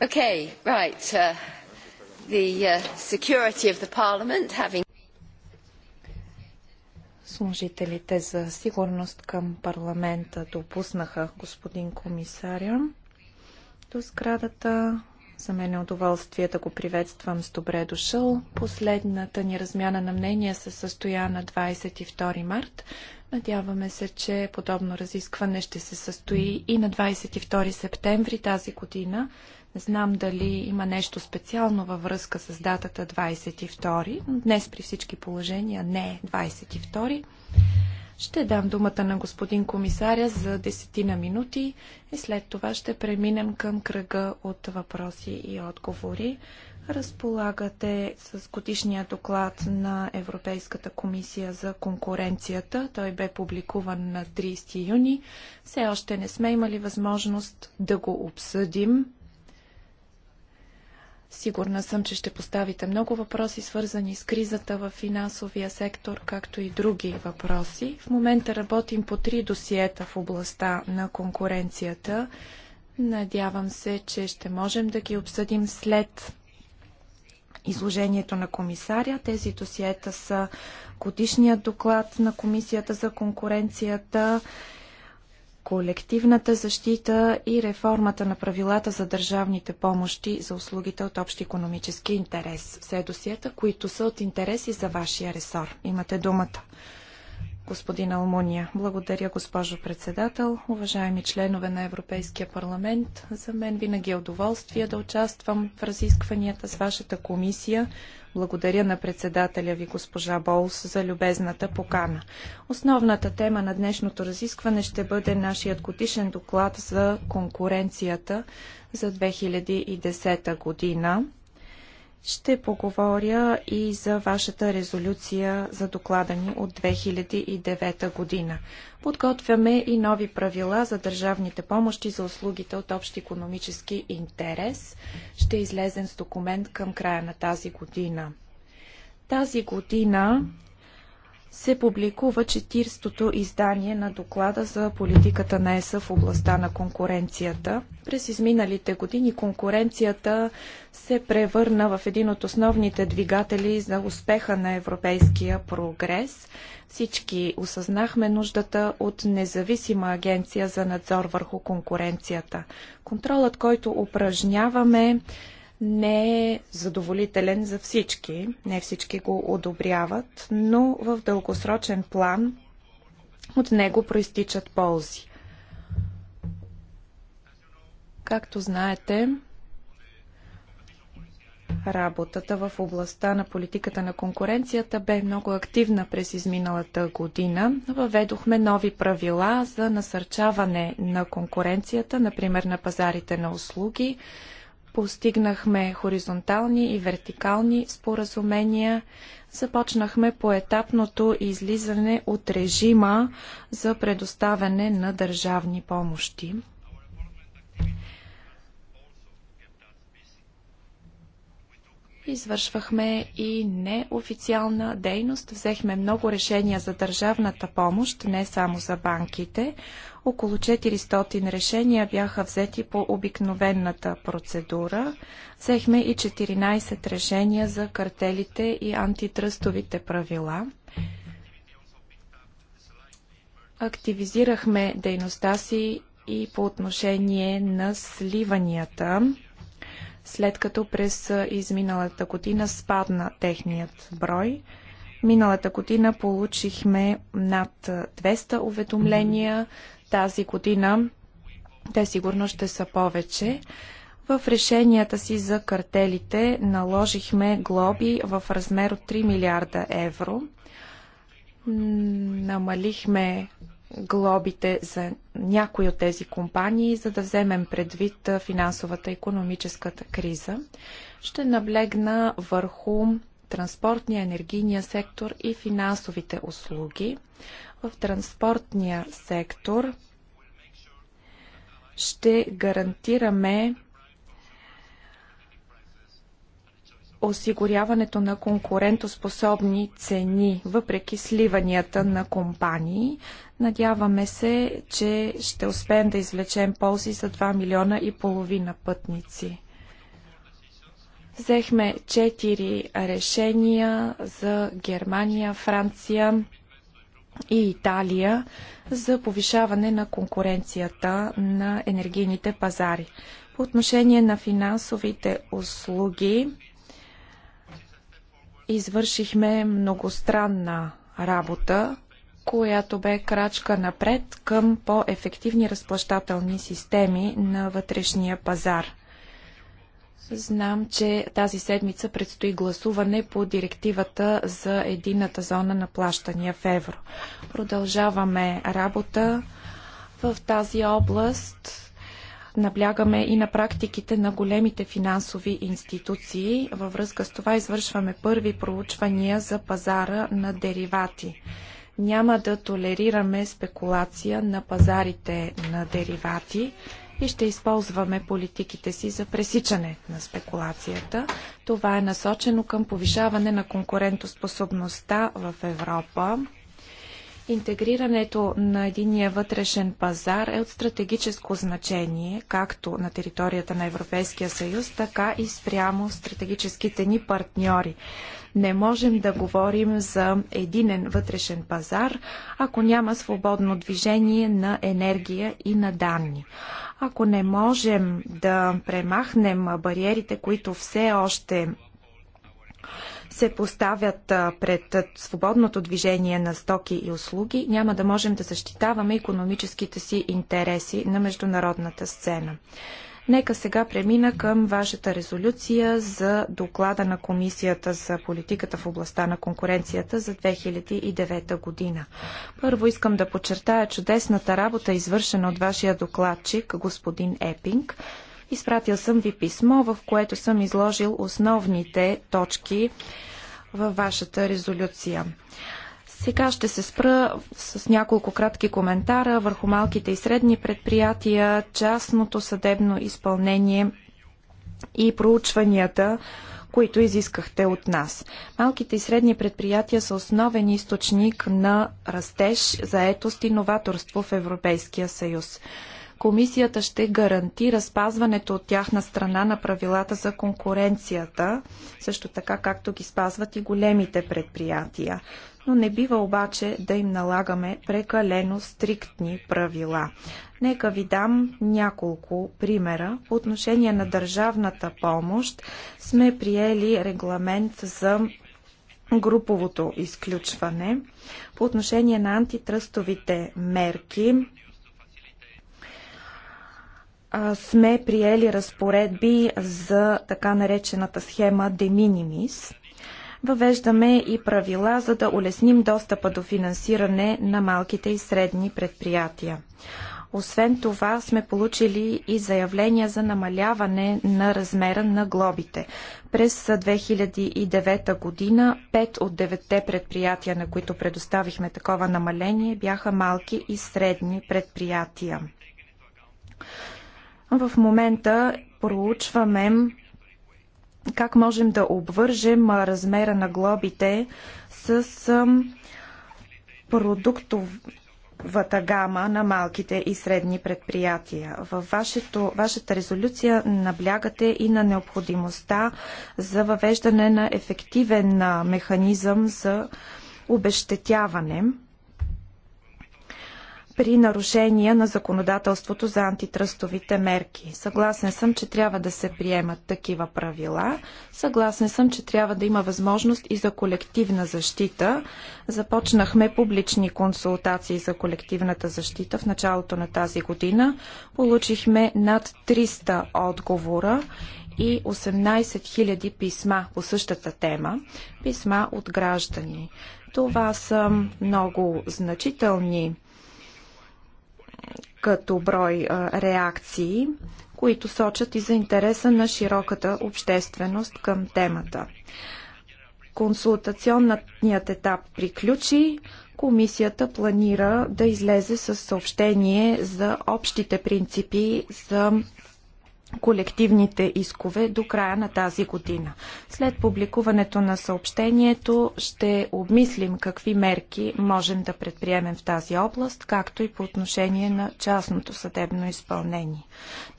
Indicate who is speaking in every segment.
Speaker 1: Uh, the uh, security of the parliament
Speaker 2: having служителите за сигурност към парламента допуснаха господин комисаря до сградата за мен е удоволствие да го приветствам с добре дошъл. Последната ни размяна на мнения се състоя на 22 март. Надяваме се, че подобно разискване ще се състои и на 22 септември тази година. Не знам дали има нещо специално във връзка с датата 22, но днес при всички положения не е 22. Ще дам думата на господин комисаря за десетина минути и след това ще преминем към кръга от въпроси и отговори. Разполагате с годишния доклад на Европейската комисия за конкуренцията. Той бе публикуван на 30 юни. Все още не сме имали възможност да го обсъдим. Сигурна съм, че ще поставите много въпроси, свързани с кризата в финансовия сектор, както и други въпроси. В момента работим по три досиета в областта на конкуренцията. Надявам се, че ще можем да ги обсъдим след изложението на комисаря. Тези досиета са годишният доклад на Комисията за конкуренцията колективната защита и реформата на правилата за държавните помощи за услугите от общ економически интерес. Все досиета, които са от интерес и за вашия ресор. Имате думата господин Алмуния. Благодаря, госпожо председател. Уважаеми членове на Европейския парламент, за мен винаги е удоволствие да участвам в разискванията с вашата комисия. Благодаря на председателя ви, госпожа Болс, за любезната покана. Основната тема на днешното разискване ще бъде нашият годишен доклад за конкуренцията за 2010 година ще поговоря и за вашата резолюция за доклада ни от 2009 година. Подготвяме и нови правила за държавните помощи за услугите от общ економически интерес. Ще излезем с документ към края на тази година. Тази година се публикува 40-то издание на доклада за политиката на ЕС в областта на конкуренцията. През изминалите години конкуренцията се превърна в един от основните двигатели за успеха на европейския прогрес. Всички осъзнахме нуждата от независима агенция за надзор върху конкуренцията. Контролът, който упражняваме, не е задоволителен за всички. Не всички го одобряват, но в дългосрочен план от него проистичат ползи. Както знаете, работата в областта на политиката на конкуренцията бе много активна през изминалата година. Въведохме нови правила за насърчаване на конкуренцията, например на пазарите на услуги, Постигнахме хоризонтални и вертикални споразумения. Започнахме поетапното излизане от режима за предоставяне на държавни помощи. Извършвахме и неофициална дейност. Взехме много решения за държавната помощ, не само за банките. Около 400 решения бяха взети по обикновената процедура. Взехме и 14 решения за картелите и антитръстовите правила. Активизирахме дейността си и по отношение на сливанията, след като през изминалата година спадна техният брой. Миналата година получихме над 200 уведомления тази година те сигурно ще са повече. В решенията си за картелите наложихме глоби в размер от 3 милиарда евро. Намалихме глобите за някои от тези компании, за да вземем предвид финансовата и економическата криза. Ще наблегна върху транспортния, енергийния сектор и финансовите услуги в транспортния сектор ще гарантираме осигуряването на конкурентоспособни цени, въпреки сливанията на компании. Надяваме се, че ще успеем да извлечем ползи за 2 милиона и половина пътници. Взехме 4 решения за Германия, Франция, и Италия за повишаване на конкуренцията на енергийните пазари. По отношение на финансовите услуги, извършихме многостранна работа, която бе крачка напред към по-ефективни разплащателни системи на вътрешния пазар. Знам, че тази седмица предстои гласуване по директивата за едината зона на плащания в евро. Продължаваме работа в тази област. Наблягаме и на практиките на големите финансови институции. Във връзка с това извършваме първи проучвания за пазара на деривати. Няма да толерираме спекулация на пазарите на деривати и ще използваме политиките си за пресичане на спекулацията. Това е насочено към повишаване на конкурентоспособността в Европа. Интегрирането на единия вътрешен пазар е от стратегическо значение, както на територията на Европейския съюз, така и спрямо стратегическите ни партньори. Не можем да говорим за единен вътрешен пазар, ако няма свободно движение на енергия и на данни. Ако не можем да премахнем бариерите, които все още се поставят пред свободното движение на стоки и услуги, няма да можем да защитаваме економическите си интереси на международната сцена. Нека сега премина към вашата резолюция за доклада на Комисията за политиката в областта на конкуренцията за 2009 година. Първо искам да подчертая чудесната работа, извършена от вашия докладчик, господин Епинг. Изпратил съм ви писмо, в което съм изложил основните точки във вашата резолюция. Сега ще се спра с няколко кратки коментара върху малките и средни предприятия, частното съдебно изпълнение и проучванията, които изискахте от нас. Малките и средни предприятия са основен източник на растеж, заетост и новаторство в Европейския съюз. Комисията ще гарантира спазването от тяхна страна на правилата за конкуренцията, също така както ги спазват и големите предприятия но не бива обаче да им налагаме прекалено стриктни правила. Нека ви дам няколко примера. По отношение на държавната помощ сме приели регламент за груповото изключване. По отношение на антитръстовите мерки сме приели разпоредби за така наречената схема de minimis – Въвеждаме и правила, за да улесним достъпа до финансиране на малките и средни предприятия. Освен това сме получили и заявления за намаляване на размера на глобите. През 2009 година 5 от 9 предприятия, на които предоставихме такова намаление, бяха малки и средни предприятия. В момента проучваме как можем да обвържем размера на глобите с продуктовата гама на малките и средни предприятия. Във вашето, вашата резолюция наблягате и на необходимостта за въвеждане на ефективен механизъм за обещетяване при нарушения на законодателството за антитръстовите мерки. Съгласен съм, че трябва да се приемат такива правила. Съгласен съм, че трябва да има възможност и за колективна защита. Започнахме публични консултации за колективната защита в началото на тази година. Получихме над 300 отговора и 18 000 писма по същата тема, писма от граждани. Това са много значителни като брой реакции, които сочат и за интереса на широката общественост към темата. Консултационният етап приключи. Комисията планира да излезе с съобщение за общите принципи за колективните искове до края на тази година. След публикуването на съобщението ще обмислим какви мерки можем да предприемем в тази област, както и по отношение на частното съдебно изпълнение.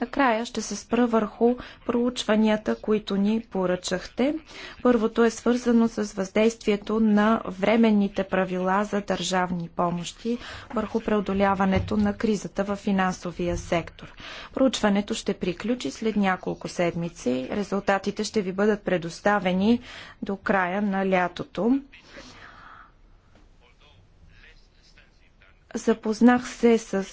Speaker 2: Накрая ще се спра върху проучванията, които ни поръчахте. Първото е свързано с въздействието на временните правила за държавни помощи върху преодоляването на кризата в финансовия сектор. Проучването ще приключи приключи след няколко седмици. Резултатите ще ви бъдат предоставени до края на лятото. Запознах се с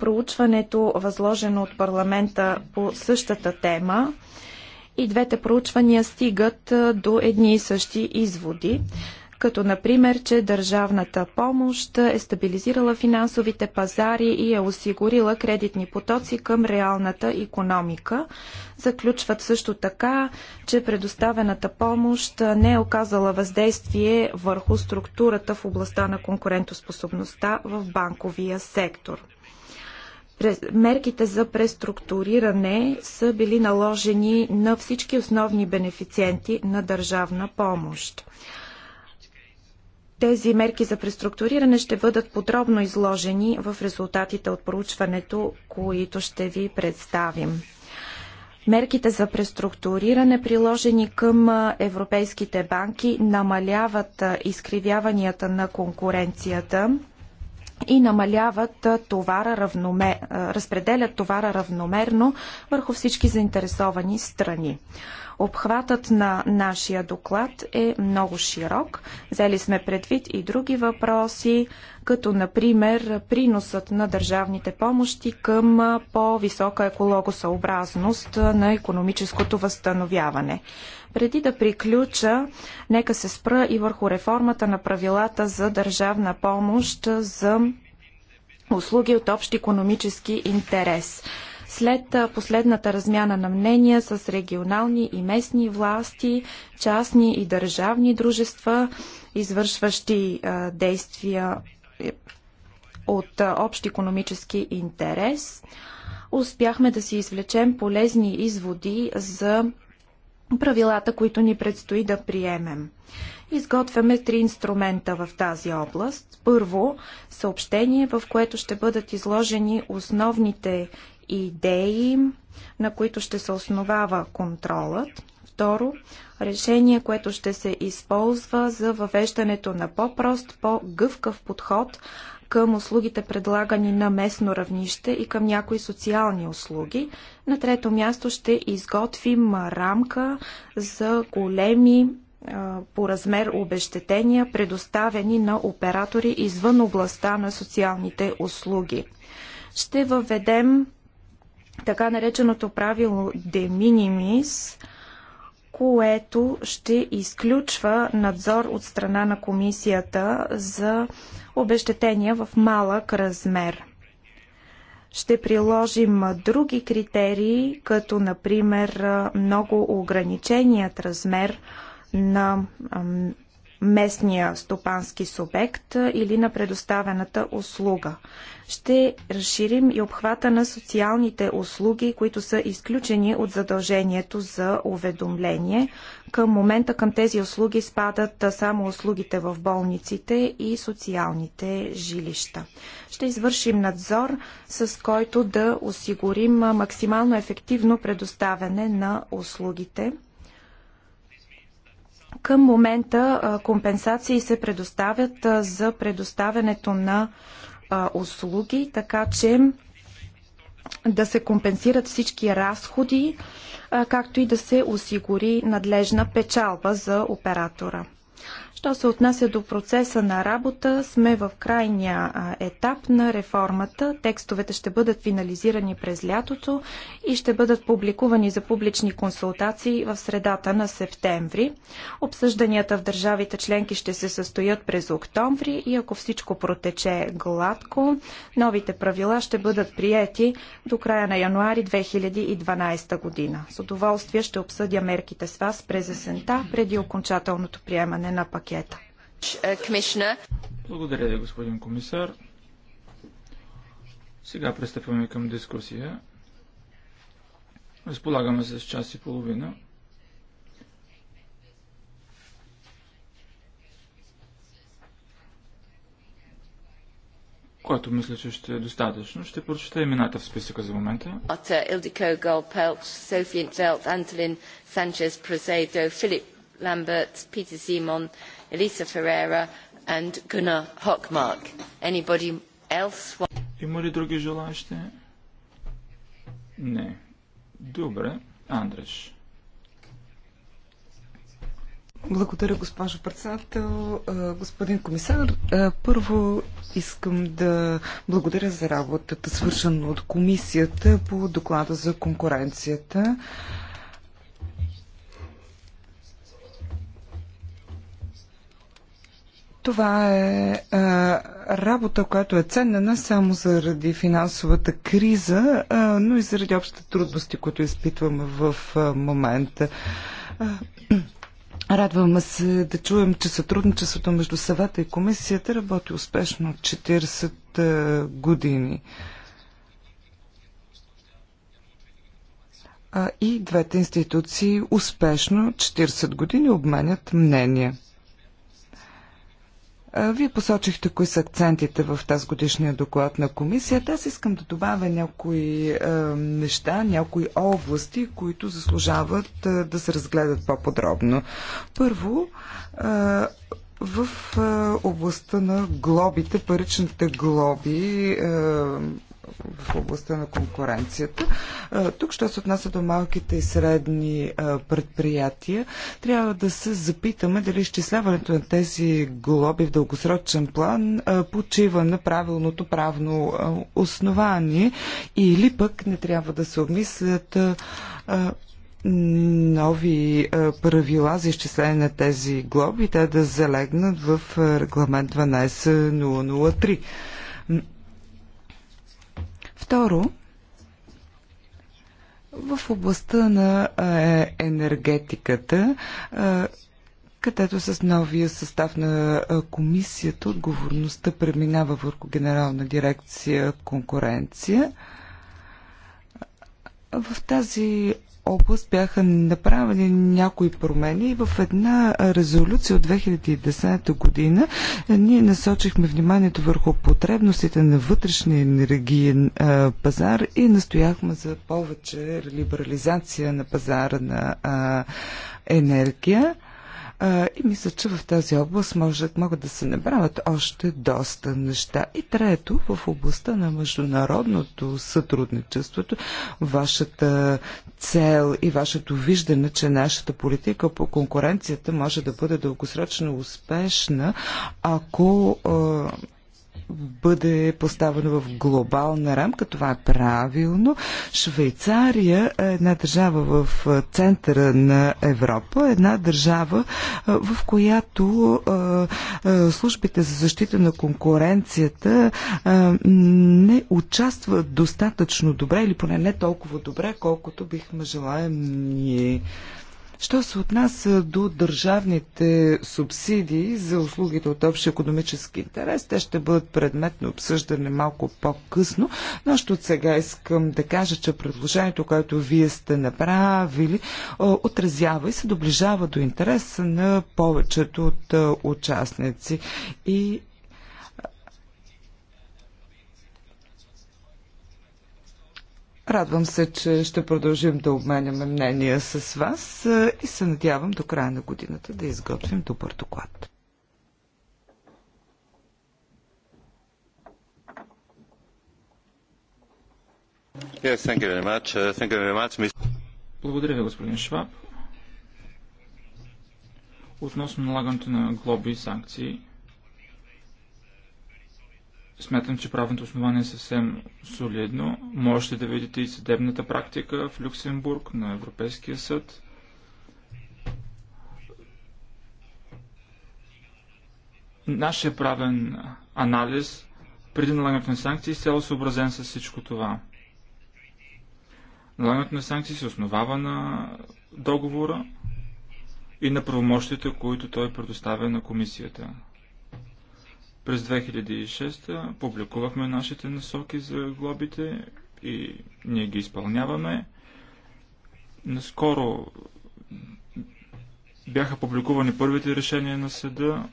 Speaker 2: проучването, възложено от парламента по същата тема. И двете проучвания стигат до едни и същи изводи като например, че държавната помощ е стабилизирала финансовите пазари и е осигурила кредитни потоци към реалната економика. Заключват също така, че предоставената помощ не е оказала въздействие върху структурата в областта на конкурентоспособността в банковия сектор мерките за преструктуриране са били наложени на всички основни бенефициенти на държавна помощ. Тези мерки за преструктуриране ще бъдат подробно изложени в резултатите от проучването, които ще ви представим. Мерките за преструктуриране, приложени към европейските банки, намаляват изкривяванията на конкуренцията и намаляват товара равномер... разпределят товара равномерно върху всички заинтересовани страни. Обхватът на нашия доклад е много широк. Взели сме предвид и други въпроси, като например приносът на държавните помощи към по-висока екологосъобразност на економическото възстановяване. Преди да приключа, нека се спра и върху реформата на правилата за държавна помощ за услуги от общ економически интерес. След последната размяна на мнения с регионални и местни власти, частни и държавни дружества, извършващи действия е, от общ економически интерес, успяхме да си извлечем полезни изводи за правилата, които ни предстои да приемем. Изготвяме три инструмента в тази област. Първо, съобщение, в което ще бъдат изложени основните идеи, на които ще се основава контролът. Второ, решение, което ще се използва за въвеждането на по-прост, по-гъвкав подход към услугите предлагани на местно равнище и към някои социални услуги. На трето място ще изготвим рамка за големи по размер обещетения, предоставени на оператори извън областта на социалните услуги. Ще въведем така нареченото правило de minimis, което ще изключва надзор от страна на комисията за обещетения в малък размер. Ще приложим други критерии, като например много ограниченият размер на местния стопански субект или на предоставената услуга. Ще разширим и обхвата на социалните услуги, които са изключени от задължението за уведомление. Към момента към тези услуги спадат само услугите в болниците и социалните жилища. Ще извършим надзор, с който да осигурим максимално ефективно предоставяне на услугите към момента компенсации се предоставят за предоставянето на услуги, така че да се компенсират всички разходи, както и да се осигури надлежна печалба за оператора. Що се отнася до процеса на работа, сме в крайния етап на реформата. Текстовете ще бъдат финализирани през лятото и ще бъдат публикувани за публични консултации в средата на септември. Обсъжданията в държавите членки ще се състоят през октомври и ако всичко протече гладко, новите правила ще бъдат приети до края на януари 2012 година. С удоволствие ще обсъдя мерките с вас през есента преди окончателното приемане на пакет пакета.
Speaker 3: Благодаря ви, господин комисар. Сега пристъпваме към дискусия. Разполагаме се с час и половина. което мисля, че ще е достатъчно. Ще прочета имената в списъка за момента.
Speaker 1: Ота, Илдико Голпелч, Софи Антелин Санчес Прозейдо, Филип Ламберт, Питер Симон, Elisa Ferreira and Gunnar Hockmark. Anybody else? Want...
Speaker 3: Има ли други желаящи? Не. Добре. Андреш.
Speaker 4: Благодаря, госпожо председател. Господин комисар, първо искам да благодаря за работата, свършена от комисията по доклада за конкуренцията. Това е е работа, която е ценна не само заради финансовата криза, е, но и заради общите трудности, които изпитваме в е, момента. А, е, Радваме се да чуем, че сътрудничеството между съвета и комисията работи успешно от 40 е, години. Е, и двете институции успешно 40 години обменят мнения. Вие посочихте кои са акцентите в тази годишния доклад на комисията. Аз искам да добавя някои неща, някои области, които заслужават да се разгледат по-подробно. Първо, в областта на глобите, паричните глоби, в областта на конкуренцията. Тук, що се отнася до малките и средни предприятия, трябва да се запитаме дали изчисляването на тези глоби в дългосрочен план почива на правилното правно основание или пък не трябва да се обмислят нови правила за изчисление на тези глоби, те да залегнат в регламент 12003. Второ, в областта на енергетиката, където с новия състав на комисията отговорността преминава върху Генерална дирекция конкуренция. В тази област бяха направени някои промени и в една резолюция от 2010 година ние насочихме вниманието върху потребностите на вътрешния енергиен пазар и настояхме за повече либерализация на пазара на енергия. И мисля, че в тази област могат, могат да се направят още доста неща. И трето, в областта на международното сътрудничеството, вашата цел и вашето виждане, че нашата политика по конкуренцията може да бъде дългосрочно успешна, ако бъде поставено в глобална рамка. Това е правилно. Швейцария е една държава в центъра на Европа, една държава, в която службите за защита на конкуренцията не участват достатъчно добре или поне не толкова добре, колкото бихме желаем ние. Що се отнася до държавните субсидии за услугите от общ економически интерес, те ще бъдат предмет на обсъждане малко по-късно, но още от сега искам да кажа, че предложението, което вие сте направили, отразява и се доближава до интереса на повечето от участници. И Радвам се, че ще продължим да обменяме мнения с вас и се надявам до края на годината да изготвим добър доклад.
Speaker 3: Yes, Благодаря ви, господин Шваб. Относно налагането на глоби и санкции, Смятам, че правното основание е съвсем солидно. Можете да видите и съдебната практика в Люксембург на Европейския съд. Нашия е правен анализ преди налагането на санкции е цяло съобразен с всичко това. Налагането на санкции се основава на договора и на правомощите, които той предоставя на комисията. През 2006 публикувахме нашите насоки за глобите и ние ги изпълняваме. Наскоро бяха публикувани първите решения на съда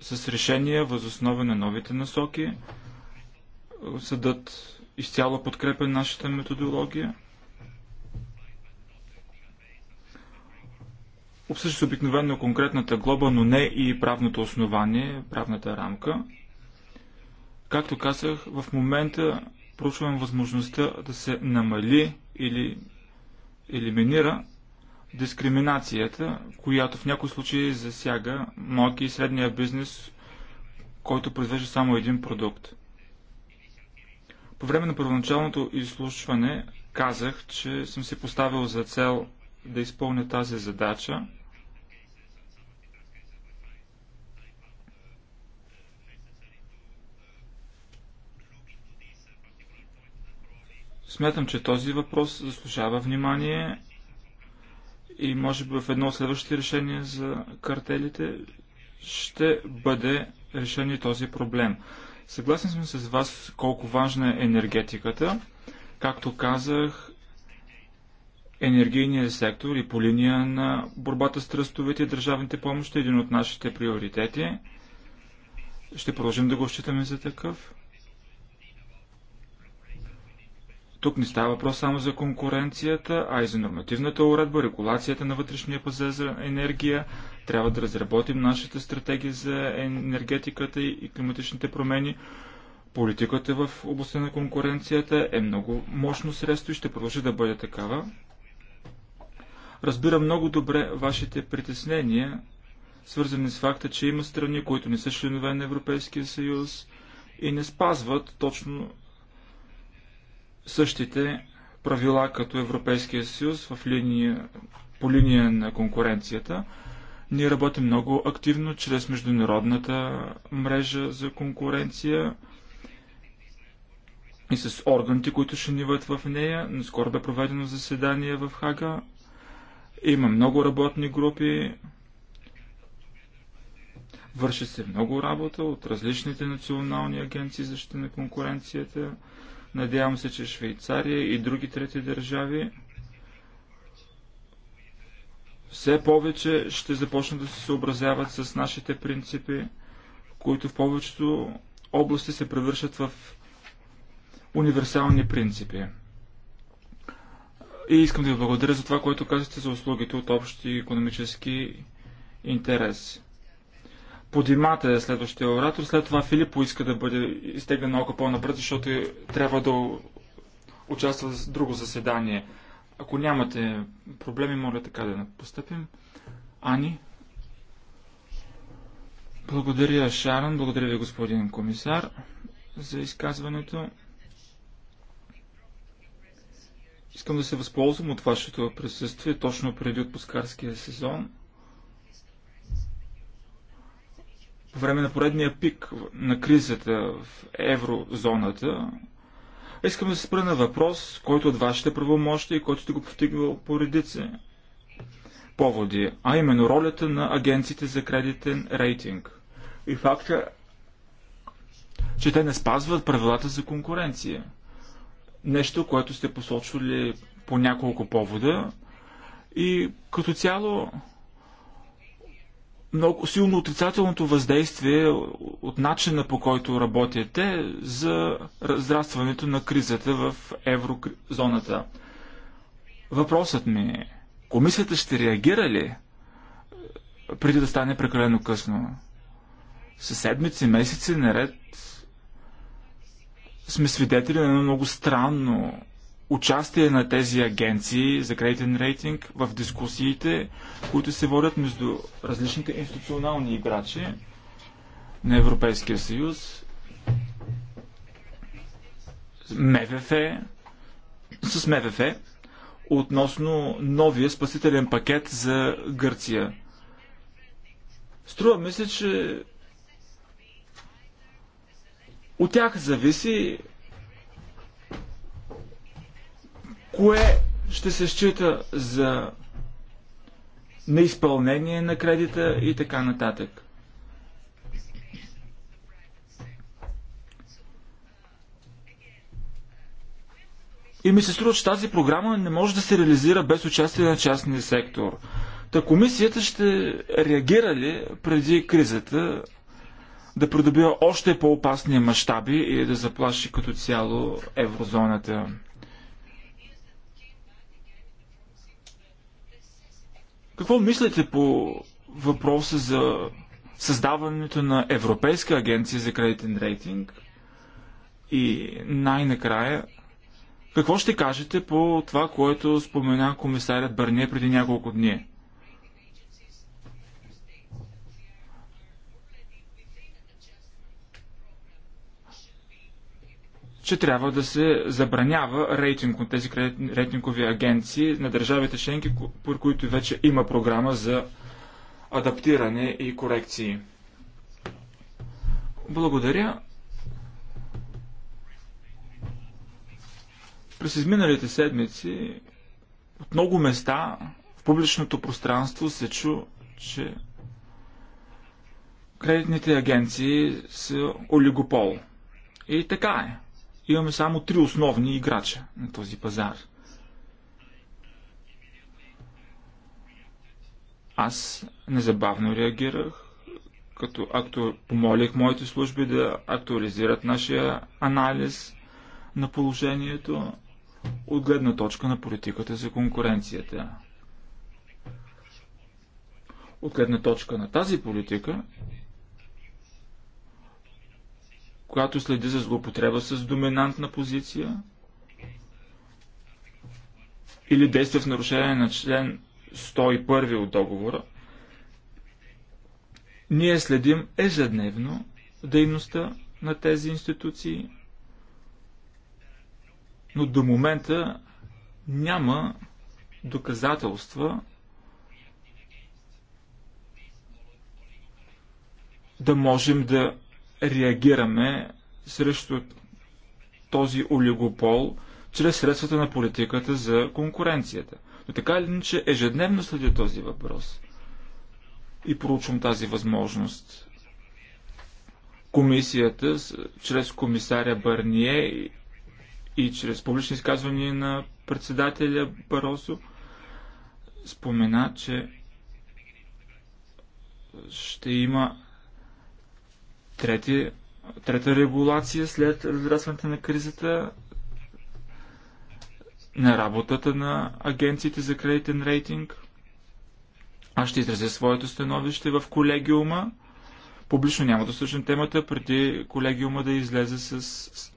Speaker 3: с решения възоснове на новите насоки. Съдът изцяло подкрепя нашата методология. Обсъжда се обикновено конкретната глоба, но не и правното основание, правната рамка. Както казах, в момента проучвам възможността да се намали или елиминира дискриминацията, която в някои случаи засяга малки и средния бизнес, който произвежда само един продукт. По време на първоначалното изслушване казах, че съм си поставил за цел да изпълня тази задача – Смятам, че този въпрос заслужава внимание и може би в едно от следващите решения за картелите ще бъде решен и този проблем. Съгласен съм с вас колко важна е енергетиката. Както казах, енергийният сектор и по линия на борбата с тръстовете и държавните помощи е един от нашите приоритети. Ще продължим да го считаме за такъв. Тук не става въпрос само за конкуренцията, а и за нормативната уредба, регулацията на вътрешния пазар за енергия. Трябва да разработим нашата стратегия за енергетиката и климатичните промени. Политиката в областта на конкуренцията е много мощно средство и ще продължи да бъде такава. Разбира много добре вашите притеснения, свързани с факта, че има страни, които не са членове на Европейския съюз и не спазват точно същите правила като Европейския съюз в линия, по линия на конкуренцията. Ние работим много активно чрез международната мрежа за конкуренция и с органите, които ще ниват в нея. Наскоро бе проведено заседание в Хага. Има много работни групи. Върши се много работа от различните национални агенции за защита на конкуренцията. Надявам се, че Швейцария и други трети държави все повече ще започнат да се съобразяват с нашите принципи, които в повечето области се превършат в универсални принципи. И искам да ви благодаря за това, което казахте за услугите от общи економически интереси. Подимата е следващия оратор. След това Филип поиска да бъде изтеглен малко по-напред, защото е- трябва да участва в друго заседание. Ако нямате проблеми, моля така да постъпим. Ани? Благодаря, Шаран. Благодаря ви, господин комисар, за изказването. Искам да се възползвам от вашето присъствие точно преди отпускарския сезон. време на поредния пик на кризата в еврозоната, искам да се спра на въпрос, който от вашите правомощи и който сте го постигнал по редици поводи, а именно ролята на агенциите за кредитен рейтинг и факта, че те не спазват правилата за конкуренция. Нещо, което сте посочвали по няколко повода и като цяло много силно отрицателното въздействие от начина по който работите за разрастването на кризата в еврозоната. Въпросът ми е, комисията ще реагира ли преди да стане прекалено късно? Със седмици, месеци наред сме свидетели на едно много странно участие на тези агенции за кредитен рейтинг в дискусиите, които се водят между различните институционални играчи на Европейския съюз, МВФ, с МВФ, относно новия спасителен пакет за Гърция. Струва мисля, че от тях зависи кое ще се счита за неизпълнение на кредита и така нататък. И ми се струва, че тази програма не може да се реализира без участие на частния сектор. Та комисията ще реагира ли преди кризата да придобива още по-опасни мащаби и да заплаши като цяло еврозоната? Какво мислите по въпроса за създаването на Европейска агенция за кредитен рейтинг? И най-накрая, какво ще кажете по това, което спомена комисарят Бърне преди няколко дни? че трябва да се забранява рейтинг от тези рейтингови агенции на държавите членки, по които вече има програма за адаптиране и корекции. Благодаря. През изминалите седмици от много места в публичното пространство се чу, че кредитните агенции са олигопол. И така е имаме само три основни играча на този пазар. Аз незабавно реагирах, като акту... помолих моите служби да актуализират нашия анализ на положението от гледна точка на политиката за конкуренцията. От гледна точка на тази политика, която следи за злоупотреба с доминантна позиция или действа в нарушение на член 101 от договора, ние следим ежедневно дейността на тези институции, но до момента няма доказателства да можем да реагираме срещу този олигопол чрез средствата на политиката за конкуренцията. Но така или иначе ежедневно следя този въпрос и проучвам тази възможност. Комисията, чрез комисаря Барние и, и чрез публични изказвания на председателя Баросо, спомена, че ще има Трети, трета регулация след разрастването на кризата на работата на агенциите за кредитен рейтинг. Аз ще изразя своето становище в колегиума. Публично няма да слушам темата, преди колегиума да излезе с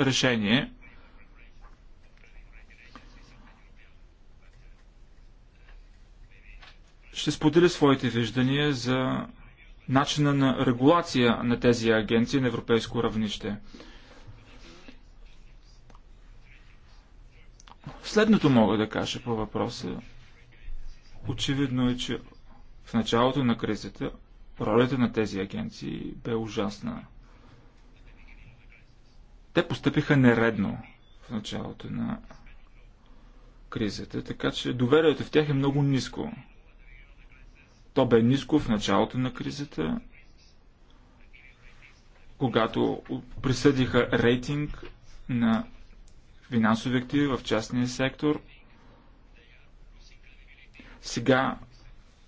Speaker 3: решение. Ще споделя своите виждания за начина на регулация на тези агенции на европейско равнище. Следното мога да кажа по въпроса. Очевидно е, че в началото на кризата ролята на тези агенции бе ужасна. Те постъпиха нередно в началото на кризата, така че доверието в тях е много ниско. То бе ниско в началото на кризата, когато присъдиха рейтинг на финансови активи в частния сектор. Сега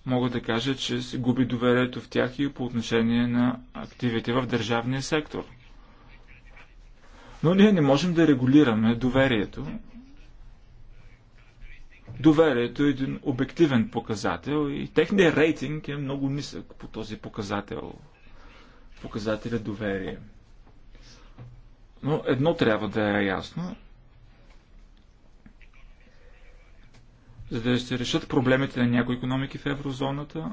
Speaker 3: мога да кажа, че се губи доверието в тях и по отношение на активите в държавния сектор. Но ние не можем да регулираме доверието Доверието е един обективен показател и техният рейтинг е много нисък по този показател. Показателя доверие. Но едно трябва да е ясно. За да се решат проблемите на някои економики в еврозоната,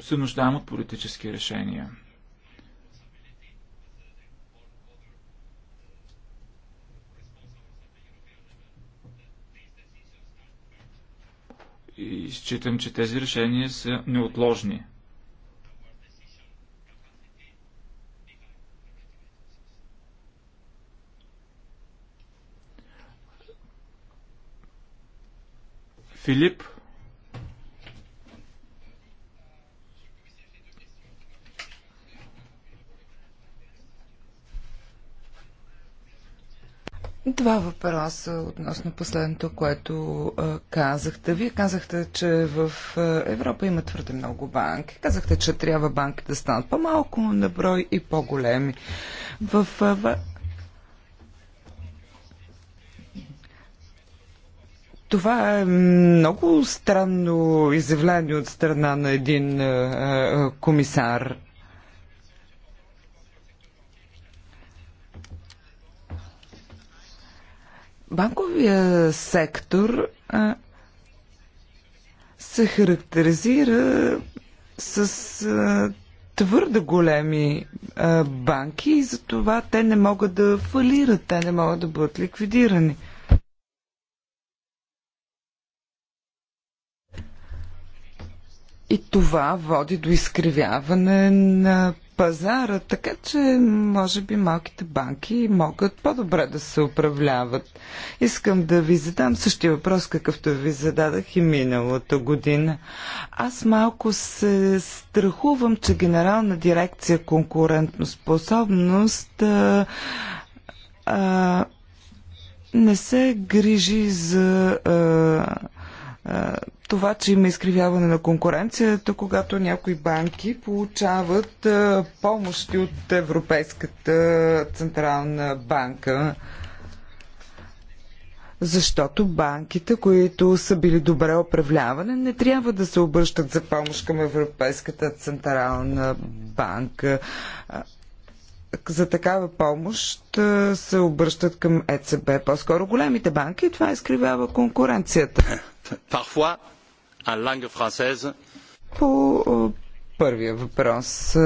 Speaker 3: се нуждаем от политически решения. и считам, че тези решения са неотложни. Филип
Speaker 4: Два въпроса относно последното, което а, казахте. Вие казахте, че в а, Европа има твърде много банки. Казахте, че трябва банки да станат по-малко на брой и по-големи. В, а, в... Това е много странно изявление от страна на един а, комисар. Банковия сектор се характеризира с твърде големи а, банки и затова те не могат да фалират, те не могат да бъдат ликвидирани. И това води до изкривяване на пазара, така че може би малките банки могат по-добре да се управляват. Искам да ви задам същия въпрос, какъвто ви зададах и миналата година. Аз малко се страхувам, че Генерална дирекция конкурентоспособност а, а, не се грижи за а, това, че има изкривяване на конкуренцията, когато някои банки получават помощи от Европейската централна банка. Защото банките, които са били добре управлявани, не трябва да се обръщат за помощ към Европейската централна банка. За такава помощ се обръщат към ЕЦБ, по-скоро големите банки и това изкривява конкуренцията
Speaker 3: parfois en langue française.
Speaker 4: По първия въпрос.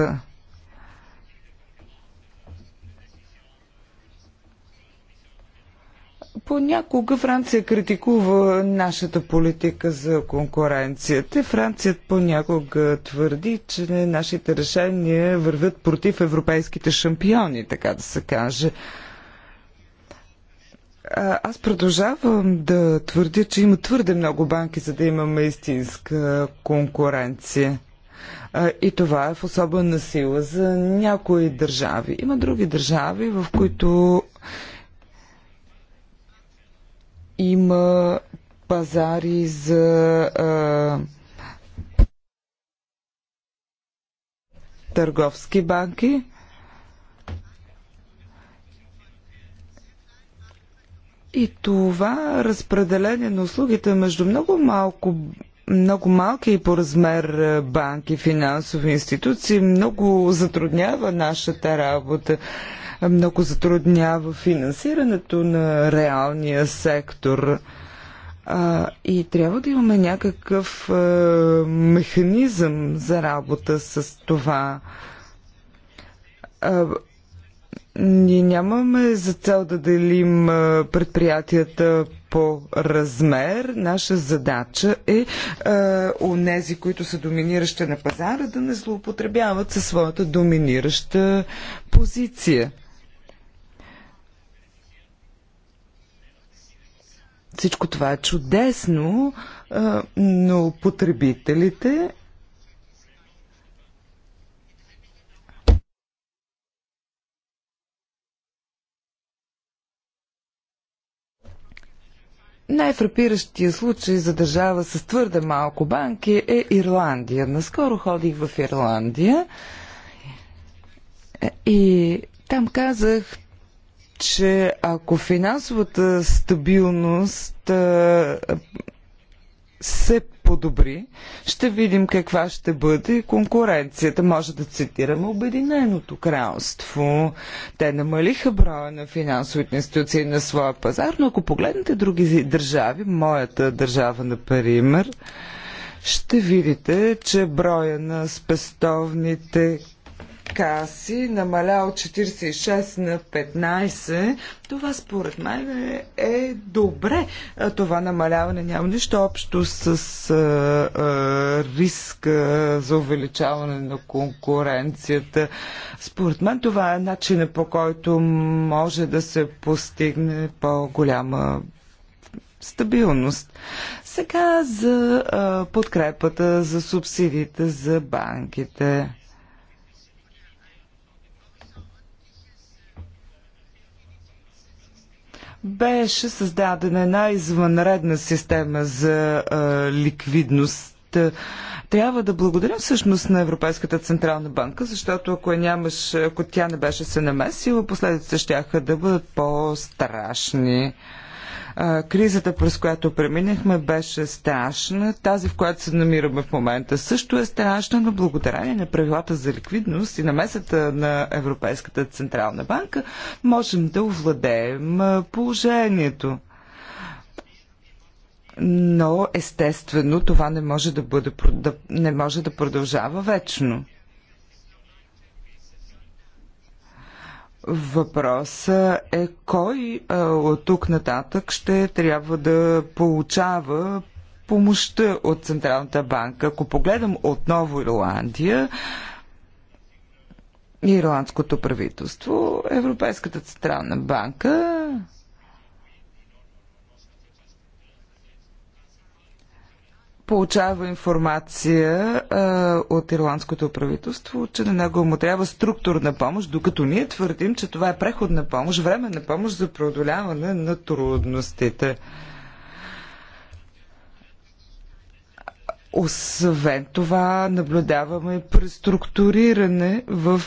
Speaker 4: Понякога Франция критикува нашата политика за конкуренцията. Франция понякога твърди, че нашите решения вървят против европейските шампиони, така да се каже. Аз продължавам да твърдя, че има твърде много банки, за да имаме истинска конкуренция. И това е в особена сила за някои държави. Има други държави, в които има пазари за а, търговски банки. И това разпределение на услугите между много малко много малки и по размер е, банки, финансови институции много затруднява нашата работа, много затруднява финансирането на реалния сектор. и трябва да имаме някакъв е, механизъм за работа с това. Ние нямаме за цел да делим предприятията по размер. Наша задача е онези, които са доминиращи на пазара, да не злоупотребяват със своята доминираща позиция. Всичко това е чудесно, но потребителите Най-фрапиращия случай за държава с твърде малко банки е Ирландия. Наскоро ходих в Ирландия и там казах, че ако финансовата стабилност се подобри. Ще видим каква ще бъде конкуренцията. Може да цитираме Обединеното кралство. Те намалиха броя на финансовите институции на своя пазар, но ако погледнете други държави, моята държава, например, ще видите, че броя на спестовните каси намаля от 46 на 15. Това според мен е добре. Това намаляване няма нищо общо с а, а, риска за увеличаване на конкуренцията. Според мен това е начинът по който може да се постигне по-голяма стабилност. Сега за а, подкрепата, за субсидиите, за банките. беше създадена една извънредна система за а, ликвидност трябва да благодарим всъщност на Европейската Централна банка, защото ако, нямаш, ако тя не беше се намесила, последиците ще да бъдат по-страшни. Кризата, през която преминахме, беше страшна. Тази, в която се намираме в момента, също е страшна, но благодарение на правилата за ликвидност и на месата на Европейската Централна банка можем да овладеем положението. Но, естествено, това не може да, бъде, да, не може да продължава вечно. Въпросът е кой от тук нататък ще трябва да получава помощта от Централната банка. Ако погледам отново Ирландия, ирландското правителство, Европейската Централна банка получава информация а, от ирландското правителство, че на него му трябва структурна помощ, докато ние твърдим, че това е преходна помощ, временна помощ за преодоляване на трудностите. Освен това, наблюдаваме преструктуриране в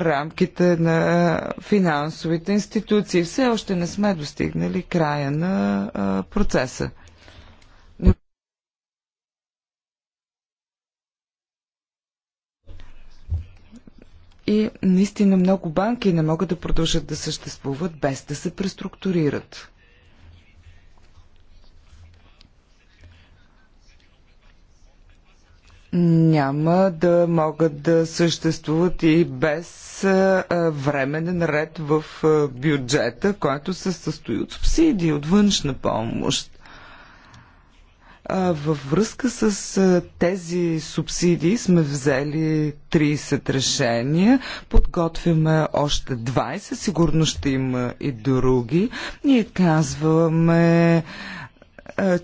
Speaker 4: рамките на финансовите институции. Все още не сме достигнали края на процеса. и наистина много банки не могат да продължат да съществуват без да се преструктурират. няма да могат да съществуват и без временен ред в бюджета, който се състои от субсидии, от външна помощ. Във връзка с тези субсидии сме взели 30 решения, подготвяме още 20, сигурно ще има и други. Ние казваме,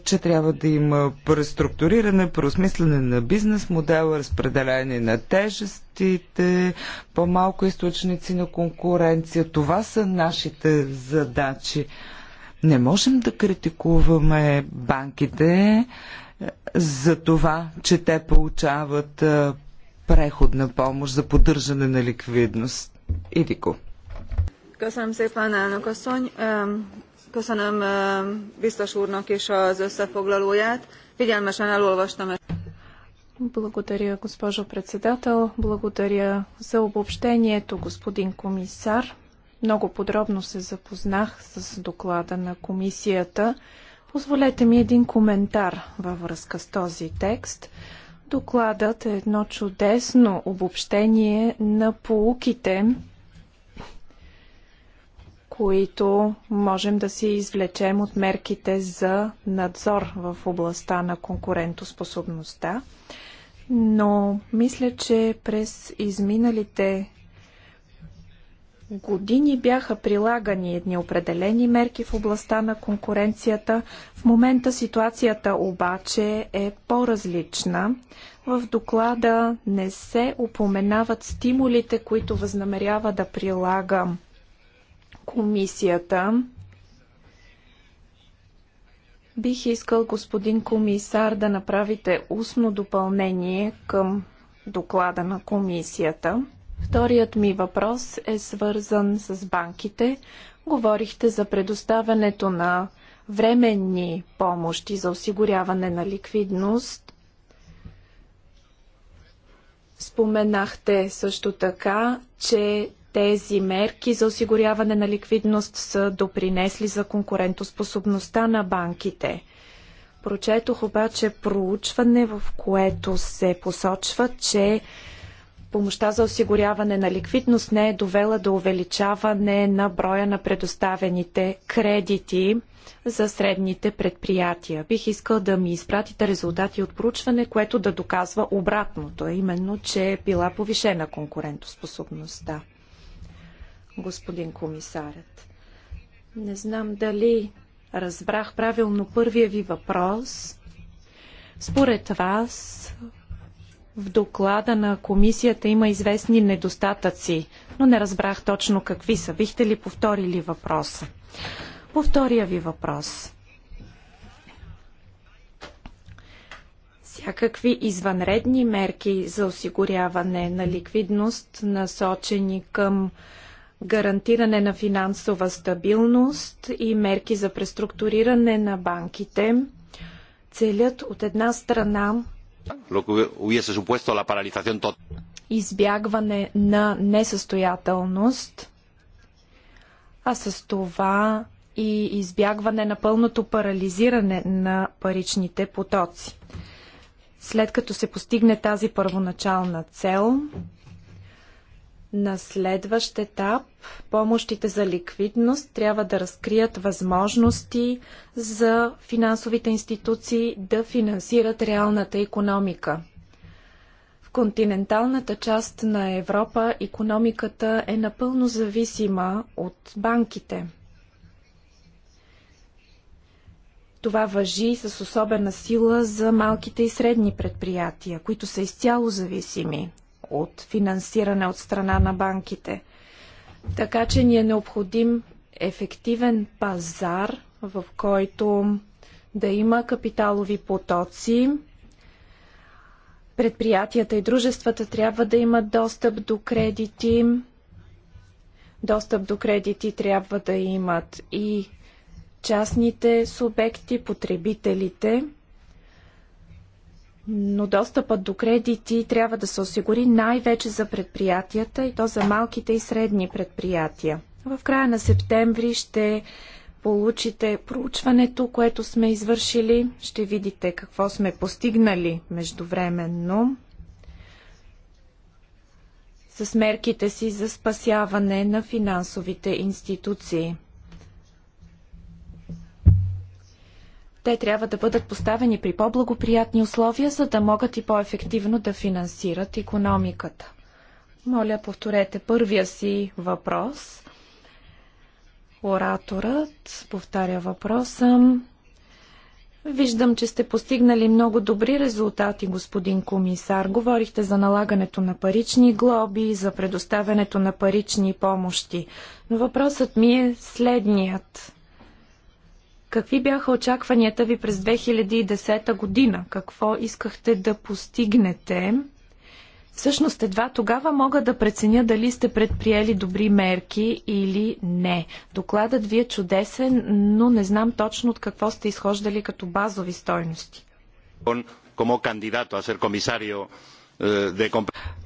Speaker 4: че трябва да има преструктуриране, преосмислене на бизнес модела, разпределение на тежестите, по-малко източници на конкуренция. Това са нашите задачи. Не можем да критикуваме банките е, за това, че те получават е, преходна помощ за поддържане на ликвидност. Идико.
Speaker 2: Köszönöm szépen, elnök asszony. Köszönöm biztos úrnak is az összefoglalóját. Figyelmesen elolvastam ezt. Благодаря, госпожо председател. Благодаря за обобщението, господин комисар. Много подробно се запознах с доклада на комисията. Позволете ми един коментар във връзка с този текст. Докладът е едно чудесно обобщение на полуките, които можем да си извлечем от мерките за надзор в областта на конкурентоспособността. Но мисля, че през изминалите Години бяха прилагани едни определени мерки в областта на конкуренцията. В момента ситуацията обаче е по-различна. В доклада не се упоменават стимулите, които възнамерява да прилага комисията. Бих искал, господин комисар, да направите устно допълнение към доклада на комисията. Вторият ми въпрос е свързан с банките. Говорихте за предоставянето на временни помощи за осигуряване на ликвидност. Споменахте също така, че тези мерки за осигуряване на ликвидност са допринесли за конкурентоспособността на банките. Прочетох обаче проучване, в което се посочва, че помощта за осигуряване на ликвидност не е довела до увеличаване на броя на предоставените кредити за средните предприятия. Бих искал да ми изпратите резултати от проучване, което да доказва обратното, а именно, че е била повишена конкурентоспособността. Господин комисарят, не знам дали разбрах правилно първия ви въпрос. Според вас, в доклада на комисията има известни недостатъци, но не разбрах точно какви са. Бихте ли повторили въпроса? По втория ви въпрос. Всякакви извънредни мерки за осигуряване на ликвидност, насочени към гарантиране на финансова стабилност и мерки за преструктуриране на банките, целят от една страна Избягване на несъстоятелност, а с това и избягване на пълното парализиране на паричните потоци. След като се постигне тази първоначална цел, на следващ етап помощите за ликвидност трябва да разкрият възможности за финансовите институции да финансират реалната економика. В континенталната част на Европа економиката е напълно зависима от банките. Това въжи с особена сила за малките и средни предприятия, които са изцяло зависими от финансиране от страна на банките. Така че ни е необходим ефективен пазар, в който да има капиталови потоци. Предприятията и дружествата трябва да имат достъп до кредити. Достъп до кредити трябва да имат и частните субекти, потребителите но достъпът до кредити трябва да се осигури най-вече за предприятията и то за малките и средни предприятия. В края на септември ще получите проучването, което сме извършили. Ще видите какво сме постигнали междувременно с мерките си за спасяване на финансовите институции. Те трябва да бъдат поставени при по-благоприятни условия, за да могат и по-ефективно да финансират економиката. Моля, повторете първия си въпрос. Ораторът повтаря въпроса. Виждам, че сте постигнали много добри резултати, господин комисар. Говорихте за налагането на парични глоби, за предоставянето на парични помощи. Но въпросът ми е следният. Какви бяха очакванията ви през 2010 година? Какво искахте да постигнете? Всъщност едва тогава мога да преценя дали сте предприели добри мерки или не. Докладът ви е чудесен, но не знам точно от какво сте изхождали като базови стойности.
Speaker 4: Е,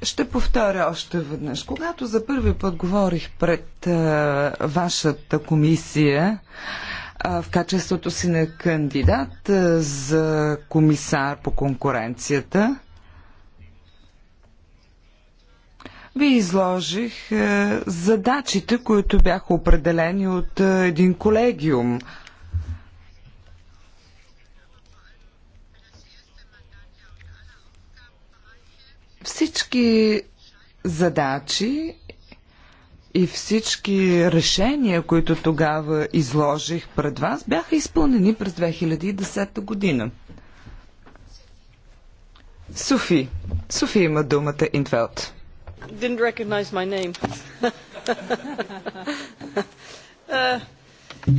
Speaker 4: Ще повторя още веднъж. Когато за първи път говорих пред е, вашата комисия, в качеството си на кандидат за комисар по конкуренцията. ви изложих задачите, които бяха определени от един колегиум. Всички задачи и всички решения, които тогава изложих пред вас, бяха изпълнени през 2010 година. Софи. Софи има думата Инфелд. Didn't recognize my name.
Speaker 2: uh,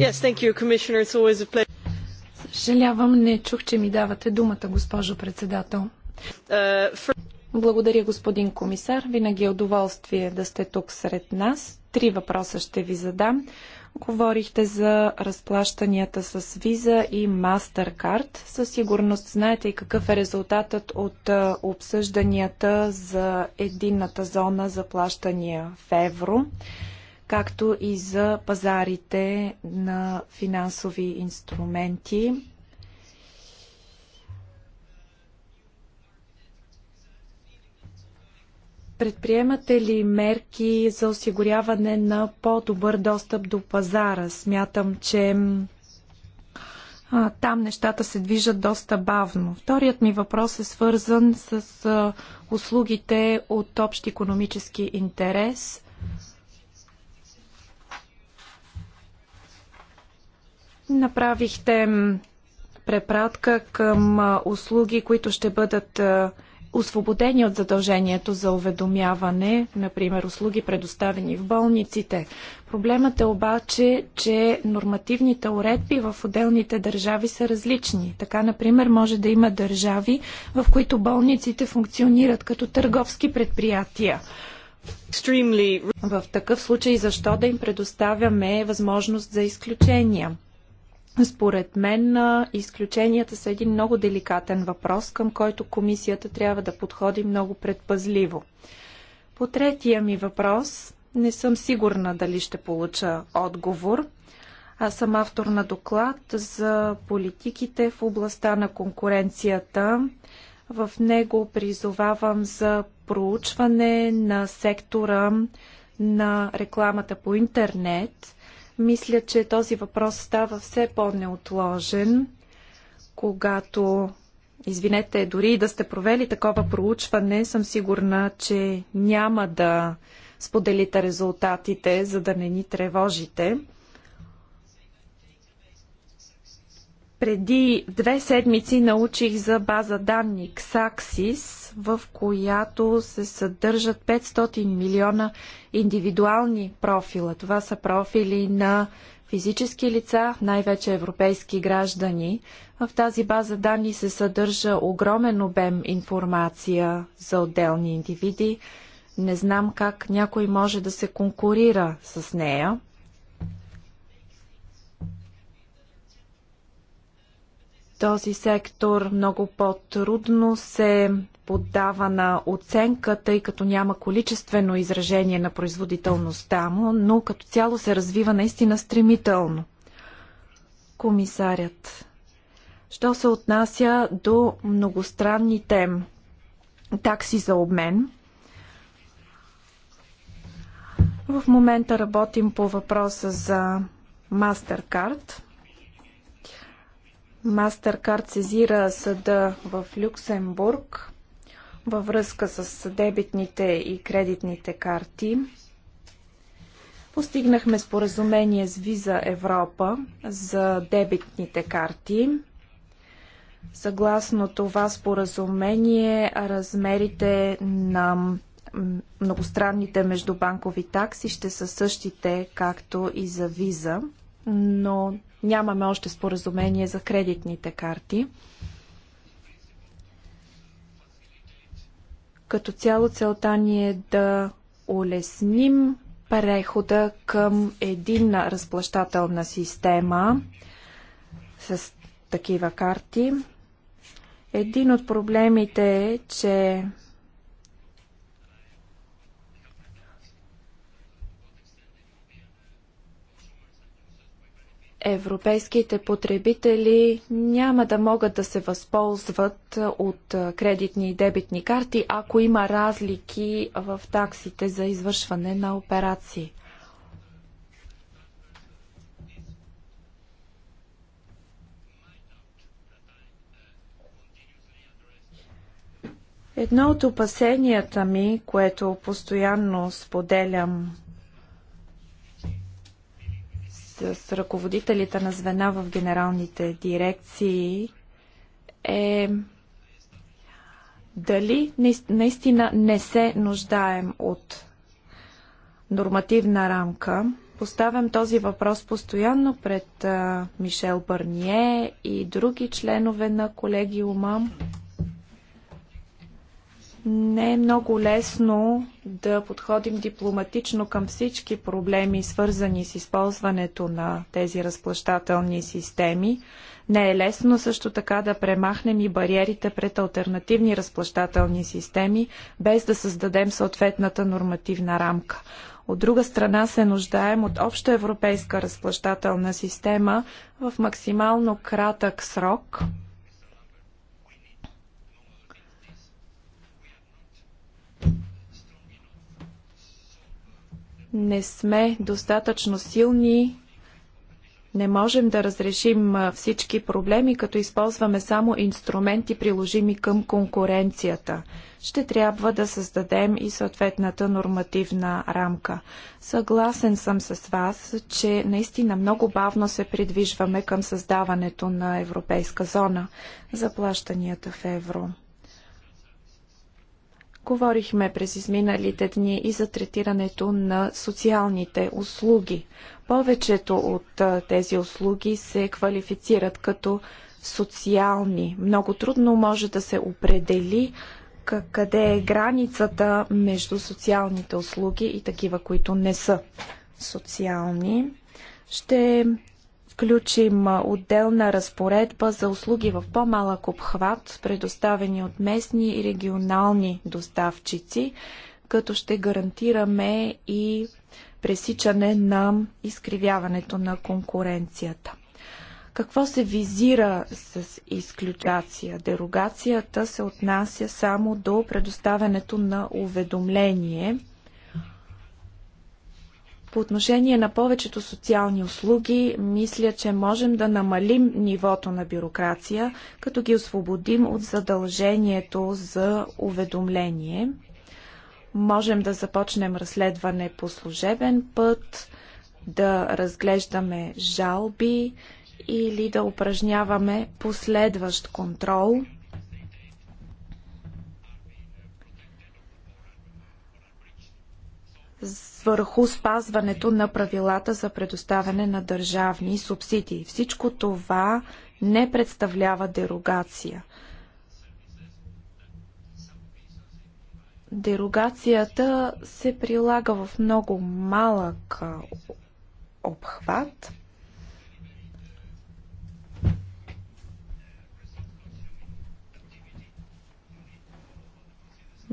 Speaker 2: yes, thank you, Commissioner. It's always a pleasure. Съжалявам, не чух, че ми давате думата, госпожо председател. Uh, for... Благодаря, господин комисар. Винаги е удоволствие да сте тук сред нас. Три въпроса ще ви задам. Говорихте за разплащанията с виза и MasterCard. Със сигурност знаете и какъв е резултатът от обсъжданията за единната зона за плащания в евро, както и за пазарите на финансови инструменти Предприемате ли мерки за осигуряване на по-добър достъп до пазара? Смятам, че а, там нещата се движат доста бавно. Вторият ми въпрос е свързан с а, услугите от общ економически интерес. Направихте препратка към услуги, които ще бъдат освободени от задължението за уведомяване, например услуги предоставени в болниците. Проблемът е обаче, че нормативните уредби в отделните държави са различни. Така, например, може да има държави, в които болниците функционират като търговски предприятия. В такъв случай защо да им предоставяме възможност за изключения? Според мен изключенията са един много деликатен въпрос, към който комисията трябва да подходи много предпазливо. По третия ми въпрос не съм сигурна дали ще получа отговор. Аз съм автор на доклад за политиките в областта на конкуренцията. В него призовавам за проучване на сектора на рекламата по интернет – мисля, че този въпрос става все по-неотложен, когато Извинете, дори и да сте провели такова проучване, съм сигурна, че няма да споделите резултатите, за да не ни тревожите. Преди две седмици научих за база данни Xaxis, в която се съдържат 500 милиона индивидуални профила. Това са профили на физически лица, най-вече европейски граждани. В тази база данни се съдържа огромен обем информация за отделни индивиди. Не знам как някой може да се конкурира с нея. Този сектор много по-трудно се поддава на оценка, тъй като няма количествено изражение на производителността му, но като цяло се развива наистина стремително. Комисарят. Що се отнася до многостранните такси за обмен, в момента работим по въпроса за MasterCard. Mastercard сезира съда в Люксембург във връзка с дебитните и кредитните карти. Постигнахме споразумение с Виза Европа за дебитните карти. Съгласно това споразумение, размерите на многостранните междубанкови такси ще са същите, както и за виза, но Нямаме още споразумение за кредитните карти. Като цяло целта ни е да улесним прехода към единна разплащателна система с такива карти. Един от проблемите е, че европейските потребители няма да могат да се възползват от кредитни и дебитни карти, ако има разлики в таксите за извършване на операции. Едно от опасенията ми, което постоянно споделям с ръководителите на звена в генералните дирекции е дали наистина не се нуждаем от нормативна рамка. Поставям този въпрос постоянно пред Мишел Бърние и други членове на колегиума. Не е много лесно да подходим дипломатично към всички проблеми, свързани с използването на тези разплащателни системи. Не е лесно също така да премахнем и бариерите пред альтернативни разплащателни системи, без да създадем съответната нормативна рамка. От друга страна се нуждаем от обща европейска разплащателна система в максимално кратък срок – Не сме достатъчно силни, не можем да разрешим всички проблеми, като използваме само инструменти, приложими към конкуренцията. Ще трябва да създадем и съответната нормативна рамка. Съгласен съм с вас, че наистина много бавно се придвижваме към създаването на европейска зона за плащанията в евро. Говорихме през изминалите дни и за третирането на социалните услуги. Повечето от тези услуги се квалифицират като социални. Много трудно може да се определи къде е границата между социалните услуги и такива, които не са социални. Ще включим отделна разпоредба за услуги в по-малък обхват, предоставени от местни и регионални доставчици, като ще гарантираме и пресичане на изкривяването на конкуренцията. Какво се визира с изключация? Дерогацията се отнася само до предоставянето на уведомление – по отношение на повечето социални услуги, мисля, че можем да намалим нивото на бюрокрация, като ги освободим от задължението за уведомление. Можем да започнем разследване по служебен път, да разглеждаме жалби или да упражняваме последващ контрол. За върху спазването на правилата за предоставяне на държавни субсидии. Всичко това не представлява дерогация. Дерогацията се прилага в много малък обхват.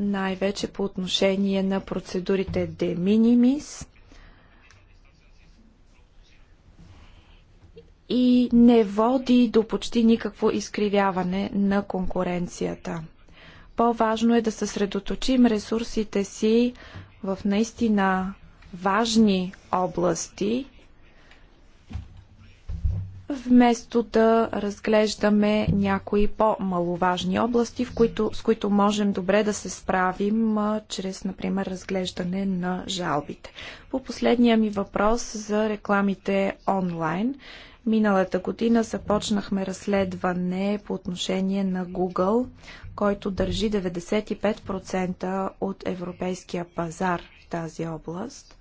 Speaker 2: най-вече по отношение на процедурите de minimis и не води до почти никакво изкривяване на конкуренцията. По-важно е да съсредоточим ресурсите си в наистина важни области вместо да разглеждаме някои по-маловажни области, в които, с които можем добре да се справим а, чрез, например, разглеждане на жалбите. По последния ми въпрос за рекламите онлайн. Миналата година започнахме разследване по отношение на Google, който държи 95% от европейския пазар в тази област.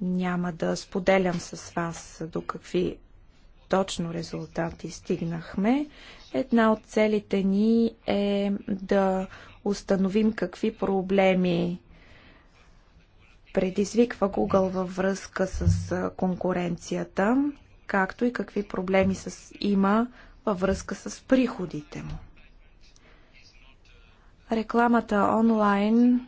Speaker 2: Няма да споделям с вас до какви точно резултати стигнахме. Една от целите ни е да установим какви проблеми предизвиква Google във връзка с конкуренцията, както и какви проблеми с, има във връзка с приходите му. Рекламата онлайн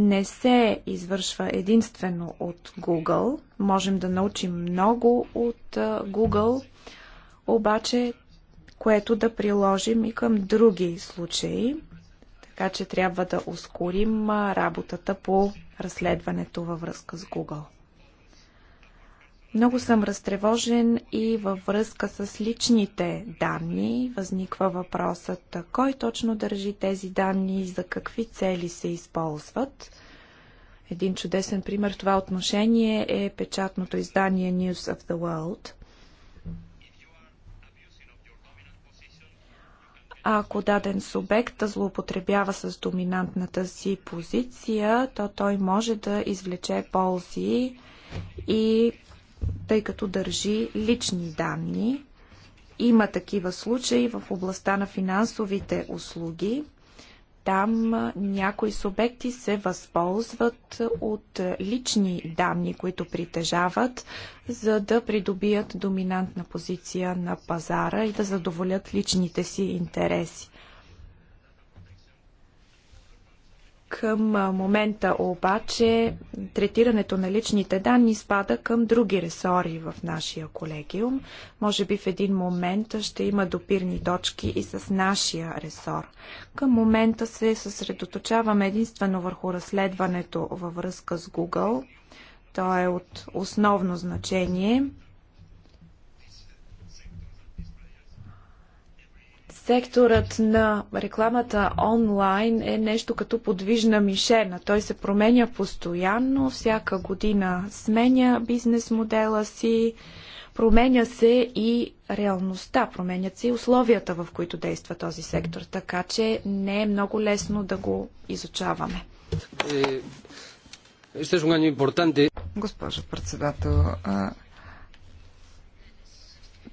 Speaker 2: не се извършва единствено от Google. Можем да научим много от Google, обаче което да приложим и към други случаи. Така че трябва да ускорим работата по разследването във връзка с Google. Много съм разтревожен и във връзка с личните данни възниква въпросът кой точно държи тези данни и за какви цели се използват. Един чудесен пример в това отношение е печатното издание News of the World. Ако даден субект злоупотребява с доминантната си позиция, то той може да извлече ползи и тъй като държи лични данни. Има такива случаи в областта на финансовите услуги. Там някои субекти се възползват от лични данни, които притежават, за да придобият доминантна позиция на пазара и да задоволят личните си интереси. Към момента обаче третирането на личните данни спада към други ресори в нашия колегиум. Може би в един момент ще има допирни точки и с нашия ресор. Към момента се съсредоточаваме единствено върху разследването във връзка с Google. То е от основно значение. Секторът на рекламата онлайн е нещо като подвижна мишена. Той се променя постоянно, всяка година сменя бизнес модела си, променя се и реалността, променят се и условията, в които действа този сектор, така че не е много лесно да го изучаваме.
Speaker 4: Е, е Госпожо председател,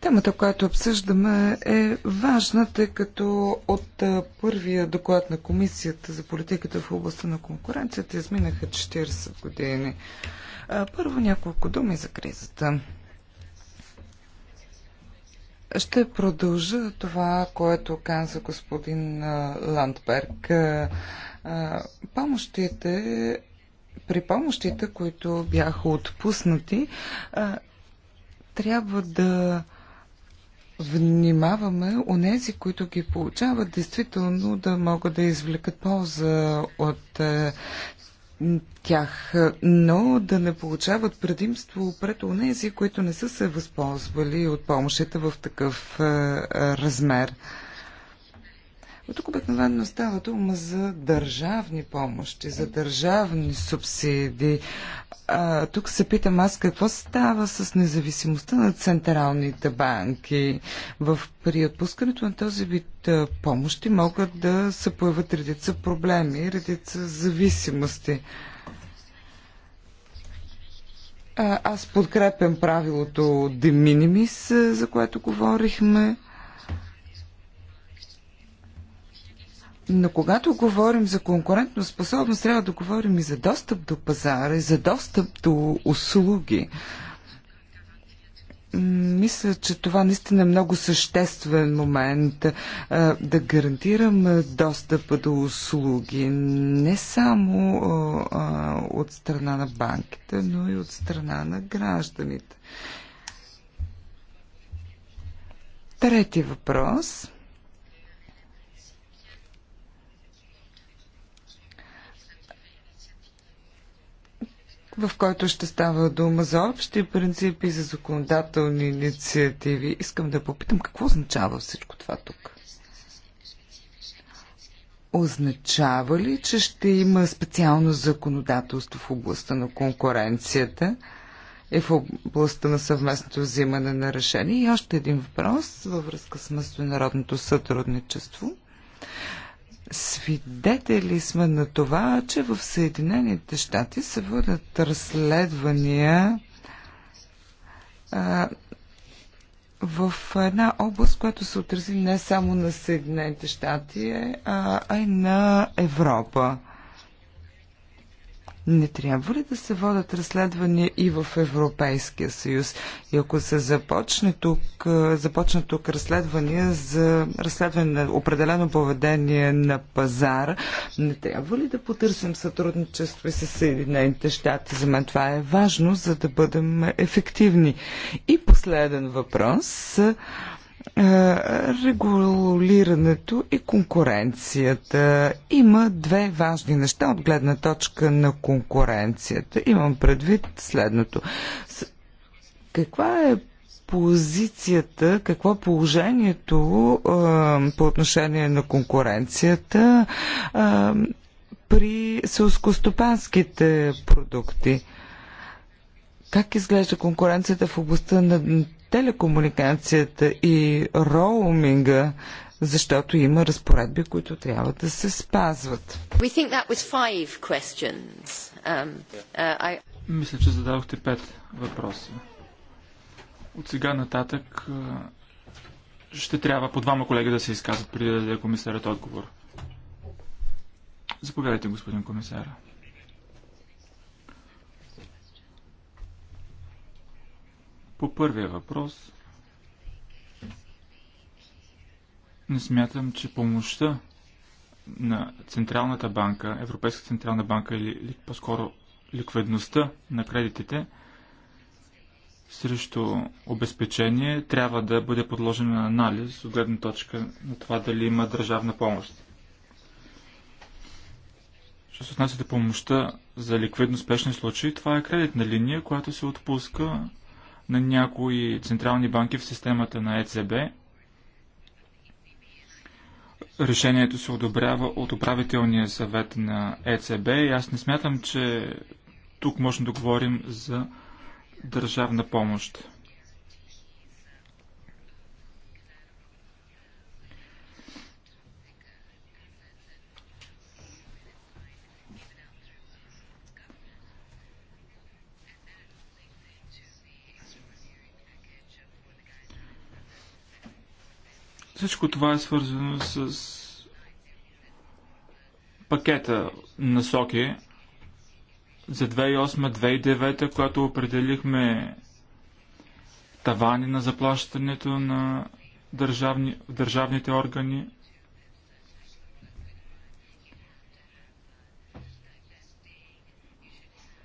Speaker 4: Темата, която обсъждаме, е важна, тъй като от първия доклад на Комисията за политиката в областта на конкуренцията изминаха 40 години. Първо няколко думи за кризата. Ще продължа това, което каза господин Ландберг. Помощите, при помощите, които бяха отпуснати, трябва да внимаваме у нези, които ги получават, действително да могат да извлекат полза от е, тях, но да не получават предимство пред онези, които не са се възползвали от помощите в такъв е, размер. От тук обикновено става дума за държавни помощи, за държавни субсидии. А, тук се питам аз какво става с независимостта на централните банки. В, при отпускането на този вид помощи могат да се появят редица проблеми, редица зависимости. А, аз подкрепям правилото de minimis, за което говорихме. Но когато говорим за конкурентна способност, трябва да говорим и за достъп до пазара, и за достъп до услуги. Мисля, че това наистина е много съществен момент да гарантирам достъпа до услуги не само от страна на банките, но и от страна на гражданите. Трети въпрос – в който ще става дума за общи принципи за законодателни инициативи. Искам да попитам какво означава всичко това тук. Означава ли, че ще има специално законодателство в областта на конкуренцията и в областта на съвместното взимане на решения? И още един въпрос във връзка с международното сътрудничество – Свидетели сме на това, че в Съединените щати се водят разследвания а, в една област, която се отрази не само на Съединените щати, а, а и на Европа. Не трябва ли да се водят разследвания и в Европейския съюз? И ако се започне тук, започне тук разследвания за разследване на определено поведение на пазара, не трябва ли да потърсим сътрудничество и с Съединените щати? За мен това е важно, за да бъдем ефективни. И последен въпрос. Въпрос е, регулирането и конкуренцията. Има две важни неща от гледна точка на конкуренцията. Имам предвид следното. Каква е позицията, какво е положението е, по отношение на конкуренцията е, при селскостопанските продукти? Как изглежда конкуренцията в областта на телекомуникацията и роуминга, защото има разпоредби, които трябва да се спазват.
Speaker 1: Um, uh, I...
Speaker 3: Мисля, че зададохте пет въпроса. От сега нататък ще трябва по двама колеги да се изказват преди да даде комисарят отговор. Заповядайте, господин комисара. По първия въпрос не смятам, че помощта на Централната банка, Европейска Централна банка или по-скоро ликвидността на кредитите срещу обезпечение трябва да бъде подложена на анализ от гледна точка на това дали има държавна помощ. Що се отнася до помощта за ликвидно спешни случаи, това е кредитна линия, която се отпуска на някои централни банки в системата на ЕЦБ. Решението се одобрява от управителния съвет на ЕЦБ и аз не смятам, че тук можем да говорим за държавна помощ. Всичко това е свързано с пакета насоки за 2008-2009, когато определихме тавани на заплащането на държавни, държавните органи.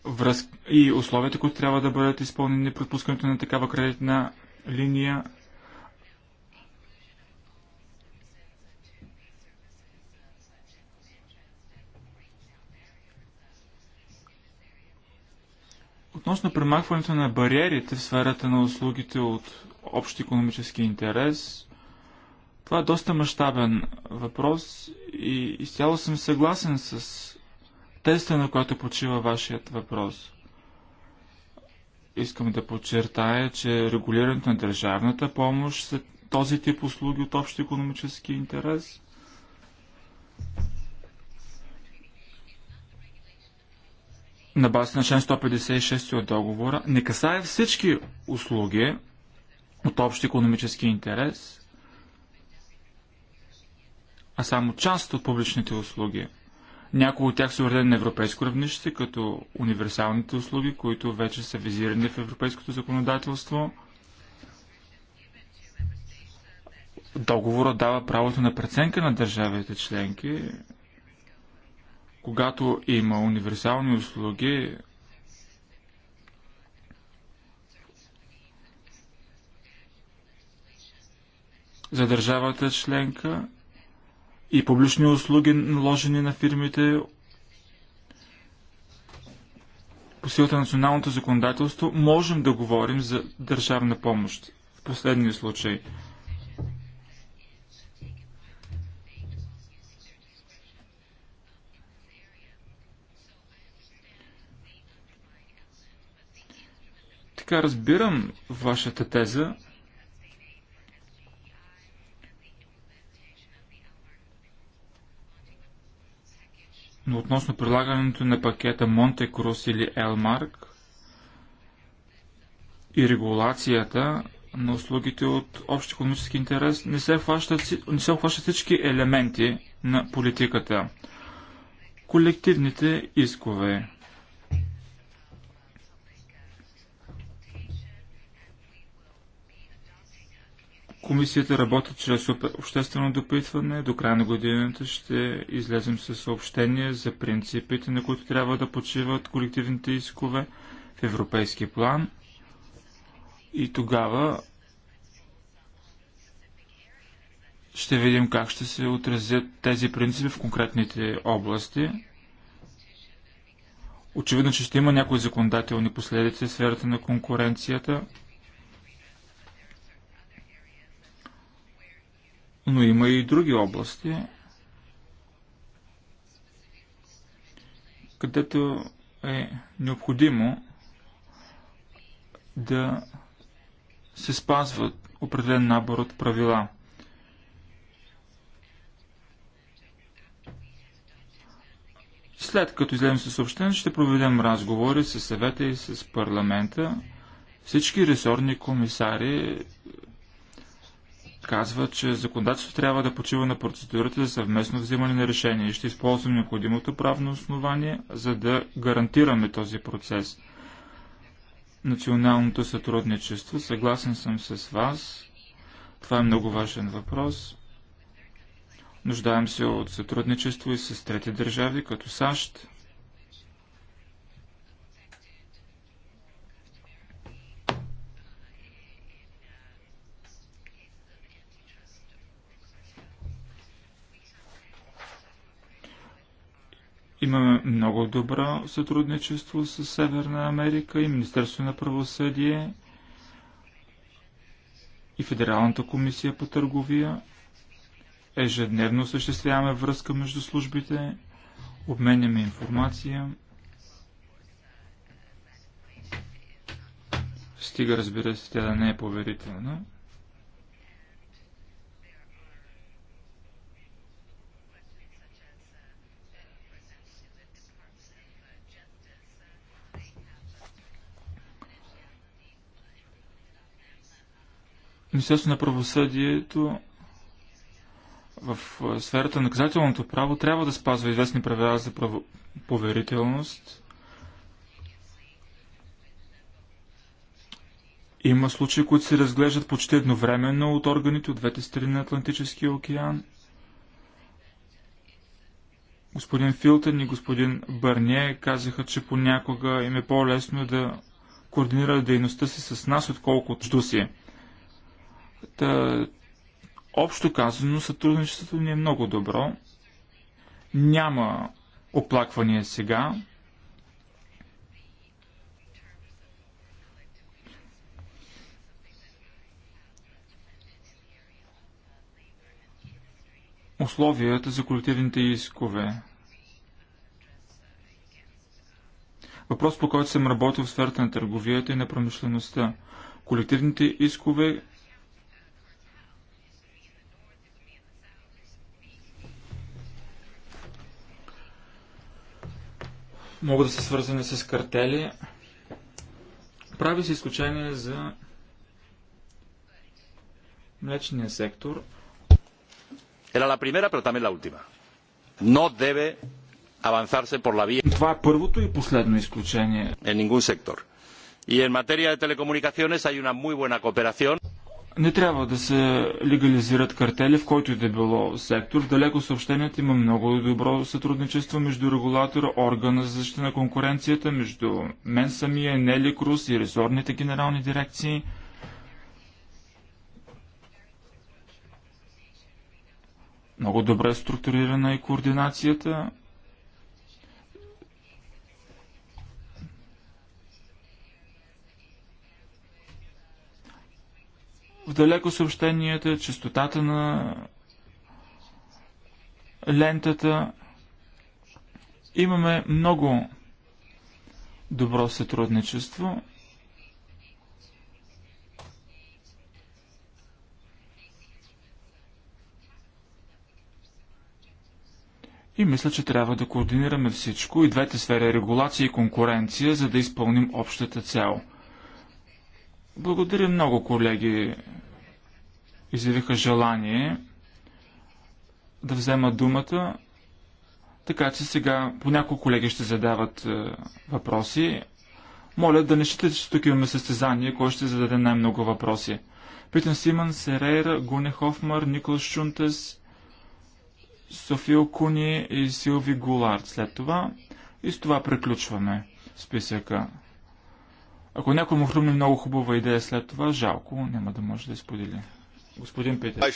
Speaker 3: Връз... и условията, които трябва да бъдат изпълнени при пускането на такава кредитна линия – Относно премахването на бариерите в сферата на услугите от общ економически интерес, това е доста мащабен въпрос и изцяло съм съгласен с теста, на която почива вашият въпрос. Искам да подчертая, че регулирането на държавната помощ за този тип услуги от общ економически интерес на базата на член 156 от договора не касае всички услуги от общ економически интерес, а само част от публичните услуги. Някои от тях са уредени на европейско равнище, като универсалните услуги, които вече са визирани в европейското законодателство. Договорът дава правото на преценка на държавите членки когато има универсални услуги, за държавата членка и публични услуги наложени на фирмите по силата на националното законодателство, можем да говорим за държавна помощ в последния случай – така разбирам вашата теза. Но относно прилагането на пакета Монте Крус или Елмарк и регулацията на услугите от общ економически интерес не се, хващат, не се хващат всички елементи на политиката. Колективните искове, Комисията работи чрез обществено допитване. До края на годината ще излезем със съобщение за принципите, на които трябва да почиват колективните искове в европейски план. И тогава ще видим как ще се отразят тези принципи в конкретните области. Очевидно, че ще има някои законодателни последици в сферата на конкуренцията – Но има и други области, където е необходимо да се спазват определен набор от правила. След като излезем със съобщение, ще проведем разговори с съвета и с парламента. Всички ресорни комисари казва, че законодателството трябва да почива на процедурата за съвместно взимане на решение и ще използвам необходимото правно основание, за да гарантираме този процес. Националното сътрудничество, съгласен съм с вас, това е много важен въпрос. Нуждаем се от сътрудничество и с трети държави, като САЩ, Имаме много добро сътрудничество с Северна Америка и Министерство на правосъдие и Федералната комисия по търговия. Ежедневно съществяваме връзка между службите, обменяме информация. Стига, разбира се, тя да не е поверителна. Министерството на правосъдието в сферата на наказателното право трябва да спазва известни правила за право... поверителност. Има случаи, които се разглеждат почти едновременно от органите от двете страни на Атлантическия океан. Господин Филтън и господин Бърне казаха, че понякога им е по-лесно да координират дейността си с нас, отколкото от си. Та, общо казано, сътрудничеството ни е много добро. Няма оплаквания сега. Условията за колективните искове. Въпрос, по който съм работил в сферата на търговията и на промишлеността. Колективните искове могат да са свързани с картели. Прави се изключение за млечния сектор. Era la primera, pero también la última. No debe avanzarse por la vía. Това е първото и последно изключение. En ningún sector. Y en materia de telecomunicaciones hay una muy buena cooperación. Не трябва да се легализират картели, в който и да било сектор. В далеко съобщението има много добро сътрудничество между регулатора, органа за защита на конкуренцията, между мен самия, Нели Крус и резорните генерални дирекции. Много добре е структурирана е координацията. в далеко съобщенията, частотата на лентата. Имаме много добро сътрудничество. И мисля, че трябва да координираме всичко и двете сфери регулация и конкуренция, за да изпълним общата цяло. Благодаря много, колеги. Изявиха желание да взема думата. Така че сега по няколко колеги ще задават е, въпроси. Моля да не считате, че тук имаме състезание, кой ще зададе най-много въпроси. Питан Симън, Серейра, Гуне Хофмар, Никол Шунтес, Софио Куни и Силви Гулард след това. И с това приключваме списъка. Ако някой му хрумне много хубава идея след това, жалко, няма да може да сподели. Господин
Speaker 1: Петър.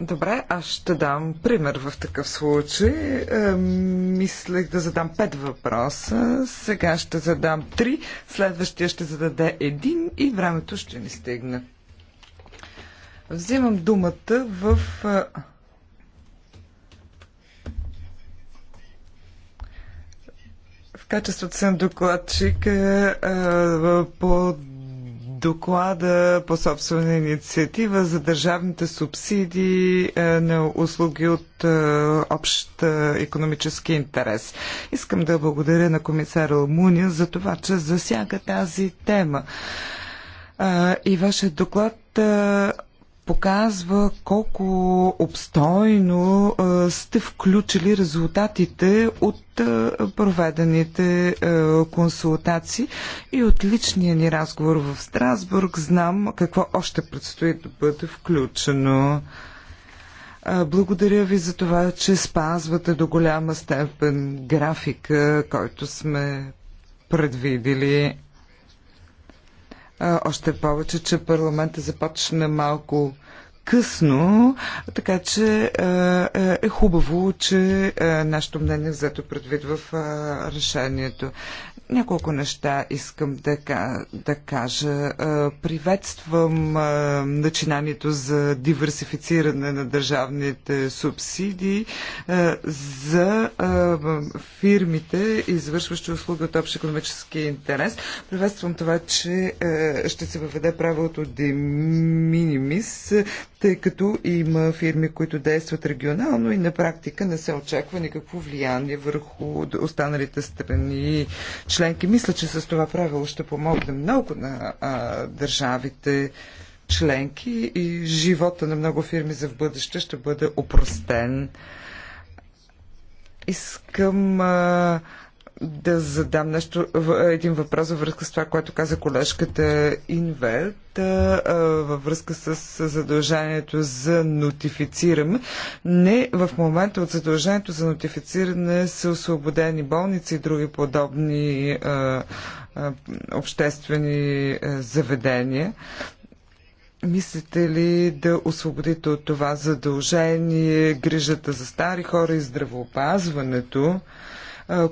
Speaker 4: Добре, аз ще дам пример в такъв случай. Е, мислех да задам пет въпроса, сега ще задам три, следващия ще зададе един и времето ще ни стигне. Взимам думата в е, качеството си на докладчик е, е, по доклада по собствена инициатива за държавните субсидии е, на услуги от е, общ економически интерес. Искам да благодаря на комисар Алмуния за това, че засяга тази тема. И вашия доклад показва колко обстойно сте включили резултатите от проведените консултации и от личния ни разговор в Страсбург знам какво още предстои да бъде включено. Благодаря ви за това, че спазвате до голяма степен графика, който сме предвидели още повече, че парламента започна малко късно, така че е, е, е хубаво, че е, нашето мнение е взето предвид в решението. Няколко неща искам да, да кажа. Приветствам начинанието за диверсифициране на държавните субсидии за фирмите, извършващи услуги от общ економически интерес. Приветствам това, че ще се въведе правилото de minimis, тъй като има фирми, които действат регионално и на практика не се очаква никакво влияние върху останалите страни членки. Мисля, че с това правило ще помогне много на а, държавите членки и живота на много фирми за в бъдеще ще бъде опростен. Искам а, да задам нещо, един въпрос във връзка с това, което каза колежката Инверт, във връзка с задължението за нотифициране. Не, в момента от задължението за нотифициране са освободени болници и други подобни а, а, обществени заведения. Мислите ли да освободите от това задължение грижата за стари хора и здравоопазването?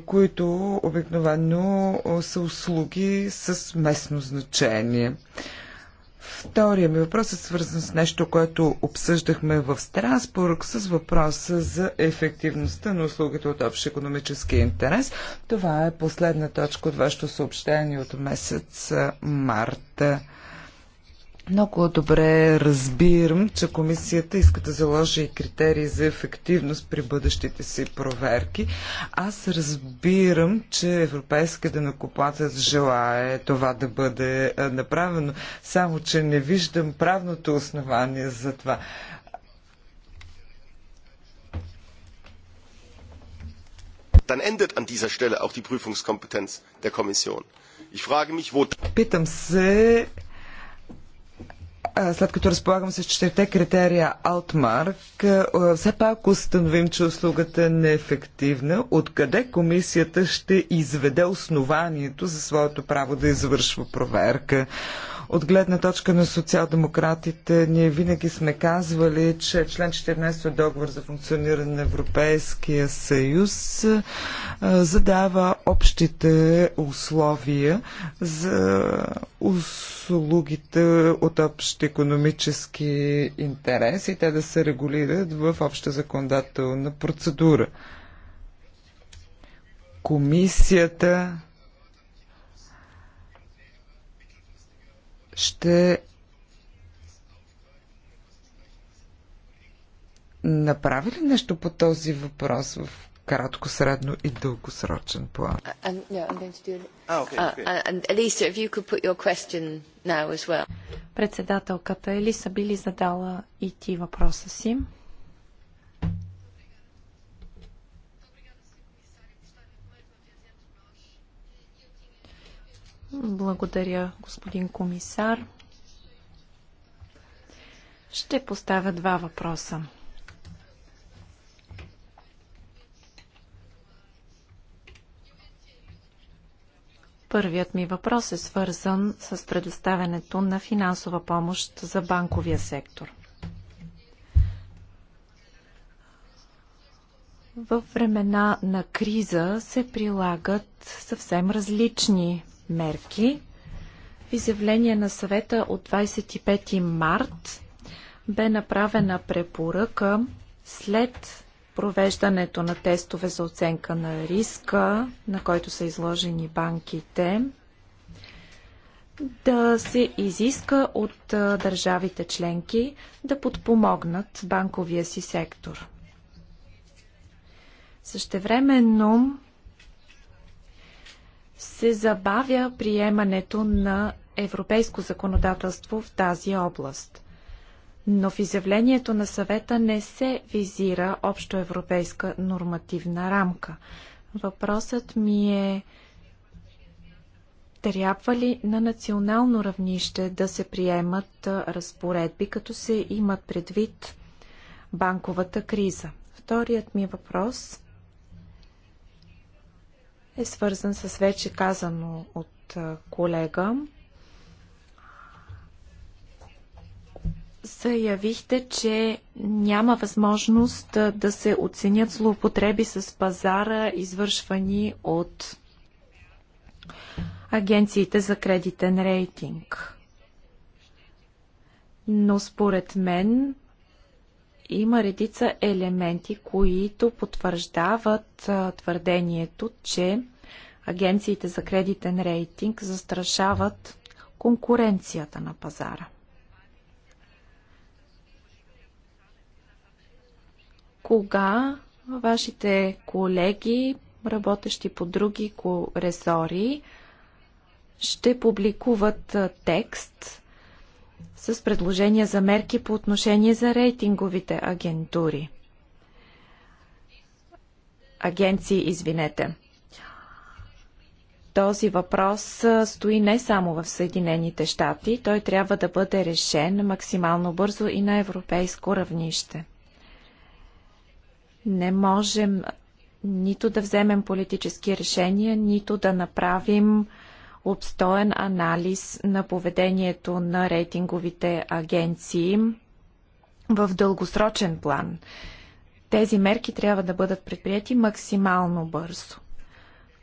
Speaker 4: които обикновено са услуги с местно значение. Втория ми въпрос е свързан с нещо, което обсъждахме в Страсбург с въпроса за ефективността на услугите от общ економически интерес. Това е последна точка от вашето съобщение от месец марта. Много добре разбирам, че комисията иска да заложи и критерии за ефективност при бъдещите си проверки. Аз разбирам, че европейска денокопатец желае това да бъде е, направено, само че не виждам правното основание за това.
Speaker 3: Dann endet an dieser Stelle auch die Prüfungskompetenz der Kommission. Ich frage mich, wo...
Speaker 4: Питам се, след като разполагам с четирите критерия Altmark, все пак установим, че услугата е неефективна. Откъде комисията ще изведе основанието за своето право да извършва проверка? От гледна точка на социал-демократите, ние винаги сме казвали, че член 14 от договор за функциониране на Европейския съюз задава общите условия за услугите от общ економически интерес и те да се регулират в обща законодателна процедура. Комисията ще направи ли нещо по този въпрос в кратко, средно и дългосрочен план?
Speaker 2: Председателката Елиса би ли задала и ти въпроса си? Благодаря, господин комисар. Ще поставя два въпроса. Първият ми въпрос е свързан с предоставянето на финансова помощ за банковия сектор. В времена на криза се прилагат съвсем различни мерки. В изявление на съвета от 25 март бе направена препоръка след провеждането на тестове за оценка на риска, на който са изложени банките, да се изиска от държавите членки да подпомогнат банковия си сектор. Същевременно се забавя приемането на европейско законодателство в тази област. Но в изявлението на съвета не се визира общоевропейска нормативна рамка. Въпросът ми е трябва ли на национално равнище да се приемат разпоредби, като се имат предвид банковата криза? Вторият ми въпрос е свързан с вече казано от колега. Заявихте, че няма възможност да се оценят злоупотреби с пазара, извършвани от агенциите за кредитен рейтинг. Но според мен има редица елементи, които потвърждават твърдението, че агенциите за кредитен рейтинг застрашават конкуренцията на пазара. Кога вашите колеги, работещи по други ресори, ще публикуват текст, с предложения за мерки по отношение за рейтинговите агентури. Агенции, извинете. Този въпрос стои не само в Съединените щати, той трябва да бъде решен максимално бързо и на европейско равнище. Не можем нито да вземем политически решения, нито да направим обстоен анализ на поведението на рейтинговите агенции в дългосрочен план. Тези мерки трябва да бъдат предприяти максимално бързо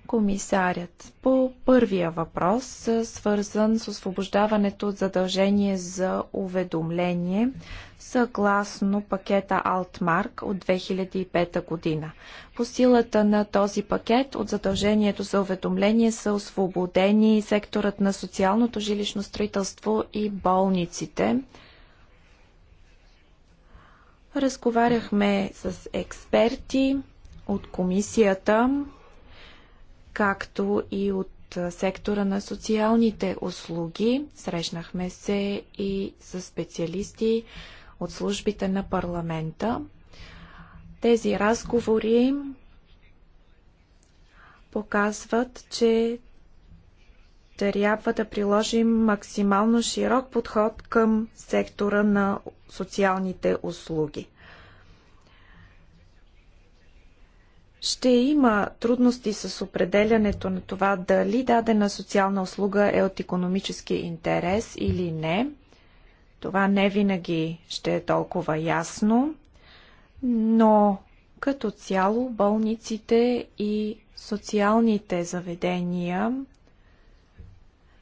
Speaker 2: комисарят. По първия въпрос, свързан с освобождаването от задължение за уведомление, съгласно пакета Алтмарк от 2005 година. По силата на този пакет от задължението за уведомление са освободени секторът на социалното жилищно строителство и болниците. Разговаряхме с експерти от комисията, както и от сектора на социалните услуги. Срещнахме се и с специалисти от службите на парламента. Тези разговори показват, че трябва да приложим максимално широк подход към сектора на социалните услуги. ще има трудности с определянето на това дали дадена социална услуга е от економически интерес или не. Това не винаги ще е толкова ясно, но като цяло болниците и социалните заведения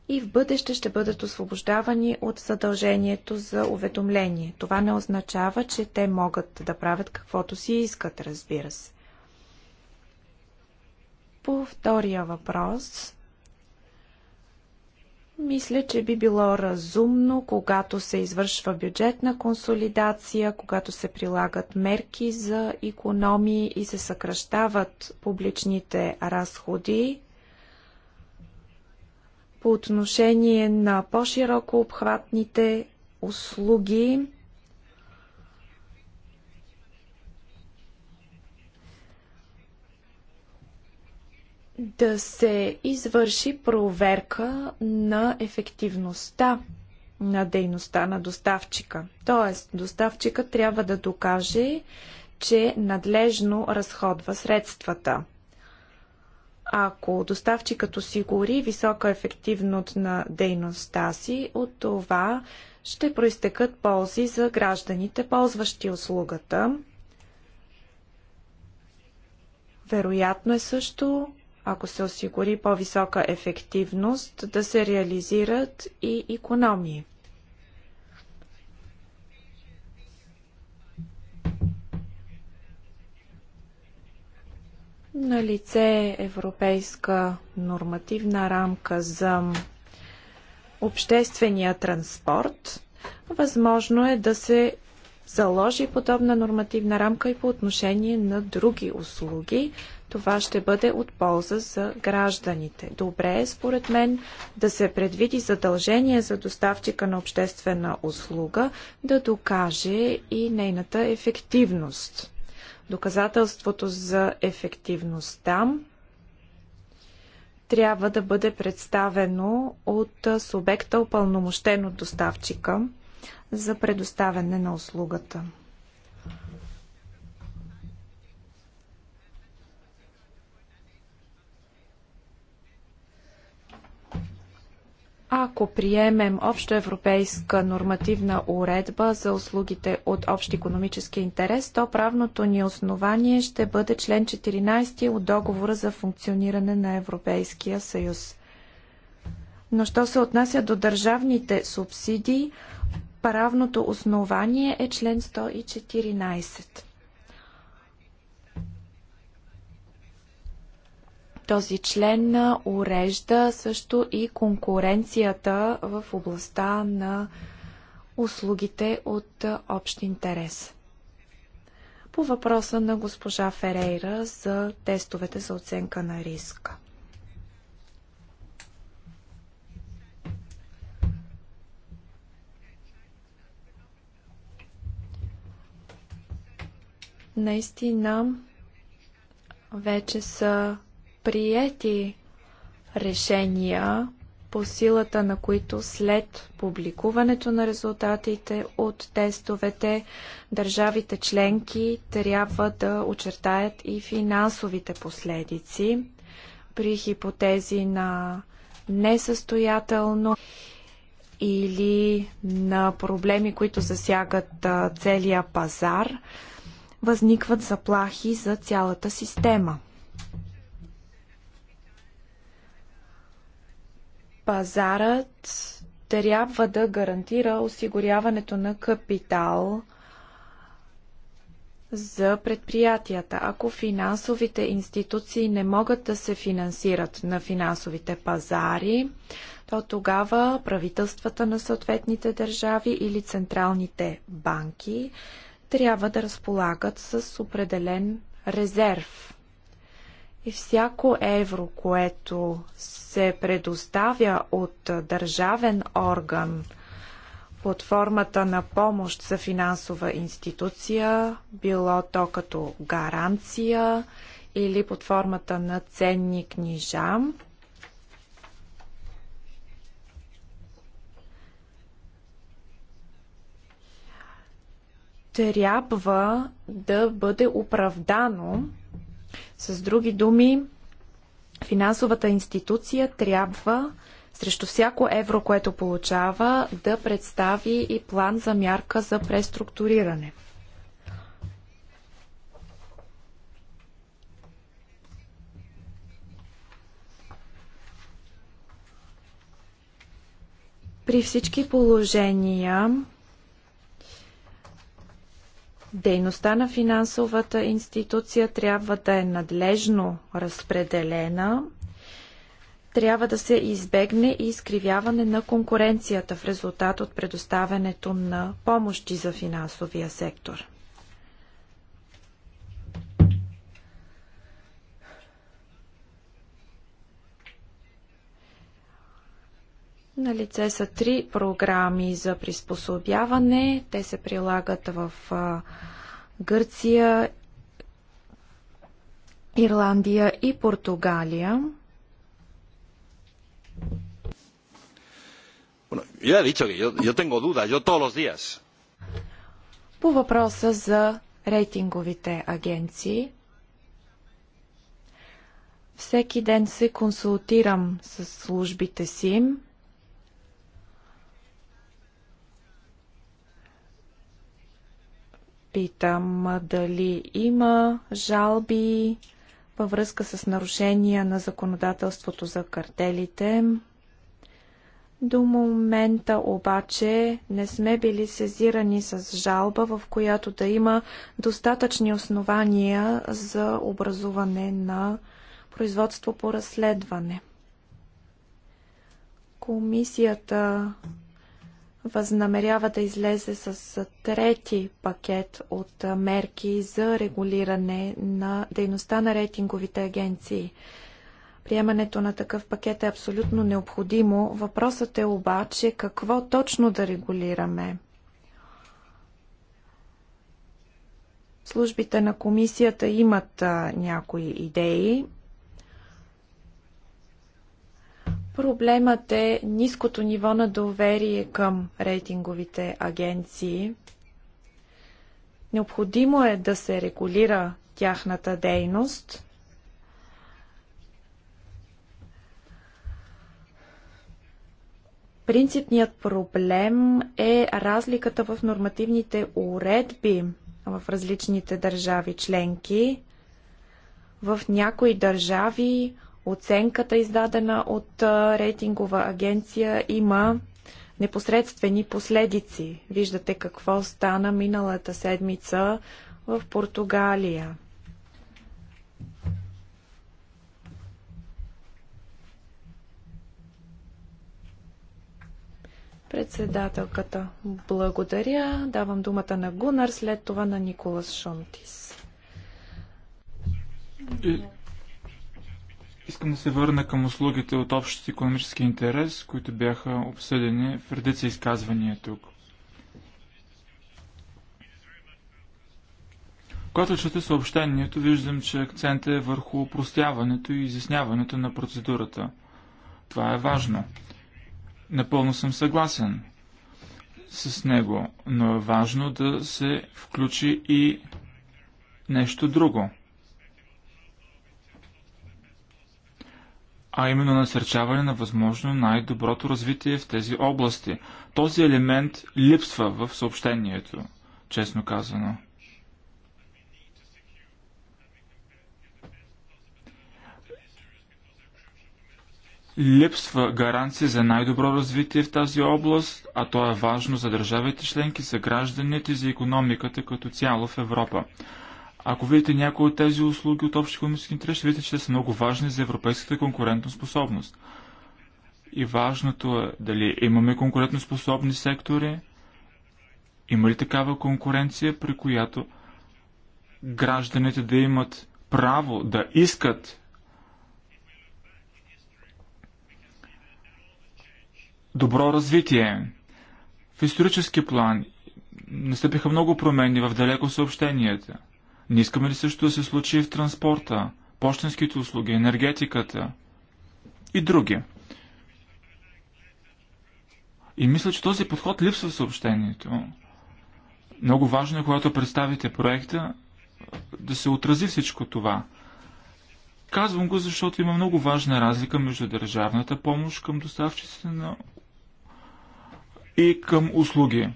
Speaker 2: и в бъдеще ще бъдат освобождавани от задължението за уведомление. Това не означава, че те могат да правят каквото си искат, разбира се. По втория въпрос, мисля, че би било разумно, когато се извършва бюджетна консолидация, когато се прилагат мерки за економии и се съкръщават публичните разходи, по отношение на по-широко обхватните услуги, да се извърши проверка на ефективността на дейността на доставчика. Тоест, доставчика трябва да докаже, че надлежно разходва средствата. Ако доставчикът осигури висока ефективност на дейността си, от това ще проистекат ползи за гражданите, ползващи услугата. Вероятно е също ако се осигури по-висока ефективност, да се реализират и економии. На лице е европейска нормативна рамка за обществения транспорт. Възможно е да се заложи подобна нормативна рамка и по отношение на други услуги, това ще бъде от полза за гражданите. Добре е, според мен, да се предвиди задължение за доставчика на обществена услуга да докаже и нейната ефективност. Доказателството за ефективността трябва да бъде представено от субекта, упълномощен от доставчика за предоставяне на услугата. Ако приемем общоевропейска европейска нормативна уредба за услугите от общ економически интерес, то правното ни основание ще бъде член 14 от договора за функциониране на Европейския съюз. Но що се отнася до държавните субсидии, правното основание е член 114. Този член урежда също и конкуренцията в областта на услугите от общ интерес. По въпроса на госпожа Ферейра за тестовете за оценка на риска. Наистина, вече са приети решения, по силата на които след публикуването на резултатите от тестовете държавите членки трябва да очертаят и финансовите последици при хипотези на несъстоятелно или на проблеми, които засягат целия пазар, възникват заплахи за цялата система. Пазарът трябва да гарантира осигуряването на капитал за предприятията. Ако финансовите институции не могат да се финансират на финансовите пазари, то тогава правителствата на съответните държави или централните банки трябва да разполагат с определен резерв. И всяко евро, което се предоставя от държавен орган под формата на помощ за финансова институция, било то като гаранция или под формата на ценни книжа, трябва да бъде оправдано с други думи, финансовата институция трябва срещу всяко евро, което получава, да представи и план за мярка за преструктуриране. При всички положения Дейността на финансовата институция трябва да е надлежно разпределена. Трябва да се избегне и изкривяване на конкуренцията в резултат от предоставянето на помощи за финансовия сектор. На лице са три програми за приспособяване. Те се прилагат в Гърция, Ирландия и Португалия. По въпроса за рейтинговите агенции, всеки ден се консултирам с службите си, питам дали има жалби във връзка с нарушения на законодателството за картелите. До момента обаче не сме били сезирани с жалба, в която да има достатъчни основания за образуване на производство по разследване. Комисията възнамерява да излезе с трети пакет от мерки за регулиране на дейността на рейтинговите агенции. Приемането на такъв пакет е абсолютно необходимо. Въпросът е обаче какво точно да регулираме. Службите на комисията имат някои идеи, Проблемът е ниското ниво на доверие към рейтинговите агенции. Необходимо е да се регулира тяхната дейност. Принципният проблем е разликата в нормативните уредби в различните държави членки. В някои държави оценката, издадена от рейтингова агенция, има непосредствени последици. Виждате какво стана миналата седмица в Португалия. Председателката, благодаря. Давам думата на Гунар, след това на Николас Шунтис.
Speaker 3: Искам да се върна към услугите от общ економически интерес, които бяха обсъдени в редица изказвания тук. Когато чета съобщението, виждам, че акцентът е върху упростяването и изясняването на процедурата. Това е важно. Напълно съм съгласен с него, но е важно да се включи и нещо друго – а именно насърчаване на възможно най-доброто развитие в тези области. Този елемент липсва в съобщението, честно казано. Липсва гаранция за най-добро развитие в тази област, а то е важно за държавите членки, за гражданите и за економиката като цяло в Европа. Ако видите някои от тези услуги от общи економически интерес, ще видите, че те са много важни за европейската конкурентоспособност. И важното е дали имаме конкурентоспособни сектори, има ли такава конкуренция, при която гражданите да имат право да искат добро развитие. В исторически план настъпиха много промени в далеко съобщенията – не искаме ли също да се случи и в транспорта, почтенските услуги, енергетиката и други? И мисля, че този подход липсва в съобщението. Много важно е, когато представите проекта, да се отрази всичко това. Казвам го, защото има много важна разлика между държавната помощ към доставчиците на и към услуги.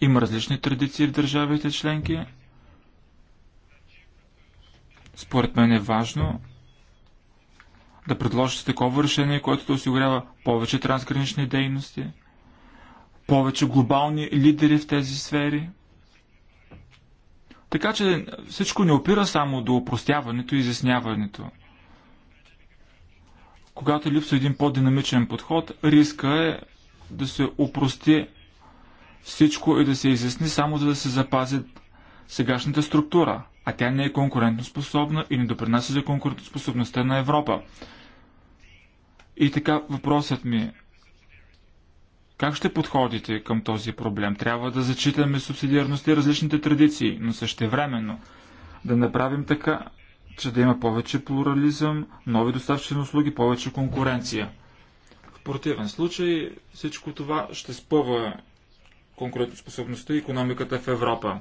Speaker 3: Има различни традиции в държавите членки според мен е важно да предложите такова решение, което да осигурява повече трансгранични дейности, повече глобални лидери в тези сфери. Така че всичко не опира само до упростяването и изясняването. Когато липсва един по-динамичен подход, риска е да се опрости всичко и да се изясни само за да се запази сегашната структура а тя не е конкурентоспособна и не допринася за конкурентоспособността на Европа. И така въпросът ми е, как ще подходите към този проблем? Трябва да зачитаме субсидиарността и различните традиции, но същевременно да направим така, че да има повече плурализъм, нови на услуги, повече конкуренция. В противен случай всичко това ще спъва конкурентоспособността и економиката в Европа.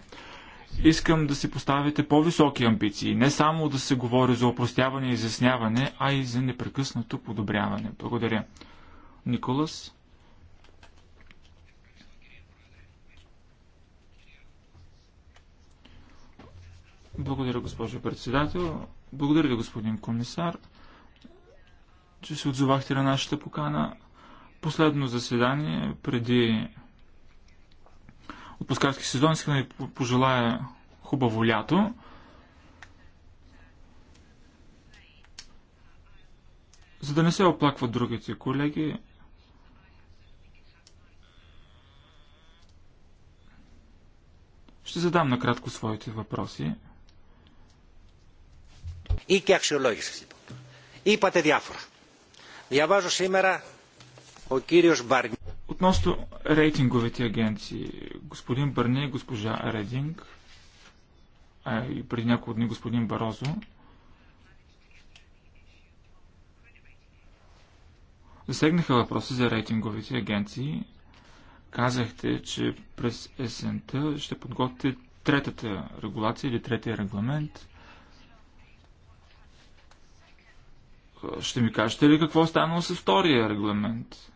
Speaker 3: Искам да си поставите по-високи амбиции, не само да се говори за опростяване и изясняване, а и за непрекъснато подобряване. Благодаря. Николас? Благодаря, госпожо председател. Благодаря ви, господин комисар, че се отзовахте на нашата покана. Последно заседание преди отпускарски сезон. Искам да ви пожелая хубаво лято. За да не се оплакват другите колеги, ще задам накратко своите въпроси.
Speaker 4: И И пате диафора. Я Διαβάζω сега
Speaker 3: Относно рейтинговите агенции, господин Бърне и госпожа Рединг, а и преди няколко дни господин Барозо, засегнаха въпроси за рейтинговите агенции. Казахте, че през есента ще подготвите третата регулация или третия регламент. Ще ми кажете ли какво е станало с втория регламент?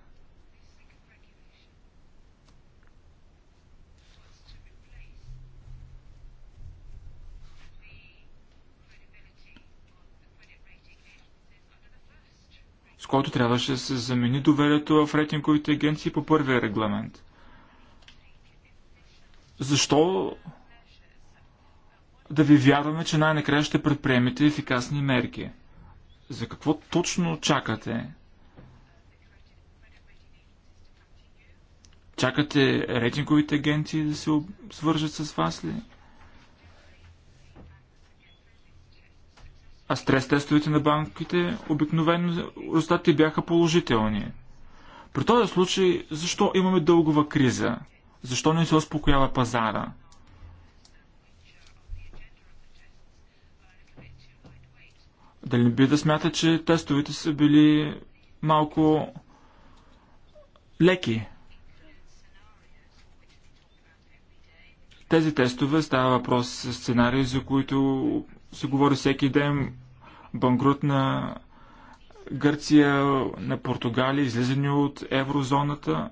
Speaker 3: който трябваше да се замени доверието в рейтинговите агенции по първия регламент. Защо да ви вярваме, че най-накрая ще предприемете ефикасни мерки? За какво точно чакате? Чакате рейтинговите агенции да се свържат с вас ли? А стрес тестовете на банките обикновено резултатите бяха положителни. При този случай, защо имаме дългова криза? Защо не се успокоява пазара? Дали не би да смята, че тестовете са били малко леки? Тези тестове става въпрос за сценарии, за които се говори всеки ден, банкрут на Гърция, на Португалия, излизане от еврозоната.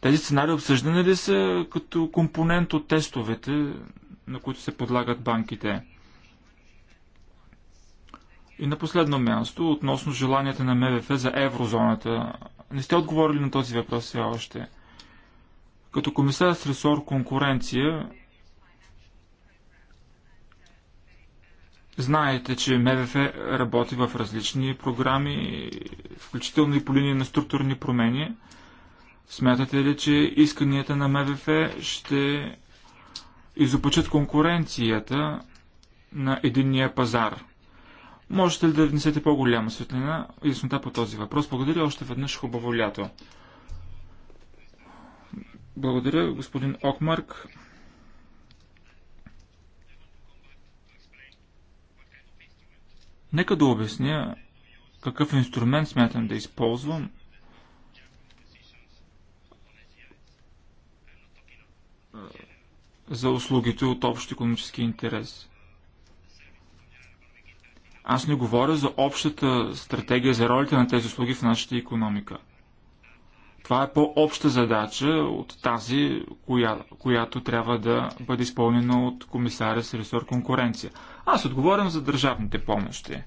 Speaker 3: Тези сценари обсъждани ли са като компонент от тестовете, на които се подлагат банките? И на последно място, относно желанията на МВФ за еврозоната. Не сте отговорили на този въпрос все още. Като комисар с ресор конкуренция, Знаете, че МВФ работи в различни програми, включително и по линия на структурни промени. Смятате ли, че исканията на МВФ ще изопочат конкуренцията на единния пазар? Можете ли да внесете по-голяма светлина и яснота по този въпрос? Благодаря още веднъж хубаво лято. Благодаря, господин Окмарк. Нека да обясня какъв инструмент смятам да използвам. за услугите от общ економически интерес. Аз не говоря за общата стратегия за ролите на тези услуги в нашата економика – това е по-обща задача от тази, коя, която трябва да бъде изпълнена от комисаря с ресор конкуренция. Аз отговорям за държавните помощи.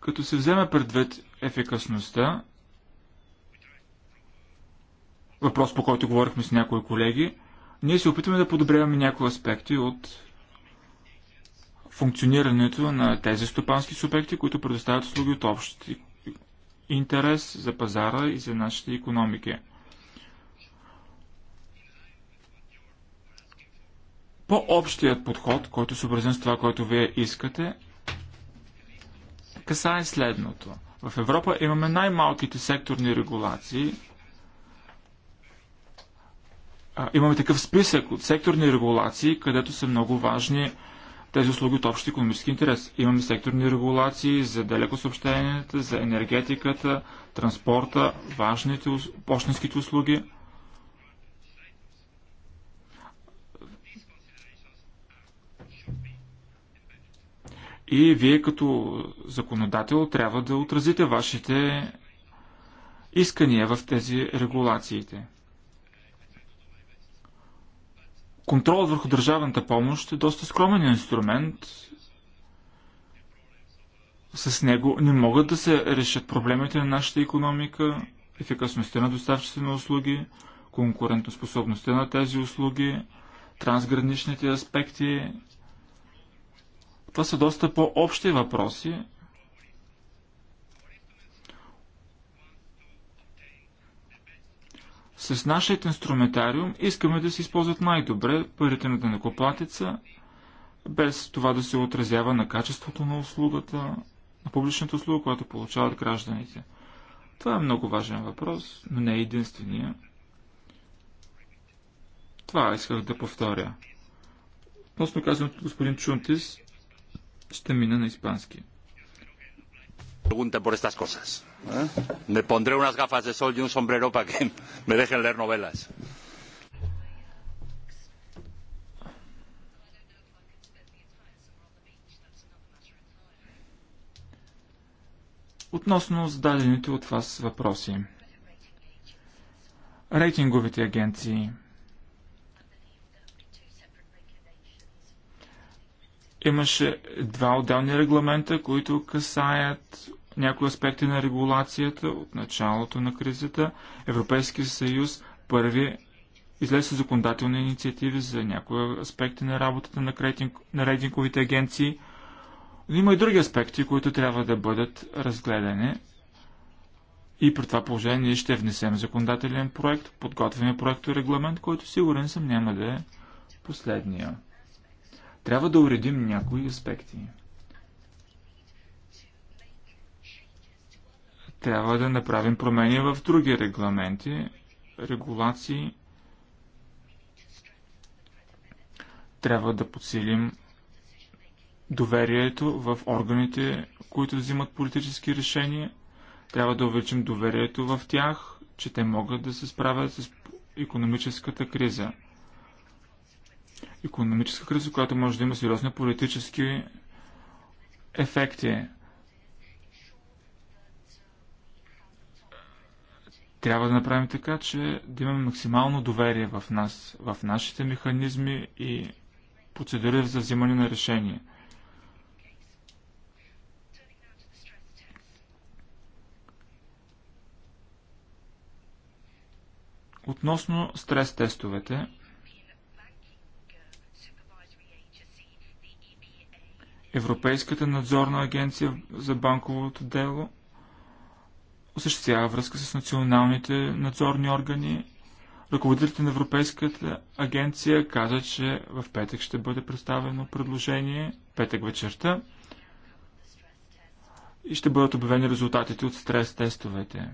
Speaker 3: Като се вземе предвид ефикасността, въпрос по който говорихме с някои колеги, ние се опитваме да подобряваме някои аспекти от функционирането на тези стопански субекти, които предоставят услуги от общи интерес за пазара и за нашите економики. По-общият подход, който е съобразен с това, което вие искате, касае следното. В Европа имаме най-малките секторни регулации. А, имаме такъв списък от секторни регулации, където са много важни тези услуги от общ економически интерес. Имаме секторни регулации за далеко съобщенията, за енергетиката, транспорта, важните почтенските услуги. И вие като законодател трябва да отразите вашите искания в тези регулациите. Контролът върху държавната помощ е доста скромен инструмент. С него не могат да се решат проблемите на нашата економика, ефикасността на доставчите на услуги, конкурентоспособността на тези услуги, трансграничните аспекти. Това са доста по-общи въпроси, С нашия инструментариум искаме да се използват най-добре парите на денекоплатеца, без това да се отразява на качеството на услугата, на публичната услуга, която получават гражданите. Това е много важен въпрос, но не е единствения. Това исках да повторя. Относно казаното господин Чунтис, ще мина на испански pregunte por estas cosas. ¿Eh? Me pondré unas gafas de sol y un sombrero para que me dejen leer novelas. Относно зададените от вас въпроси. Рейтинговите агенции – Имаше два отделни регламента, които касаят някои аспекти на регулацията от началото на кризата. Европейския съюз първи излезе с законодателни инициативи за някои аспекти на работата на, крейтинг, на рейтинговите агенции. Но има и други аспекти, които трябва да бъдат разгледани. И при това положение ние ще внесем законодателен проект, подготвяме проекто регламент, който сигурен съм няма да е последния. Трябва да уредим някои аспекти. Трябва да направим промени в други регламенти, регулации. Трябва да подсилим доверието в органите, които взимат политически решения. Трябва да увеличим доверието в тях, че те могат да се справят с економическата криза економическа криза, която може да има сериозни политически ефекти. Трябва да направим така, че да имаме максимално доверие в нас, в нашите механизми и процедури за взимане на решение. Относно стрес тестовете, Европейската надзорна агенция за банковото дело осъществява връзка с националните надзорни органи. Ръководителите на Европейската агенция каза, че в петък ще бъде представено предложение, петък вечерта, и ще бъдат обявени резултатите от стрес тестовете.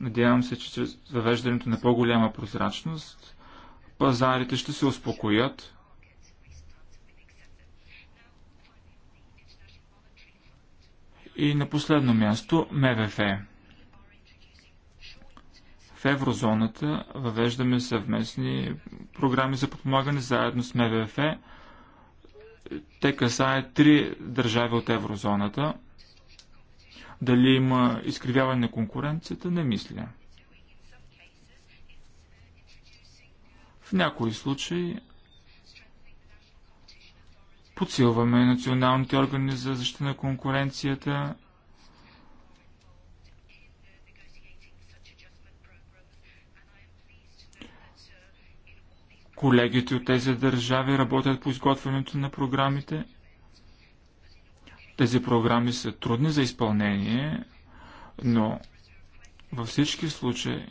Speaker 3: Надявам се, че чрез въвеждането на по-голяма прозрачност, пазарите ще се успокоят И на последно място МВФ. В еврозоната въвеждаме съвместни програми за подпомагане заедно с МВФ. Те касаят три държави от еврозоната. Дали има изкривяване на конкуренцията, не мисля. В някои случаи Подсилваме националните органи за защита на конкуренцията. Колегите от тези държави работят по изготвянето на програмите. Тези програми са трудни за изпълнение, но във всички случаи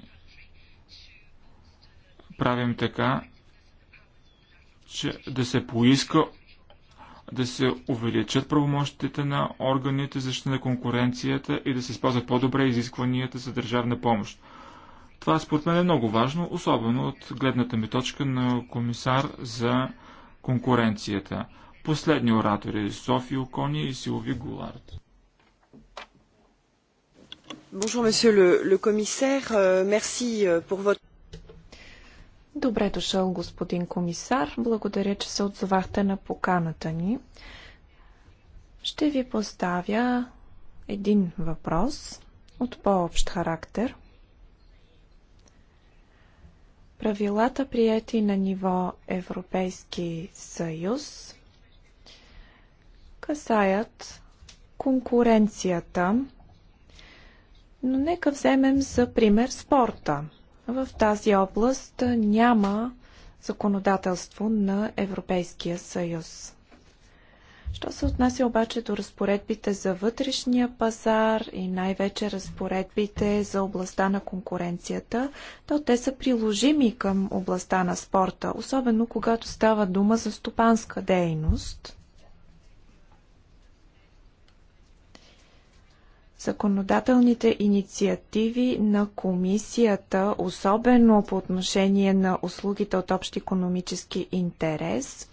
Speaker 3: правим така, че да се поиска да се увеличат правомощите на органите защита на конкуренцията и да се използват по-добре изискванията за държавна помощ. Това според мен е много важно, особено от гледната ми точка на комисар за конкуренцията. Последни оратори е Софи Окони и Силови Голард.
Speaker 4: Bonjour monsieur le, le commissaire, euh, merci euh, pour votre
Speaker 2: Добре дошъл, господин комисар. Благодаря, че се отзовахте на поканата ни. Ще ви поставя един въпрос от по-общ характер. Правилата, прияти на ниво Европейски съюз, касаят конкуренцията, но нека вземем за пример спорта – в тази област няма законодателство на Европейския съюз. Що се отнася обаче до разпоредбите за вътрешния пазар и най-вече разпоредбите за областта на конкуренцията, то те са приложими към областта на спорта, особено когато става дума за стопанска дейност. Законодателните инициативи на комисията, особено по отношение на услугите от общ економически интерес,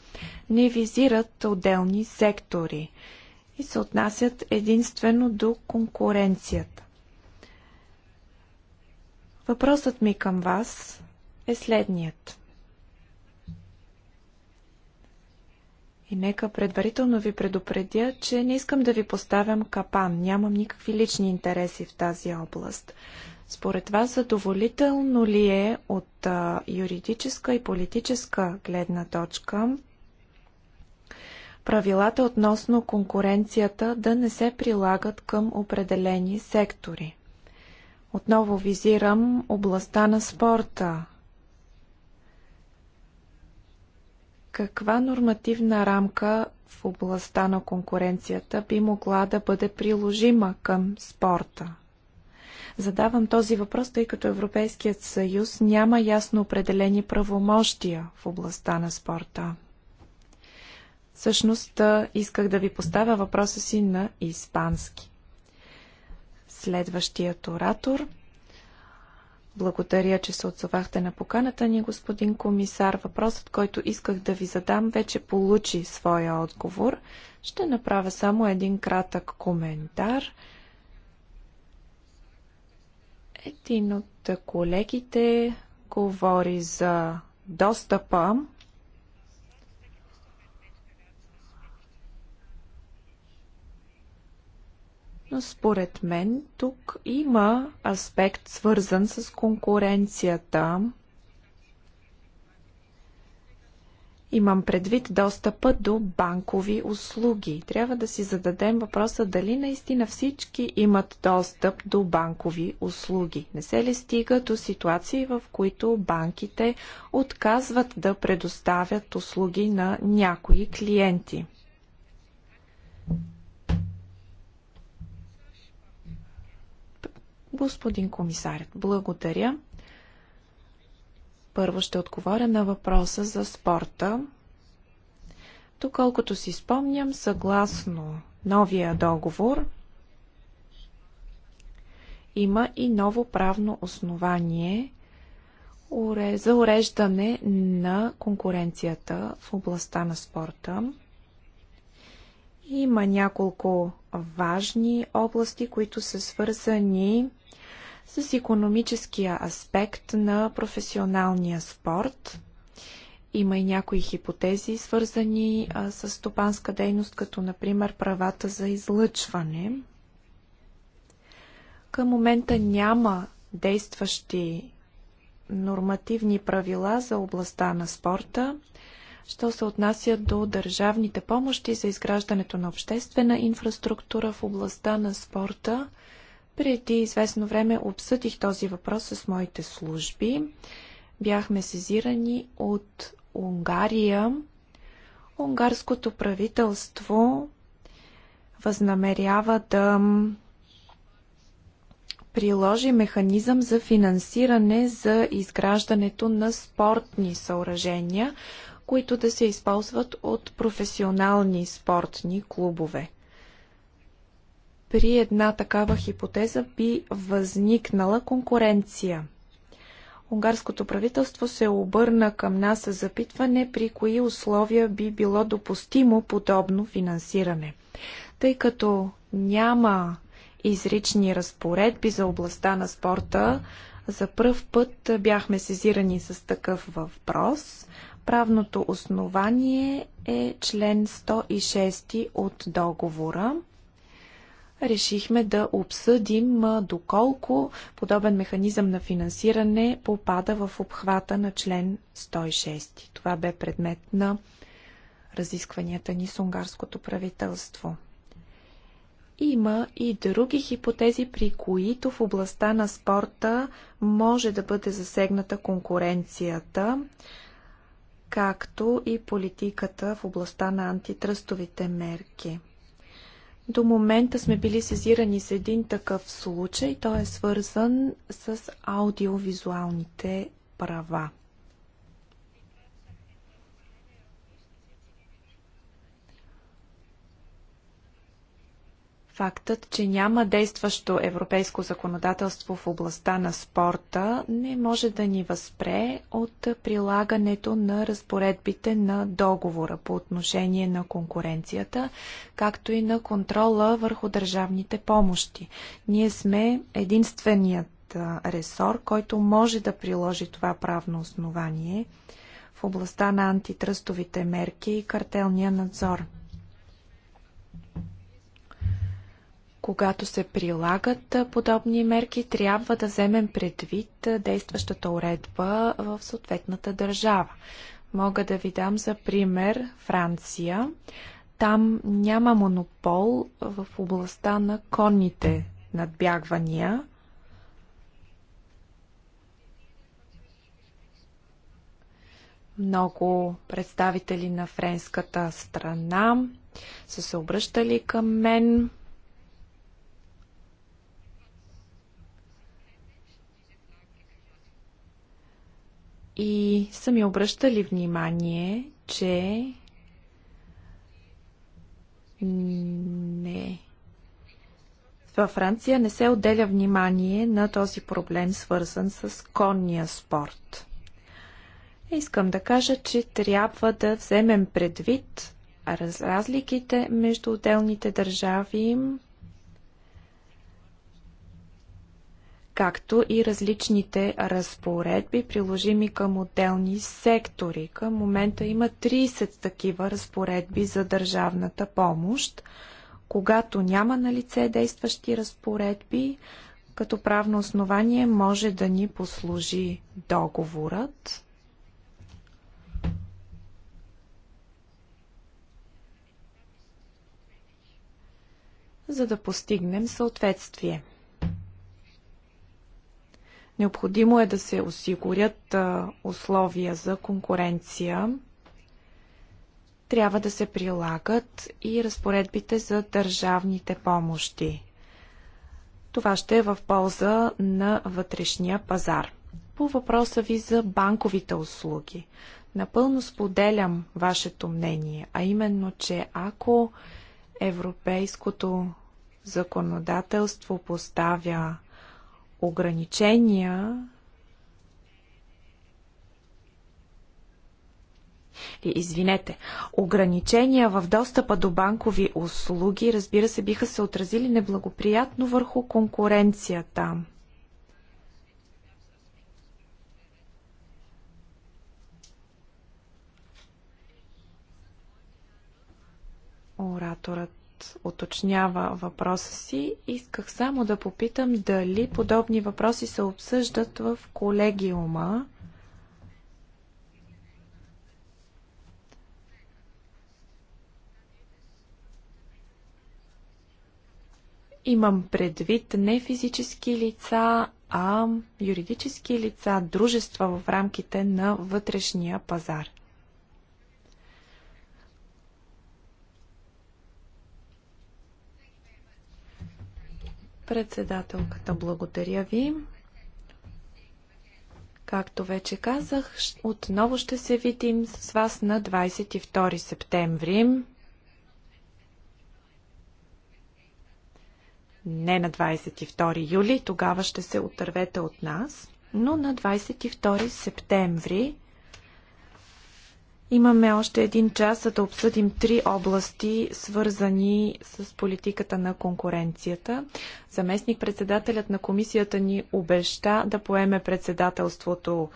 Speaker 2: не визират отделни сектори и се отнасят единствено до конкуренцията. Въпросът ми към вас е следният. И нека предварително ви предупредя, че не искам да ви поставям капан. Нямам никакви лични интереси в тази област. Според вас задоволително ли е от а, юридическа и политическа гледна точка правилата относно конкуренцията да не се прилагат към определени сектори? Отново визирам областта на спорта, Каква нормативна рамка в областта на конкуренцията би могла да бъде приложима към спорта? Задавам този въпрос, тъй като Европейският съюз няма ясно определени правомощия в областта на спорта. Всъщност исках да ви поставя въпроса си на испански. Следващият оратор – благодаря, че се отзовахте на поканата ни, господин комисар. Въпросът, който исках да ви задам, вече получи своя отговор. Ще направя само един кратък коментар. Един от колегите говори за достъпа Но според мен тук има аспект свързан с конкуренцията. Имам предвид достъпа до банкови услуги. Трябва да си зададем въпроса дали наистина всички имат достъп до банкови услуги. Не се ли стига до ситуации, в които банките отказват да предоставят услуги на някои клиенти? Господин комисарят, благодаря. Първо ще отговоря на въпроса за спорта. Доколкото си спомням, съгласно новия договор, има и ново правно основание за уреждане на конкуренцията в областта на спорта. Има няколко важни области, които са свързани с економическия аспект на професионалния спорт. Има и някои хипотези, свързани а, с стопанска дейност, като например правата за излъчване. Към момента няма действащи нормативни правила за областта на спорта, що се отнася до държавните помощи за изграждането на обществена инфраструктура в областта на спорта – преди известно време обсъдих този въпрос с моите служби. Бяхме сезирани от Унгария. Унгарското правителство възнамерява да приложи механизъм за финансиране за изграждането на спортни съоръжения, които да се използват от професионални спортни клубове при една такава хипотеза би възникнала конкуренция. Унгарското правителство се обърна към нас с запитване при кои условия би било допустимо подобно финансиране. Тъй като няма изрични разпоредби за областта на спорта, за пръв път бяхме сезирани с такъв въпрос. Правното основание е член 106 от договора решихме да обсъдим доколко подобен механизъм на финансиране попада в обхвата на член 106. Това бе предмет на разискванията ни с унгарското правителство. Има и други хипотези, при които в областта на спорта може да бъде засегната конкуренцията, както и политиката в областта на антитръстовите мерки. До момента сме били сезирани с един такъв случай. Той е свързан с аудиовизуалните права. Фактът, че няма действащо европейско законодателство в областта на спорта, не може да ни възпре от прилагането на разпоредбите на договора по отношение на конкуренцията, както и на контрола върху държавните помощи. Ние сме единственият ресор, който може да приложи това правно основание в областта на антитръстовите мерки и картелния надзор. Когато се прилагат подобни мерки, трябва да вземем предвид действащата уредба в съответната държава. Мога да ви дам за пример Франция. Там няма монопол в областта на конните надбягвания. Много представители на френската страна са се обръщали към мен и са ми обръщали внимание, че не. Във Франция не се отделя внимание на този проблем, свързан с конния спорт. Искам да кажа, че трябва да вземем предвид разликите между отделните държави, както и различните разпоредби, приложими към отделни сектори. Към момента има 30 такива разпоредби за държавната помощ. Когато няма на лице действащи разпоредби, като правно основание може да ни послужи договорът. за да постигнем съответствие. Необходимо е да се осигурят условия за конкуренция. Трябва да се прилагат и разпоредбите за държавните помощи. Това ще е в полза на вътрешния пазар. По въпроса ви за банковите услуги. Напълно споделям вашето мнение, а именно, че ако европейското законодателство поставя ограничения е, Извинете, ограничения в достъпа до банкови услуги, разбира се, биха се отразили неблагоприятно върху конкуренцията. Ораторът уточнява въпроса си. Исках само да попитам дали подобни въпроси се обсъждат в колегиума. Имам предвид не физически лица, а юридически лица, дружества в рамките на вътрешния пазар. Председателката, благодаря ви. Както вече казах, отново ще се видим с вас на 22 септември. Не на 22 юли, тогава ще се отървете от нас, но на 22 септември Имаме още един час, за да обсъдим три области, свързани с политиката на конкуренцията. Заместник-председателят на комисията ни обеща да поеме председателството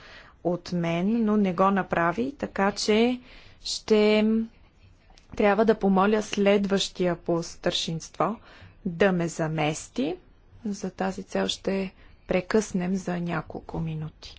Speaker 2: от мен, но не го направи, така че ще трябва да помоля следващия по старшинство да ме замести. За тази цел ще прекъснем за няколко минути.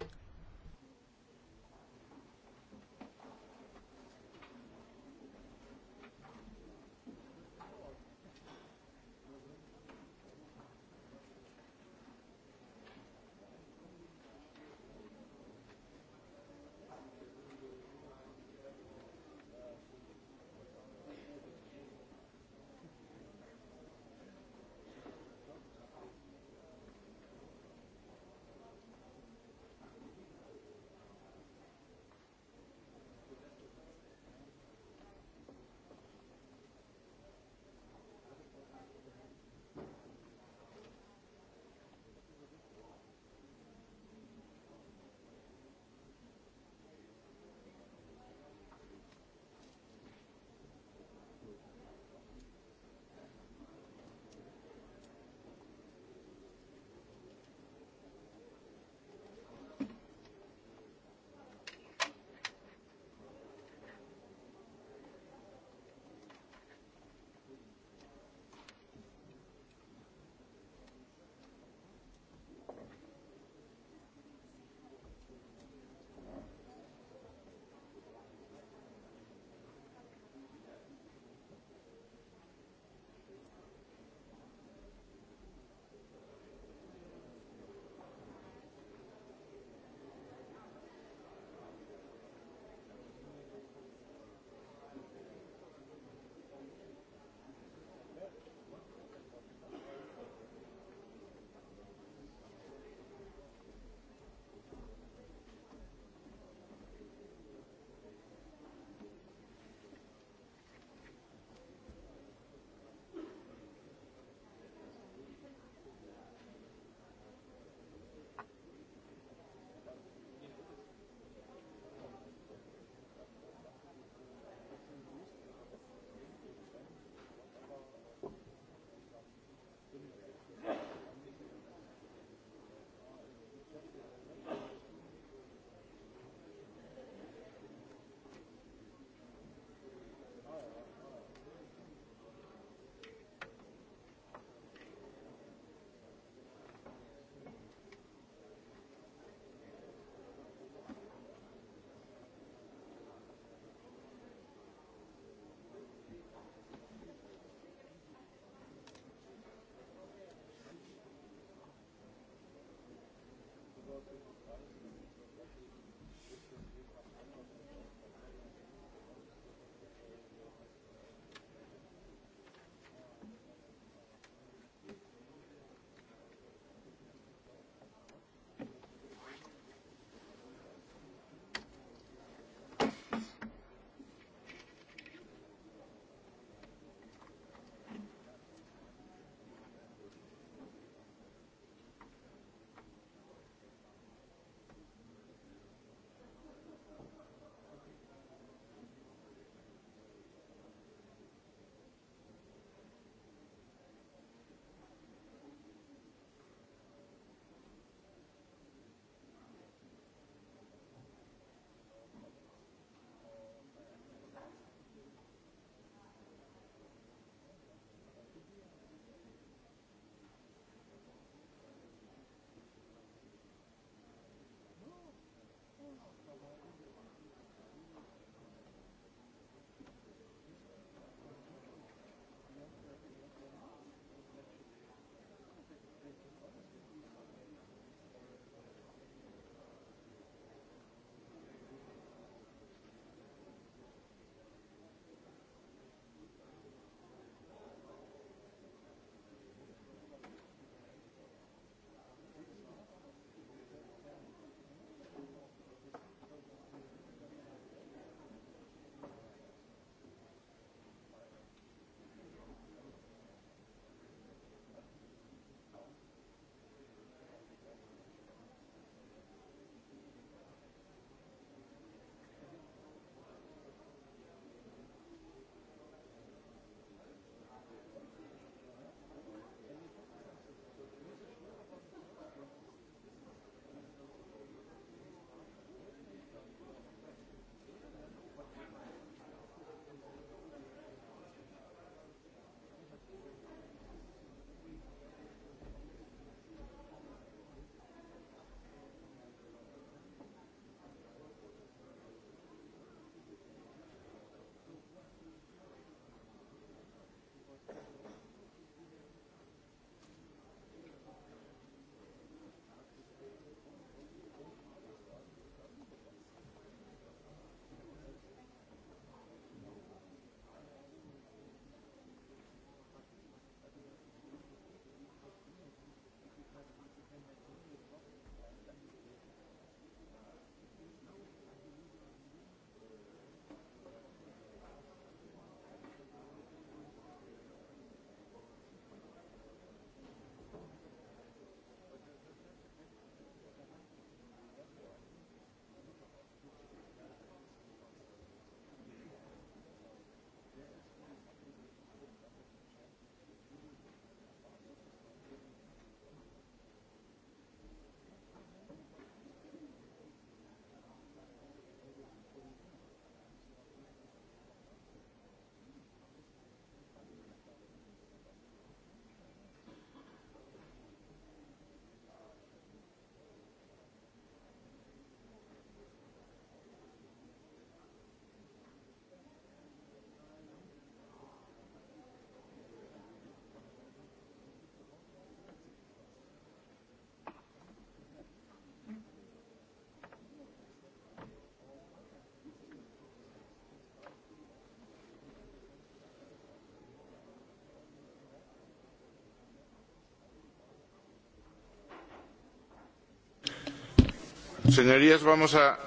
Speaker 4: Señorías, vamos a,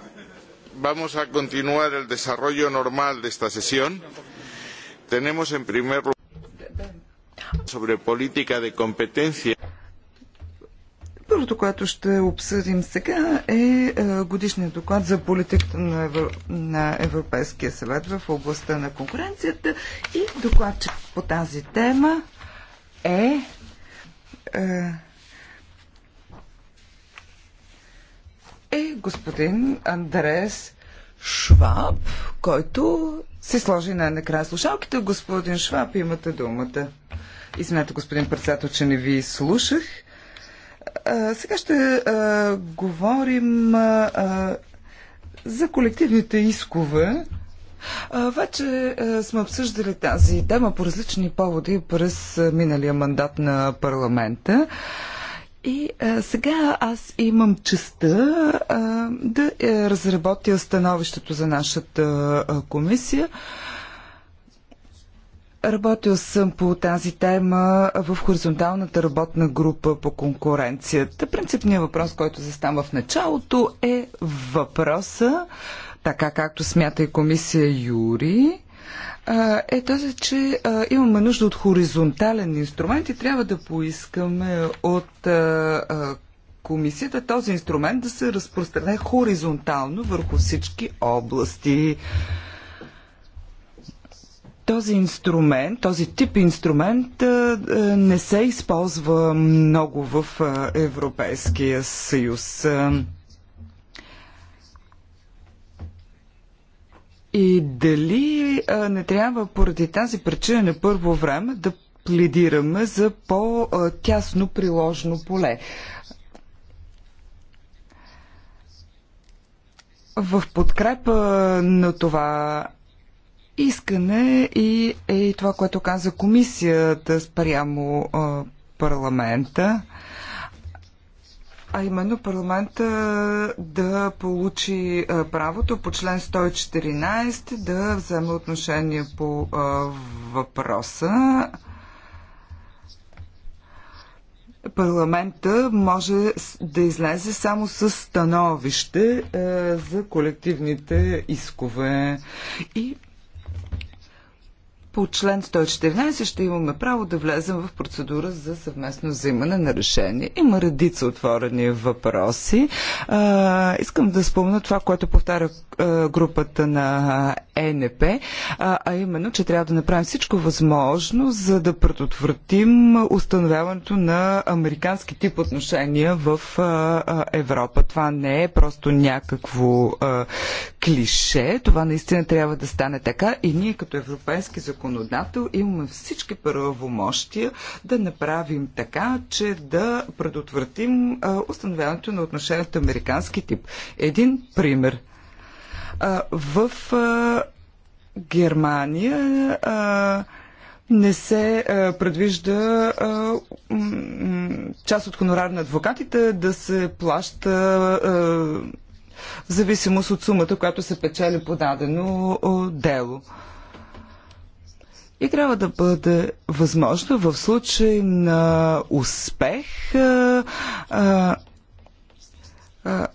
Speaker 3: vamos a continuar el desarrollo normal de esta sesión. Tenemos en primer lugar sobre política de competencia.
Speaker 4: Първото, което ще обсъдим сега е, е годишният доклад за политиката на, Европейския съвет в областта на конкуренцията и докладчик по тази тема е, е господин Андрес Шваб, който се сложи най-накрая слушалките. Господин Шваб, имате думата. Извинете, господин председател, че не ви слушах. А, сега ще а, говорим а, а, за колективните искове. А, вече а, сме обсъждали тази тема по различни поводи през миналия мандат на парламента. А, и а, сега аз имам честа а, да е, разработя становището за нашата а, комисия. Работил съм по тази тема в хоризонталната работна група по конкуренцията. Принципният въпрос, който застава в началото е въпроса, така както смята и комисия Юри, е този, че имаме нужда от хоризонтален инструмент и трябва да поискаме от комисията този инструмент да се разпростране хоризонтално върху всички области. Този инструмент, този тип инструмент не се използва много в Европейския съюз. И дали не трябва поради тази причина на първо време да пледираме за по-тясно приложно поле? В подкрепа на това искане и, и това, което каза комисията спрямо парламента, а именно парламента да получи правото по член 114 да вземе отношение по въпроса. Парламента може да излезе само с становище за колективните искове. И по член 114 ще имаме право да влезем в процедура за съвместно взимане на решение. Има редица отворени въпроси. А, искам да спомня това, което повтаря а, групата на ЕНП, а, а именно, че трябва да направим всичко възможно, за да предотвратим установяването на американски тип отношения в а, а, Европа. Това не е просто някакво а, клише. Това наистина трябва да стане така и ние като европейски законодатели законодател имаме всички правомощия да направим така, че да предотвратим а, установяването на отношенията американски тип. Един пример. А, в а, Германия а, не се а, предвижда а, част от хонорар на адвокатите да се плаща а, в зависимост от сумата, която се печели по дадено дело. А, и трябва да бъде възможно в случай на успех а, а, а,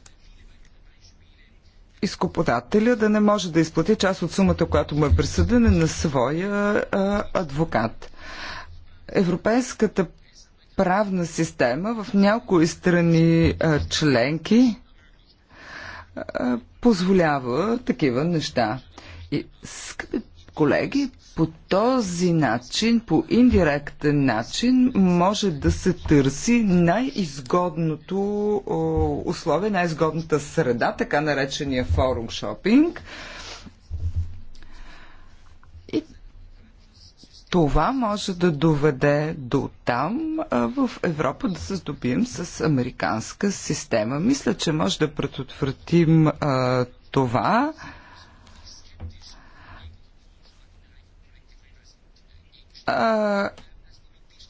Speaker 4: изкуподателя да не може да изплати част от сумата, която му е присъдена на своя а, адвокат. Европейската правна система в някои страни а, членки а, позволява такива неща. И, скъпи Колеги, по този начин, по индиректен начин, може да се търси най-изгодното условие, най-изгодната среда, така наречения форум шопинг. И това може да доведе до там в Европа да се здобием с американска система. Мисля, че може да предотвратим това. а,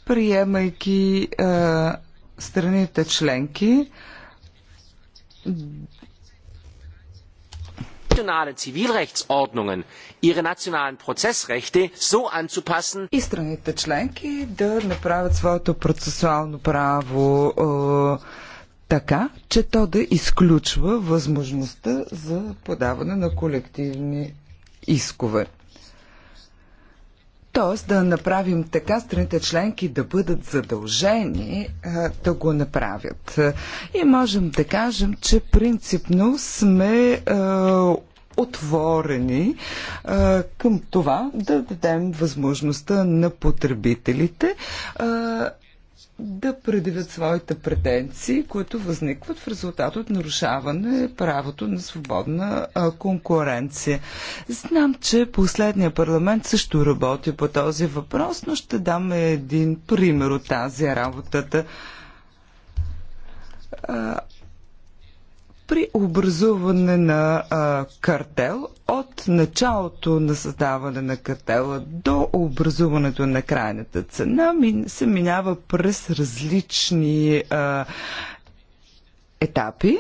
Speaker 4: приемайки а, страните членки,
Speaker 3: nationale Zivilrechtsordnungen ihre nationalen Prozessrechte so anzupassen.
Speaker 4: И страните членки да направят своето процесуално право о, така, че то да изключва възможността за подаване на колективни искове. Тоест да направим така страните членки да бъдат задължени а, е, да го направят. И можем да кажем, че принципно сме а, е, отворени а, е, към това да дадем възможността на потребителите а, да предявят своите претенции, които възникват в резултат от нарушаване правото на свободна конкуренция. Знам, че последния парламент също работи по този въпрос, но ще дам един пример от тази работата при образуване на а, картел от началото на създаване на картела до образуването на крайната цена мин, се минава през различни а, етапи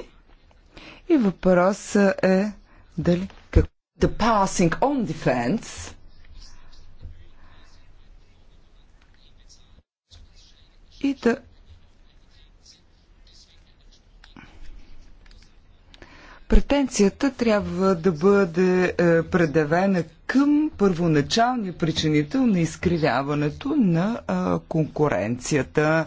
Speaker 4: и въпросът е дали как, the passing on defense и да Претенцията трябва да бъде е, предавена към първоначалния причинител на изкривяването на е, конкуренцията.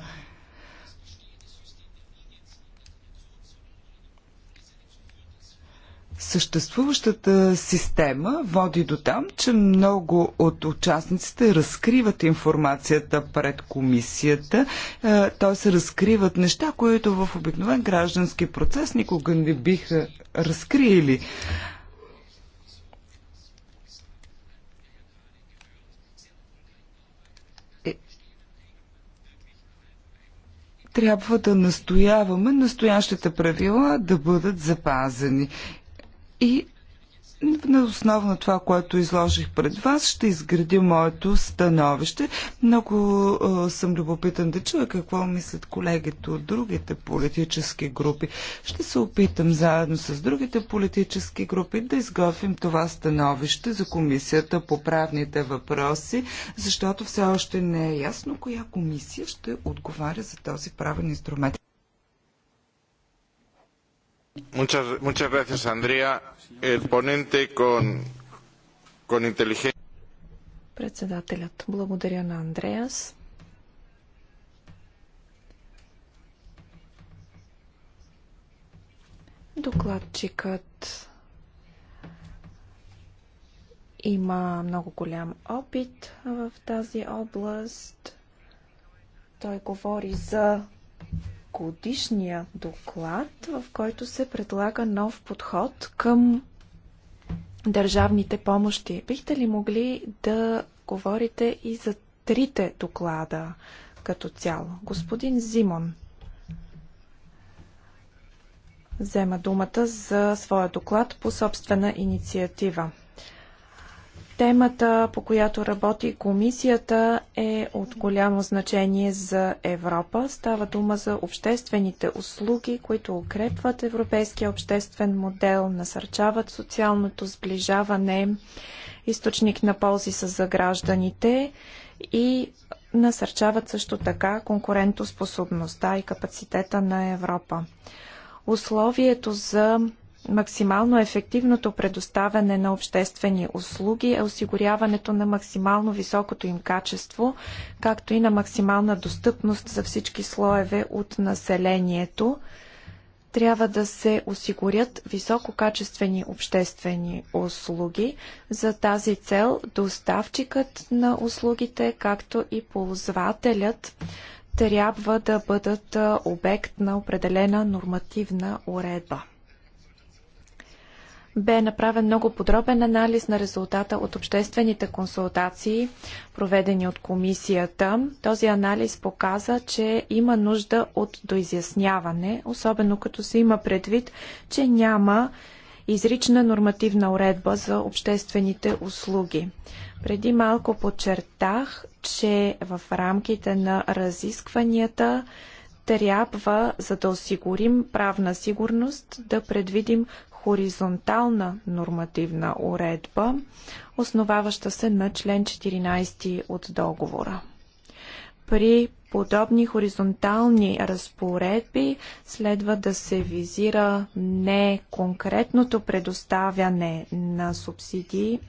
Speaker 4: Съществуващата система води до там, че много от участниците разкриват информацията пред комисията, т.е. се разкриват неща, които в обикновен граждански процес никога не биха разкрили. Е, трябва да настояваме настоящите правила да бъдат запазени. И на основа на това, което изложих пред вас, ще изградя моето становище. Много е, съм любопитан да чуя какво мислят колегите от другите политически групи. Ще се опитам заедно с другите политически групи да изготвим това становище за комисията по правните въпроси, защото все още не е ясно коя комисия ще отговаря за този правен инструмент.
Speaker 3: Muchas, muchas gracias, Andrea. El ponente con, con inteligencia.
Speaker 2: Председателят. Благодаря на Андреас. Докладчикът има много голям опит в тази област. Той говори за годишния доклад, в който се предлага нов подход към държавните помощи. Бихте ли могли да говорите и за трите доклада като цяло? Господин Зимон взема думата за своя доклад по собствена инициатива. Темата, по която работи комисията, е от голямо значение за Европа. Става дума за обществените услуги, които укрепват европейския обществен модел, насърчават социалното сближаване, източник на ползи са за гражданите и насърчават също така конкурентоспособността и капацитета на Европа. Условието за максимално ефективното предоставяне на обществени услуги е осигуряването на максимално високото им качество, както и на максимална достъпност за всички слоеве от населението. Трябва да се осигурят висококачествени обществени услуги. За тази цел доставчикът на услугите, както и ползвателят, трябва да бъдат обект на определена нормативна уредба бе направен много подробен анализ на резултата от обществените консултации, проведени от комисията. Този анализ показа, че има нужда от доизясняване, особено като се има предвид, че няма изрична нормативна уредба за обществените услуги. Преди малко подчертах, че в рамките на разискванията трябва, за да осигурим правна сигурност, да предвидим хоризонтална нормативна уредба, основаваща се на член 14 от договора. При подобни хоризонтални разпоредби следва да се визира не конкретното предоставяне на субсидии,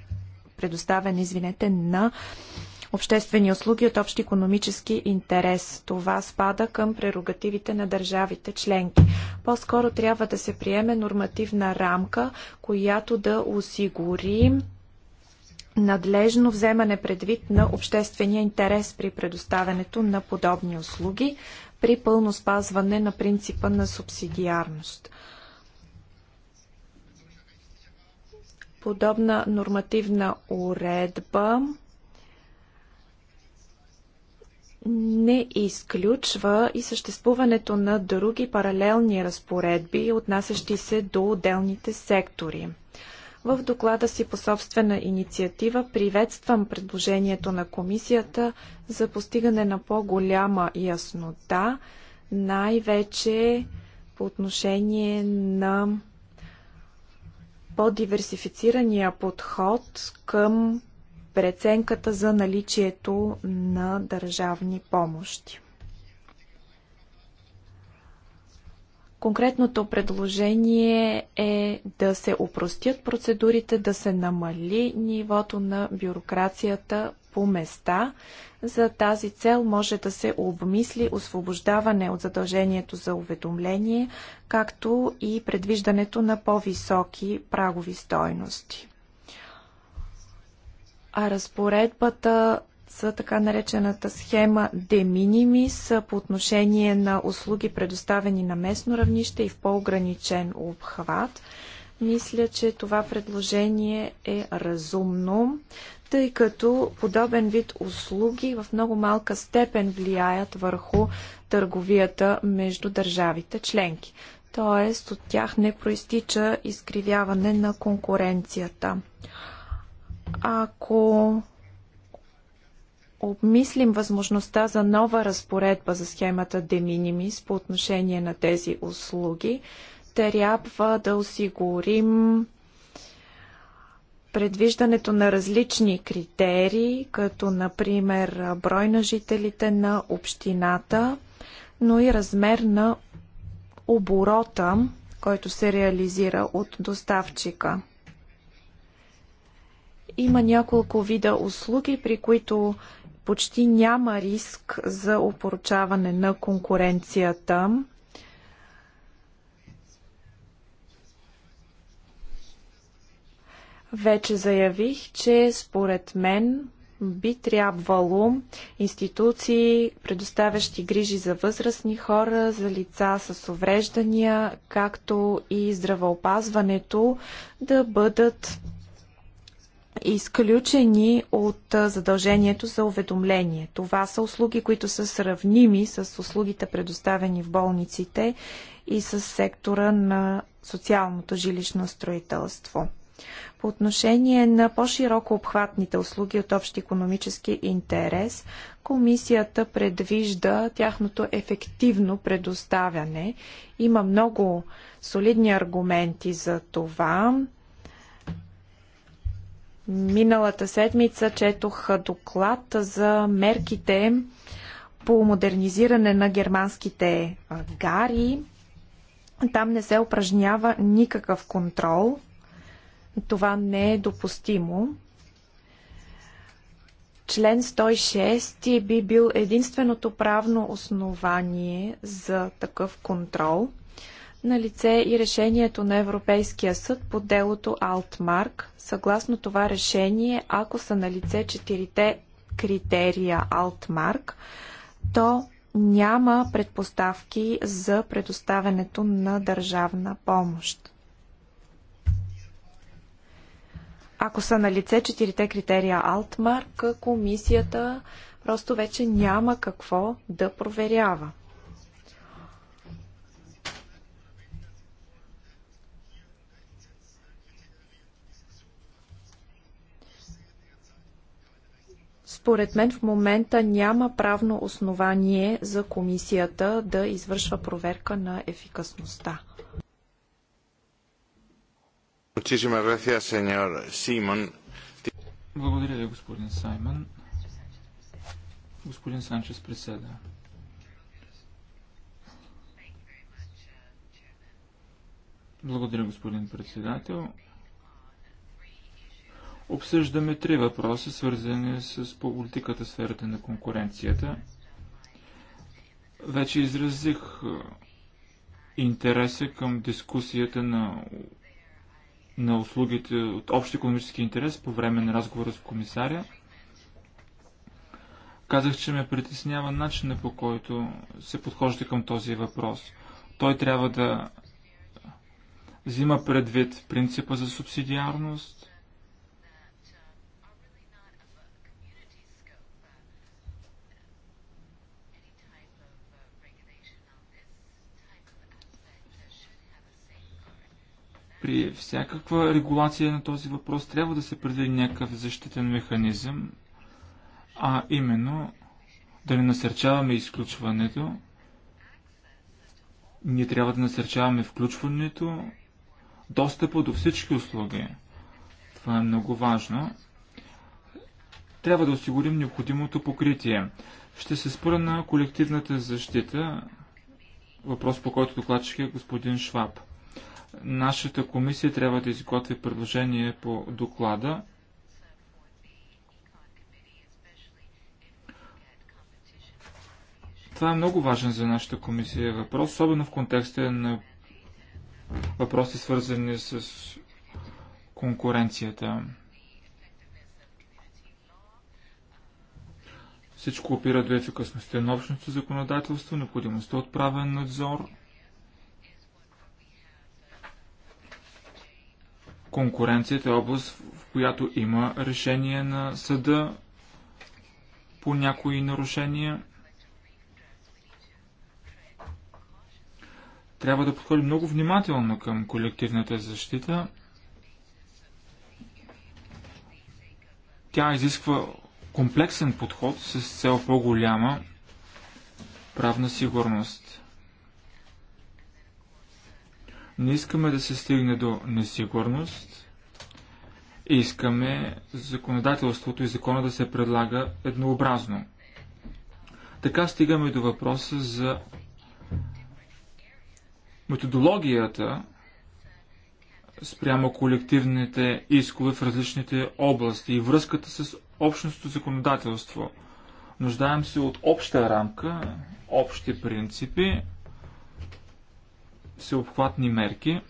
Speaker 2: предоставяне, извинете, на обществени услуги от общ економически интерес. Това спада към прерогативите на държавите членки. По-скоро трябва да се приеме нормативна рамка, която да осигури надлежно вземане предвид на обществения интерес при предоставянето на подобни услуги при пълно спазване на принципа на субсидиарност. Подобна нормативна уредба не изключва и съществуването на други паралелни разпоредби, отнасящи се до отделните сектори. В доклада си по собствена инициатива приветствам предложението на комисията за постигане на по-голяма яснота, най-вече по отношение на по-диверсифицирания подход към преценката за наличието на държавни помощи. Конкретното предложение е да се упростят процедурите, да се намали нивото на бюрокрацията по места. За тази цел може да се обмисли освобождаване от задължението за уведомление, както и предвиждането на по-високи прагови стойности. А разпоредбата за така наречената схема de minimis по отношение на услуги предоставени на местно равнище и в по-ограничен обхват. Мисля, че това предложение е разумно, тъй като подобен вид услуги в много малка степен влияят върху търговията между държавите членки. Тоест от тях не проистича изкривяване на конкуренцията. Ако обмислим възможността за нова разпоредба за схемата de minimis по отношение на тези услуги, трябва да осигурим предвиждането на различни критерии, като например брой на жителите на общината, но и размер на оборота, който се реализира от доставчика. Има няколко вида услуги, при които почти няма риск за опоручаване на конкуренцията. Вече заявих, че според мен би трябвало институции, предоставящи грижи за възрастни хора, за лица с увреждания, както и здравеопазването, да бъдат изключени от задължението за уведомление. Това са услуги, които са сравними с услугите предоставени в болниците и с сектора на социалното жилищно строителство. По отношение на по-широко обхватните услуги от общ економически интерес, комисията предвижда тяхното ефективно предоставяне. Има много солидни аргументи за това. Миналата седмица четох доклад за мерките по модернизиране на германските гари. Там не се упражнява никакъв контрол. Това не е допустимо. Член 106 би бил единственото правно основание за такъв контрол – на лице и решението на Европейския съд по делото Алтмарк. Съгласно това решение, ако са на лице четирите критерия Алтмарк, то няма предпоставки за предоставянето на държавна помощ. Ако са на лице четирите критерия Алтмарк, комисията просто вече няма какво да проверява. Според мен в момента няма правно основание за комисията да извършва проверка на ефикасността.
Speaker 3: Благодаря ви, господин Саймон. Господин Санчес преседа. Благодаря, господин председател. Обсъждаме три въпроса, свързани с политиката сферата на конкуренцията. Вече изразих интереса към дискусията на, на услугите от общ економически интерес по време на разговора с комисаря. Казах, че ме притеснява начина по който се подхожда към този въпрос. Той трябва да взима предвид принципа за субсидиарност, При всякаква регулация на този въпрос трябва да се предвиди някакъв защитен механизъм, а именно да не насърчаваме изключването, ние трябва да насърчаваме включването, достъпа до всички услуги. Това е много важно. Трябва да осигурим необходимото покритие. Ще се спра на колективната защита, въпрос по който докладчик е господин Шваб. Нашата комисия трябва да изготви предложение по доклада. Това е много важен за нашата комисия въпрос, особено в контекста на въпроси свързани с конкуренцията. Всичко опира до ефикасността на общностното законодателство, необходимостта от правен надзор – Конкуренцията е област, в която има решение на съда по някои нарушения. Трябва да подходим много внимателно към колективната защита. Тя изисква комплексен подход с цел по-голяма правна сигурност. Не искаме да се стигне до несигурност. Искаме законодателството и закона да се предлага еднообразно. Така стигаме до въпроса за методологията спрямо колективните искове в различните области и връзката с общностното законодателство. Нуждаем се от обща рамка, общи принципи, всеобхватни мерки.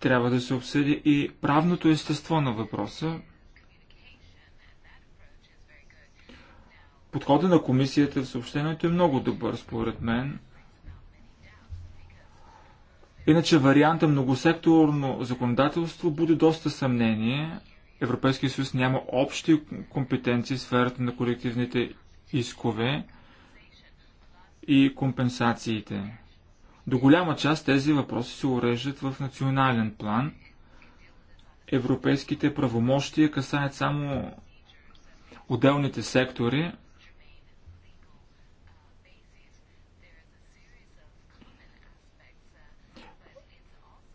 Speaker 3: Трябва да се обсъди и правното естество на въпроса. Подходът на комисията в съобщението е много добър, според мен. Иначе варианта многосекторно законодателство буде доста съмнение – Европейския съюз няма общи компетенции в сферата на колективните искове и компенсациите. До голяма част тези въпроси се уреждат в национален план. Европейските правомощия касаят само отделните сектори,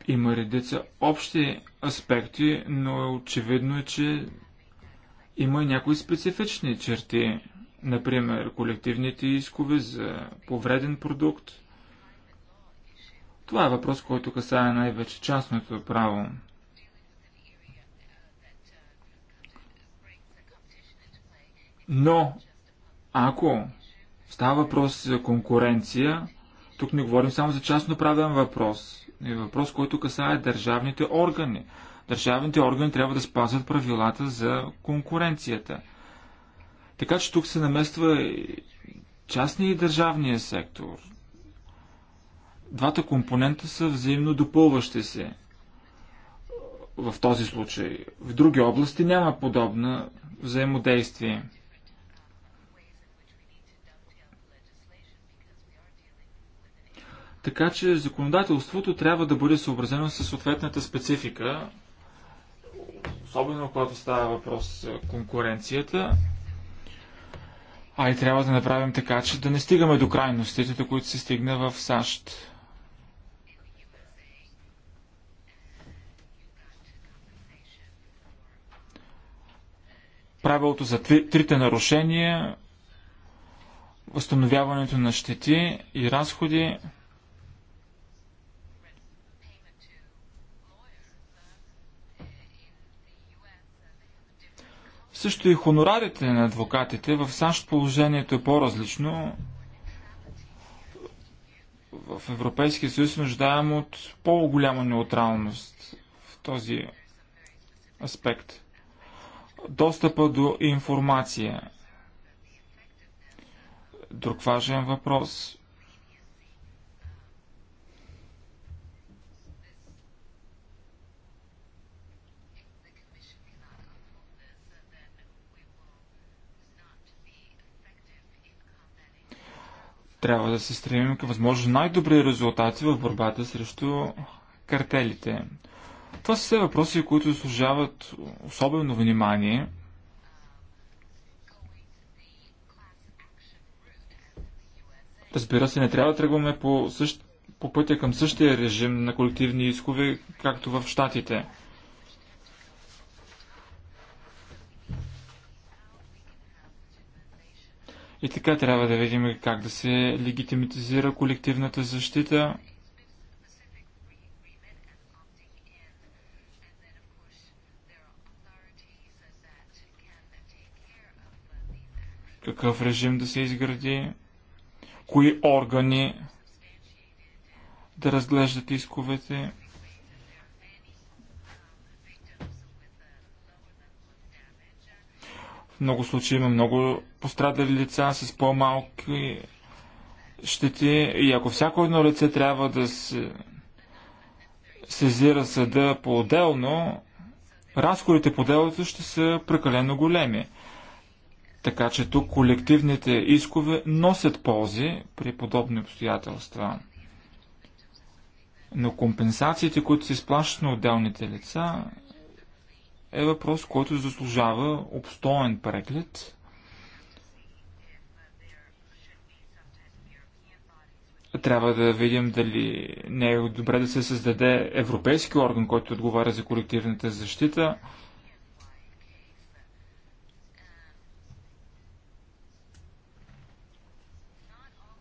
Speaker 3: Има редица общи аспекти, но е очевидно, че има някои специфични черти, например колективните искове за повреден продукт. Това е въпрос, който касае най-вече частното право. Но, ако става въпрос за конкуренция, тук не говорим само за частно правен въпрос е въпрос, който касае държавните органи. Държавните органи трябва да спазват правилата за конкуренцията. Така че тук се намества частния и държавния сектор. Двата компонента са взаимно допълващи се. В този случай. В други области няма подобна взаимодействие. Така че законодателството трябва да бъде съобразено със съответната специфика, особено когато става въпрос за конкуренцията. А и трябва да направим така, че да не стигаме до крайностите, до които се стигна в САЩ. Правилото за трите нарушения, възстановяването на щети и разходи – Също и хонорарите на адвокатите. В САЩ положението е по-различно. В Европейския съюз нуждаем от по-голяма неутралност в този аспект. Достъпа до информация. Друг важен въпрос. Трябва да се стремим към възможно най-добри резултати в борбата срещу картелите. Това са все въпроси, които заслужават особено внимание. Разбира се, не трябва да тръгваме по, същ... по пътя към същия режим на колективни искове, както в Штатите. И така трябва да видим как да се легитимизира колективната защита. Какъв режим да се изгради? Кои органи да разглеждат исковете? много случаи има много пострадали лица с по-малки щети и ако всяко едно лице трябва да се сезира съда по-отделно, разходите по делото ще са прекалено големи. Така че тук колективните искове носят ползи при подобни обстоятелства. Но компенсациите, които се изплащат на отделните лица, е въпрос, който заслужава обстоен преглед. Трябва да видим дали не е добре да се създаде европейски орган, който отговаря за колективната защита.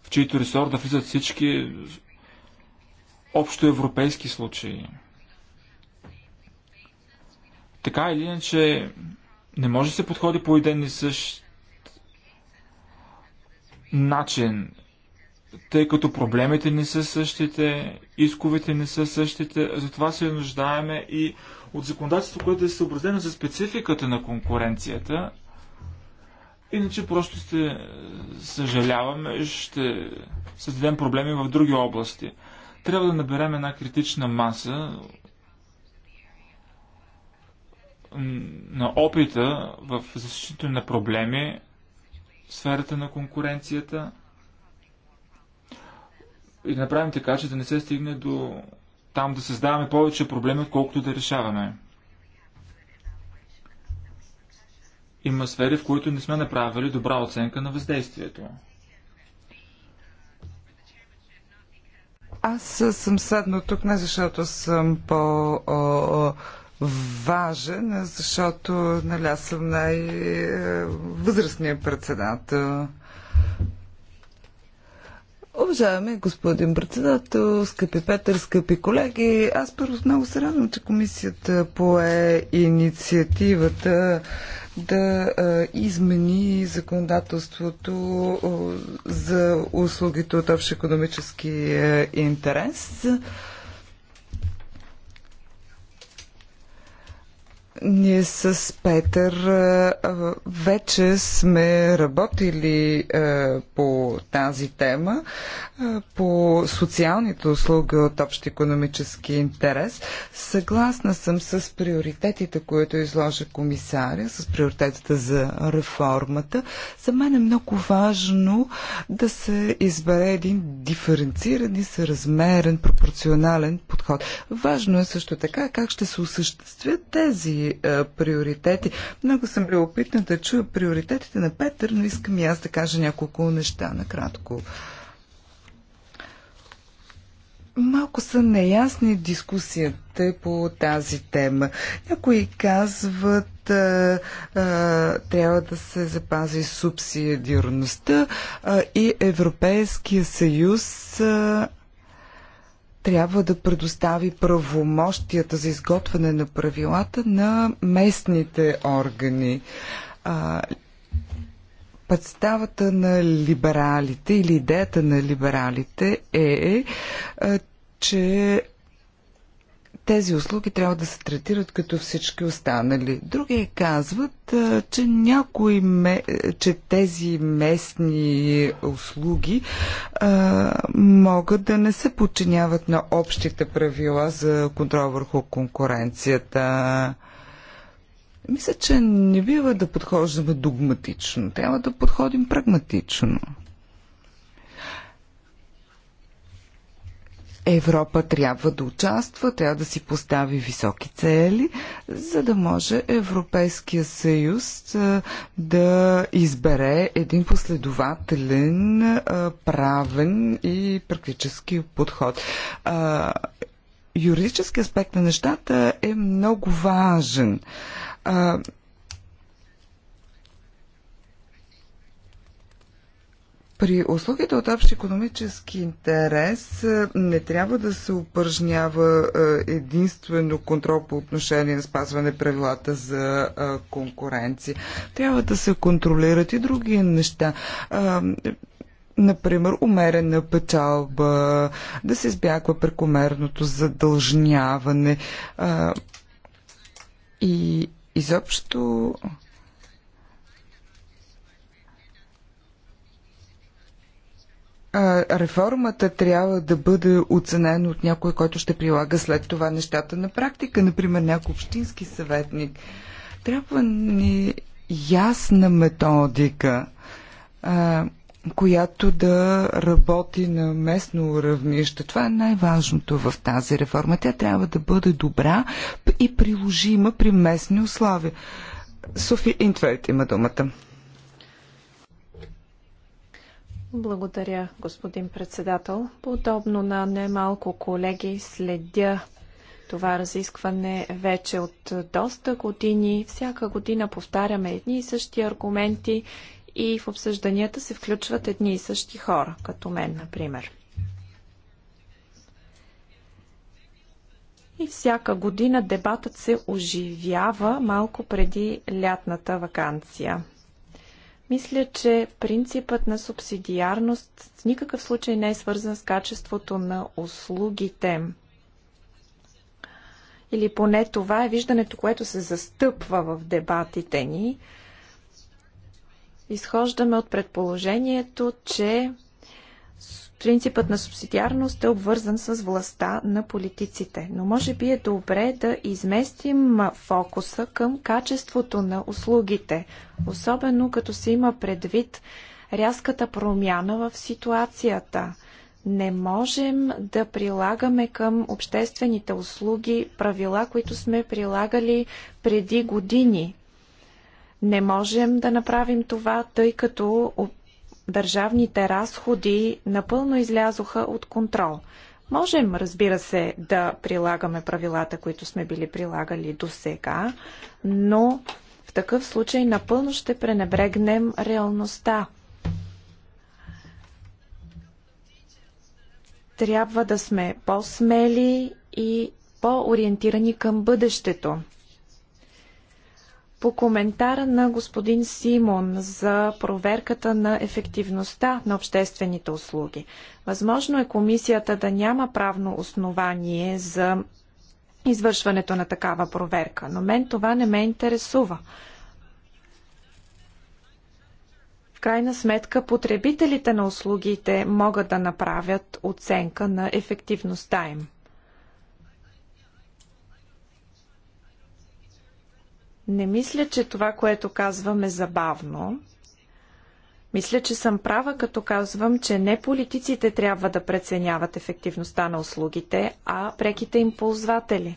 Speaker 3: в чийто ресор да влизат всички общоевропейски случаи така или иначе не може да се подходи по един и същ начин, тъй като проблемите не са същите, исковете не са същите, затова се нуждаеме и от законодателство, което е съобразено за спецификата на конкуренцията. Иначе просто ще е, съжаляваме, ще създадем проблеми в други области. Трябва да наберем една критична маса, на опита в защита на проблеми в сферата на конкуренцията и да направим така, че да не се стигне до там да създаваме повече проблеми, отколкото да решаваме. Има сфери, в които не сме направили добра оценка на въздействието.
Speaker 4: Аз съм седна тук не защото съм по важен, защото нали, аз съм най-възрастният е, председател. Уважаеми господин председател, скъпи Петър, скъпи колеги, аз първо много се радвам, че комисията пое инициативата да а, е, измени законодателството а, е, за услугите от общ економически а, интерес. А, Ние с Петър вече сме работили по тази тема, по социалните услуги от общ економически интерес. Съгласна съм с приоритетите, които изложи комисаря, с приоритетите за реформата. За мен е много важно да се избере един диференциран и съразмерен, пропорционален подход. Важно е също така как ще се осъществят тези а, приоритети. Много съм любопитна да чуя приоритетите на Петър, но искам и аз да кажа няколко неща накратко. Малко са неясни дискусията по тази тема. Някои казват, а, а, трябва да се запази субсидиарността и Европейския съюз а, трябва да предостави правомощията за изготвяне на правилата на местните органи. А, представата на либералите или идеята на либералите е, че тези услуги трябва да се третират като всички останали. Други казват, че някои, че тези местни услуги а, могат да не се подчиняват на общите правила за контрол върху конкуренцията. Мисля, че не бива да подхождаме догматично. Трябва да подходим прагматично. Европа трябва да участва, трябва да си постави високи цели, за да може Европейския съюз да избере един последователен правен и практически подход юридически аспект на нещата е много важен. При услугите от общ економически интерес е, не трябва да се упражнява е, единствено контрол по отношение на спазване правилата за е, конкуренция. Трябва да се контролират и други неща например, умерена печалба, да се избягва прекомерното задължняване и изобщо реформата трябва да бъде оценена от някой, който ще прилага след това нещата на практика, например някой общински съветник. Трябва ни ясна методика, която да работи на местно равнище. Това е най-важното в тази реформа. Тя трябва да бъде добра и приложима при местни условия. Софи Интвейт, има думата.
Speaker 2: Благодаря, господин председател. Подобно на немалко колеги следя това разискване вече от доста години. Всяка година повтаряме едни и същи аргументи и в обсъжданията се включват едни и същи хора, като мен, например. И всяка година дебатът се оживява малко преди лятната вакансия. Мисля, че принципът на субсидиарност в никакъв случай не е свързан с качеството на услугите. Или поне това е виждането, което се застъпва в дебатите ни. Изхождаме от предположението, че Принципът на субсидиарност е обвързан с властта на политиците, но може би е добре да изместим фокуса към качеството на услугите, особено като се има предвид рязката промяна в ситуацията. Не можем да прилагаме към обществените услуги правила, които сме прилагали преди години. Не можем да направим това, тъй като държавните разходи напълно излязоха от контрол. Можем, разбира се, да прилагаме правилата, които сме били прилагали до сега, но в такъв случай напълно ще пренебрегнем реалността. Трябва да сме по-смели и по-ориентирани към бъдещето. По коментара на господин Симон за проверката на ефективността на обществените услуги. Възможно е комисията да няма правно основание за извършването на такава проверка, но мен това не ме интересува. В крайна сметка потребителите на услугите могат да направят оценка на ефективността им. Не мисля, че това, което казвам е забавно. Мисля, че съм права, като казвам, че не политиците трябва да преценяват ефективността на услугите, а преките им ползватели.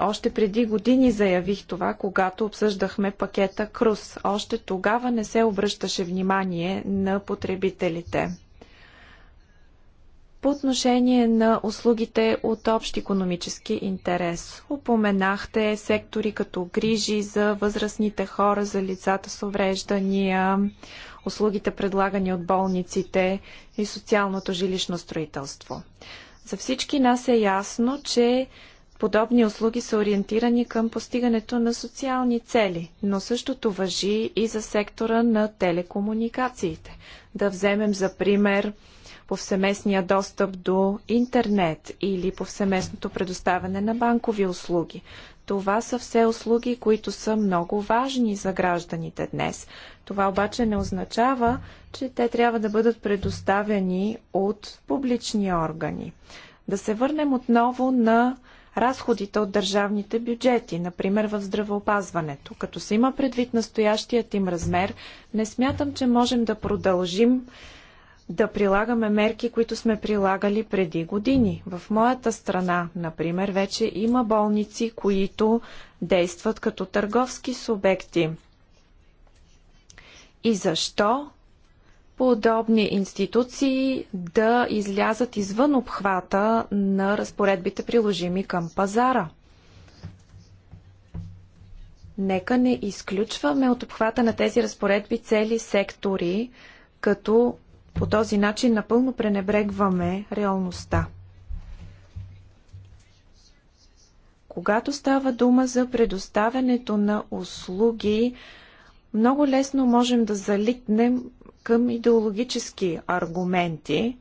Speaker 2: Още преди години заявих това, когато обсъждахме пакета Крус. Още тогава не се обръщаше внимание на потребителите. По отношение на услугите от общ економически интерес, упоменахте сектори като грижи за възрастните хора, за лицата с увреждания, услугите предлагани от болниците и социалното жилищно строителство. За всички нас е ясно, че подобни услуги са ориентирани към постигането на социални цели, но същото въжи и за сектора на телекомуникациите. Да вземем за пример повсеместния достъп до интернет или повсеместното предоставяне на банкови услуги. Това са все услуги, които са много важни за гражданите днес. Това обаче не означава, че те трябва да бъдат предоставени от публични органи. Да се върнем отново на разходите от държавните бюджети, например в здравеопазването. Като се има предвид настоящият им размер, не смятам, че можем да продължим да прилагаме мерки, които сме прилагали преди години. В моята страна, например, вече има болници, които действат като търговски субекти. И защо подобни институции да излязат извън обхвата на разпоредбите приложими към пазара? Нека не изключваме от обхвата на тези разпоредби цели сектори, като по този начин напълно пренебрегваме реалността. Когато става дума за предоставянето на услуги, много лесно можем да залитнем към идеологически аргументи.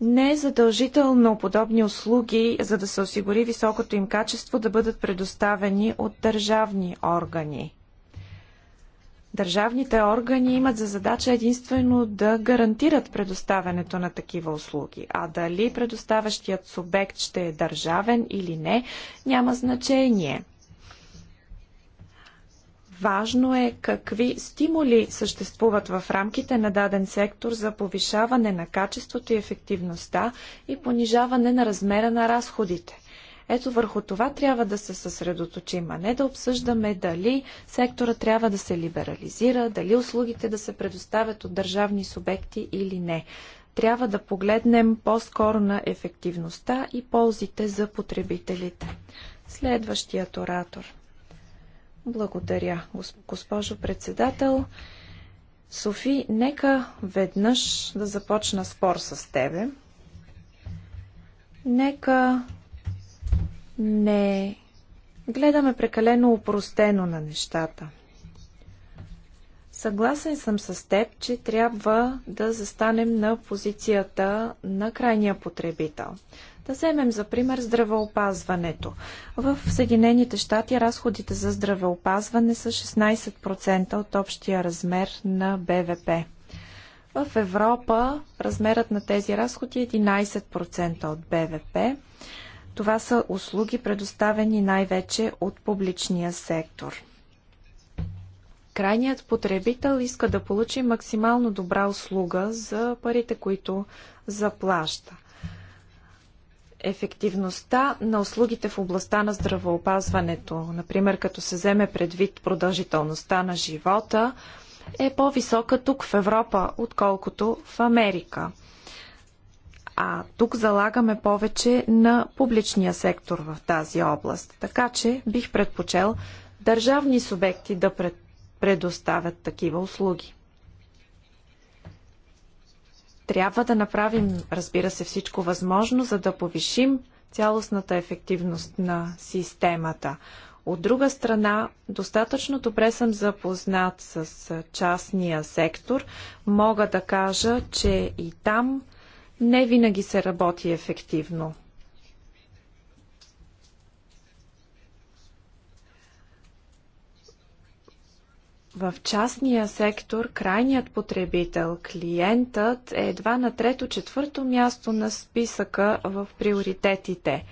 Speaker 2: Не е задължително подобни услуги, за да се осигури високото им качество, да бъдат предоставени от държавни органи. Държавните органи имат за задача единствено да гарантират предоставянето на такива услуги, а дали предоставящият субект ще е държавен или не, няма значение. Важно е какви стимули съществуват в рамките на даден сектор за повишаване на качеството и ефективността и понижаване на размера на разходите. Ето върху това трябва да се съсредоточим, а не да обсъждаме дали сектора трябва да се либерализира, дали услугите да се предоставят от държавни субекти или не. Трябва да погледнем по-скоро на ефективността и ползите за потребителите. Следващият оратор. Благодаря, госпожо председател. Софи, нека веднъж да започна спор с тебе. Нека не гледаме прекалено упростено на нещата. Съгласен съм с теб, че трябва да застанем на позицията на крайния потребител. Да вземем за пример здравеопазването. В Съединените щати разходите за здравеопазване са 16% от общия размер на БВП. В Европа размерът на тези разходи е 11% от БВП. Това са услуги, предоставени най-вече от публичния сектор. Крайният потребител иска да получи максимално добра услуга за парите, които заплаща. Ефективността на услугите в областта на здравоопазването, например като се вземе предвид продължителността на живота, е по-висока тук в Европа, отколкото в Америка. А тук залагаме повече на публичния сектор в тази област. Така че бих предпочел държавни субекти да пред, предоставят такива услуги. Трябва да направим, разбира се, всичко възможно, за да повишим цялостната ефективност на системата. От друга страна, достатъчно добре съм запознат с частния сектор. Мога да кажа, че и там не винаги се работи ефективно. В частния сектор крайният потребител, клиентът е едва на трето-четвърто място на списъка в приоритетите.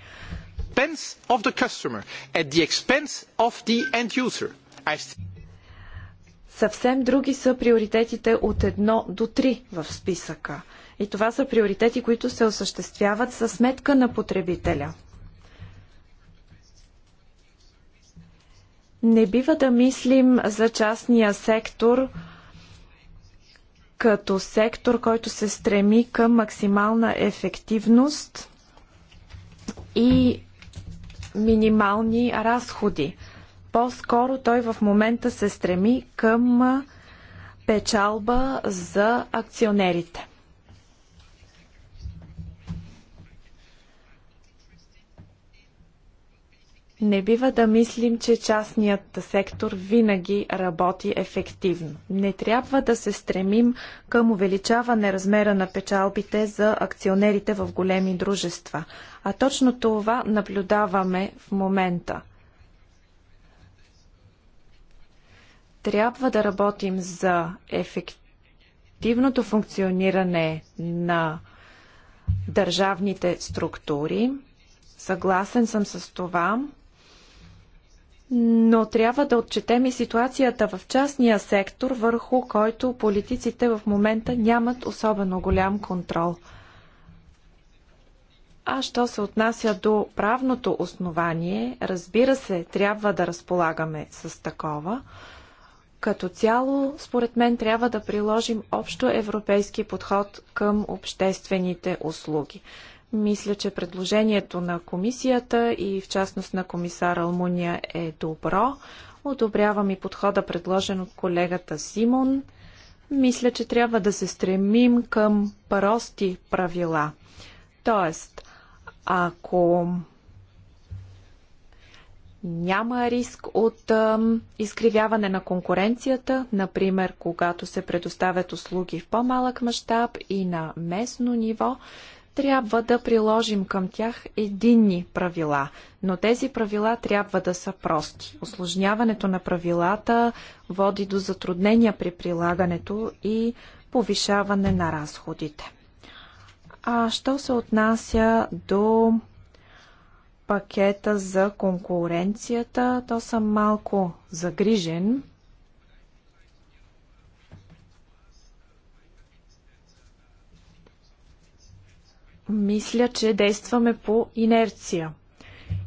Speaker 2: Of the customer, at the expense of the end user. I... Съвсем други са приоритетите от 1 до 3 в списъка. И това са приоритети, които се осъществяват със сметка на потребителя. Не бива да мислим за частния сектор като сектор, който се стреми към максимална ефективност и минимални разходи. По-скоро той в момента се стреми към печалба за акционерите. Не бива да мислим, че частният сектор винаги работи ефективно. Не трябва да се стремим към увеличаване размера на печалбите за акционерите в големи дружества. А точно това наблюдаваме в момента – Трябва да работим за ефективното функциониране на държавните структури. Съгласен съм с това, но трябва да отчетем и ситуацията в частния сектор, върху който политиците в момента нямат особено голям контрол. А що се отнася до правното основание, разбира се, трябва да разполагаме с такова, като цяло, според мен, трябва да приложим общо европейски подход към обществените услуги. Мисля, че предложението на комисията и в частност на комисар Алмуния е добро. Одобрявам и подхода, предложен от колегата Симон. Мисля, че трябва да се стремим към прости правила. Тоест, ако няма риск от изкривяване на конкуренцията, например, когато се предоставят услуги в по-малък мащаб и на местно ниво, трябва да приложим към тях единни правила, но тези правила трябва да са прости. Осложняването на правилата води до затруднения при прилагането и повишаване на разходите. А що се отнася до пакета за конкуренцията, то съм малко загрижен. Мисля, че действаме по инерция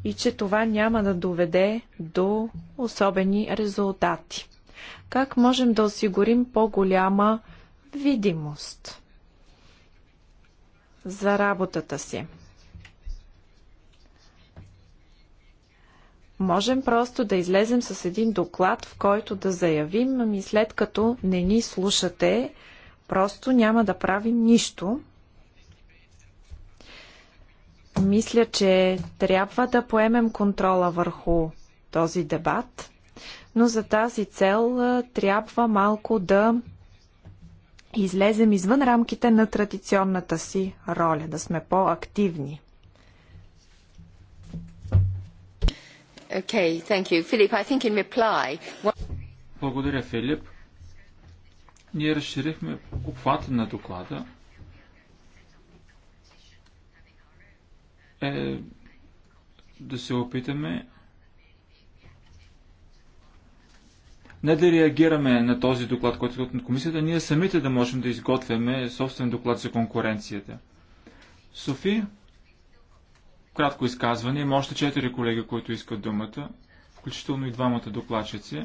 Speaker 2: и че това няма да доведе до особени резултати. Как можем да осигурим по-голяма видимост за работата си? Можем просто да излезем с един доклад, в който да заявим, ами след като не ни слушате, просто няма да правим нищо. Мисля, че трябва да поемем контрола върху този дебат, но за тази цел трябва малко да излезем извън рамките на традиционната си роля, да сме по-активни.
Speaker 1: Okay, thank you. Philip, I think in reply...
Speaker 3: Благодаря, Филип. Ние разширихме обхвата на доклада. Е, да се опитаме не да реагираме на този доклад, който е от комисията, ние самите да можем да изготвяме собствен доклад за конкуренцията. Софи, кратко изказване. Има още четири колеги, които искат думата, включително и двамата докладчици.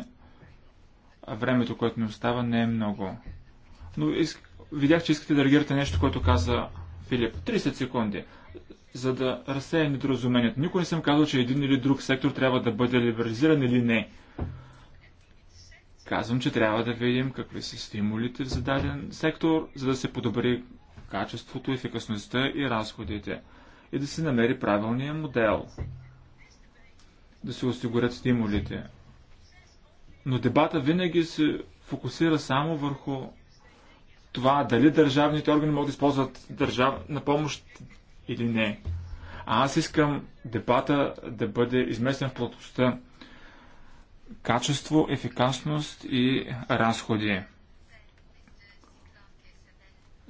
Speaker 3: А времето, което ми остава, не е много. Но иск... видях, че искате да реагирате нещо, което каза Филип. 30 секунди. За да разсея недоразумението. Никой не съм казал, че един или друг сектор трябва да бъде либерализиран или не. Казвам, че трябва да видим какви са стимулите в зададен сектор, за да се подобри качеството, ефикасността и разходите и да се намери правилния модел. Да се осигурят стимулите. Но дебата винаги се фокусира само върху това дали държавните органи могат да използват държавна помощ или не. А аз искам дебата да бъде изместен в плотността качество, ефикасност и разходи.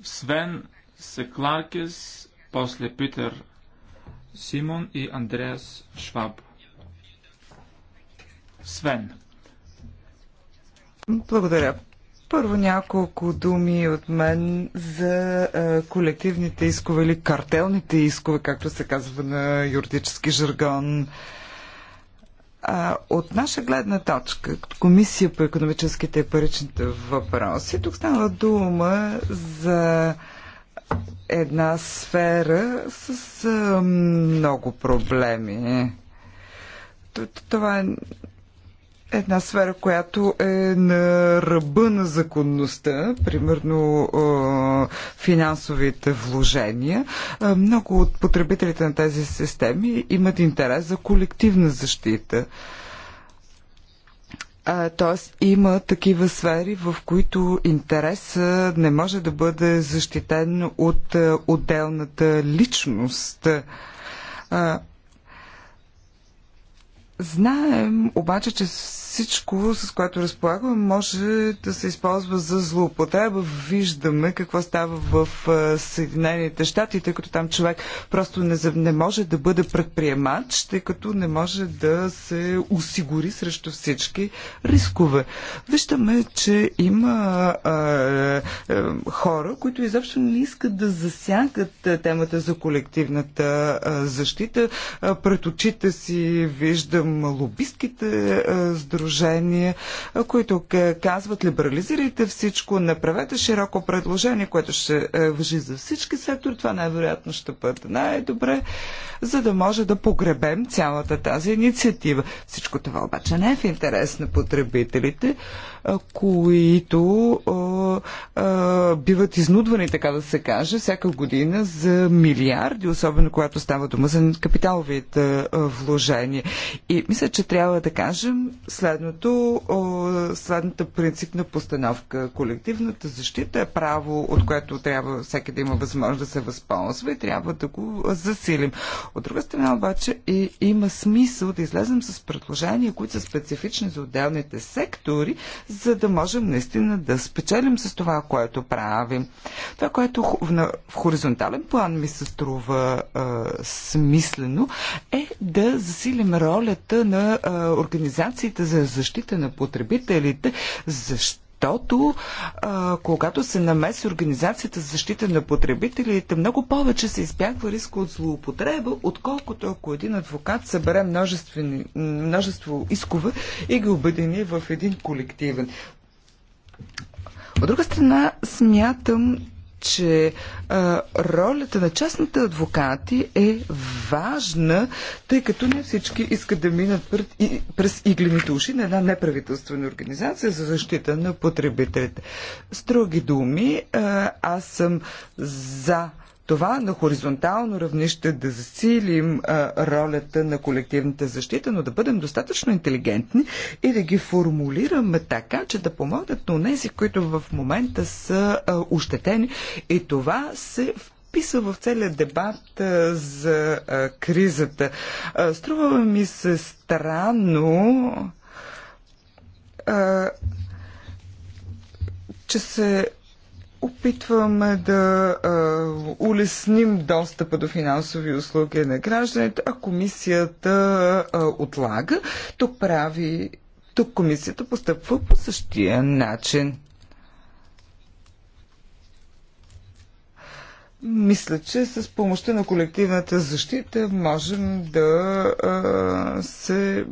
Speaker 3: Свен Секларкес после Питер Симон и Андреас Шваб. Свен.
Speaker 4: Благодаря. Първо няколко думи от мен за а, колективните искове или картелните искове, както се казва на юридически жаргон. А, от наша гледна точка, Комисия по економическите и паричните въпроси, тук става дума за една сфера с а, много проблеми. Това е една сфера, която е на ръба на законността, примерно финансовите вложения. Много от потребителите на тези системи имат интерес за колективна защита т.е. има такива сфери, в които интерес не може да бъде защитен от е, отделната личност. Знаем обаче, че всичко, с което разполагаме, може да се използва за злоупотреба. Виждаме какво става в е, Съединените щати, тъй като там човек просто не, не може да бъде предприемач, тъй като не може да се осигури срещу всички рискове. Виждаме, че има а, е, а, е, хора, които изобщо не искат да засягат темата за колективната а, защита. А, пред очите си виждам лобистките а, здрав предложения, които казват либерализирайте всичко, направете широко предложение, което ще е, въжи за всички сектори. Това най-вероятно ще бъде най-добре, за да може да погребем цялата тази инициатива. Всичко това обаче не е в интерес на потребителите които биват изнудвани, така да се каже, всяка година за милиарди, особено когато става дума за капиталовите вложения. И мисля, че трябва да кажем следното, следната принципна постановка. Колективната защита е право, от което трябва всеки да има възможност да се възползва и трябва да го засилим. От друга страна обаче и, има смисъл да излезем с предложения, които са специфични за отделните сектори, за да можем наистина да спечелим с това, което правим. Това, което в хоризонтален план ми се струва а, смислено, е да засилим ролята на а, организациите за защита на потребителите, защото защото а, когато се намеси Организацията за защита на потребителите, много повече се избягва риска от злоупотреба, отколкото ако един адвокат събере множество искове и ги обедини в един колективен. От друга страна, смятам, че а, ролята на частните адвокати е важна, тъй като не всички искат да минат пред, и, през иглените уши на една неправителствена организация за защита на потребителите. С други думи, а, аз съм за това на хоризонтално равнище да засилим а, ролята на колективната защита, но да бъдем достатъчно интелигентни и да ги формулираме така, че да помогнат на тези, които в момента са а, ощетени. И това се писа в целият дебат а, за а, кризата. А, струва ми се странно. А, че се опитваме да а, улесним достъпа до финансови услуги на гражданите, а комисията а, отлага. Тук прави, тук комисията постъпва по същия начин. мисля, че с помощта на колективната защита можем да, а, се,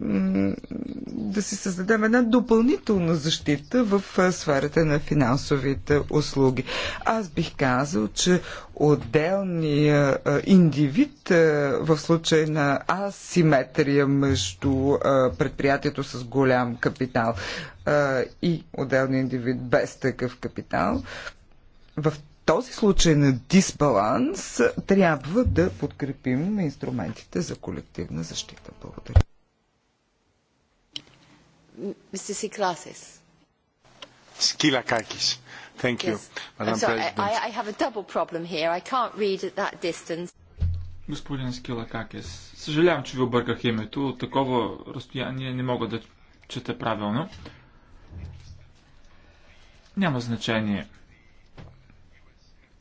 Speaker 4: да си създадем една допълнителна защита в сферата на финансовите услуги. Аз бих казал, че отделния индивид в случай на асиметрия между предприятието с голям капитал и отделния индивид без такъв капитал, в този случай на дисбаланс трябва да подкрепим инструментите за колективна защита. Благодаря.
Speaker 1: Mr. Siklakis.
Speaker 4: Skilakakis. Thank you, yes. Madam sorry,
Speaker 1: President. I, I have a double problem here. I can't read at that distance.
Speaker 3: Господин съжалявам, че ви обърках името. От такова разстояние не мога да чета правилно. Няма значение.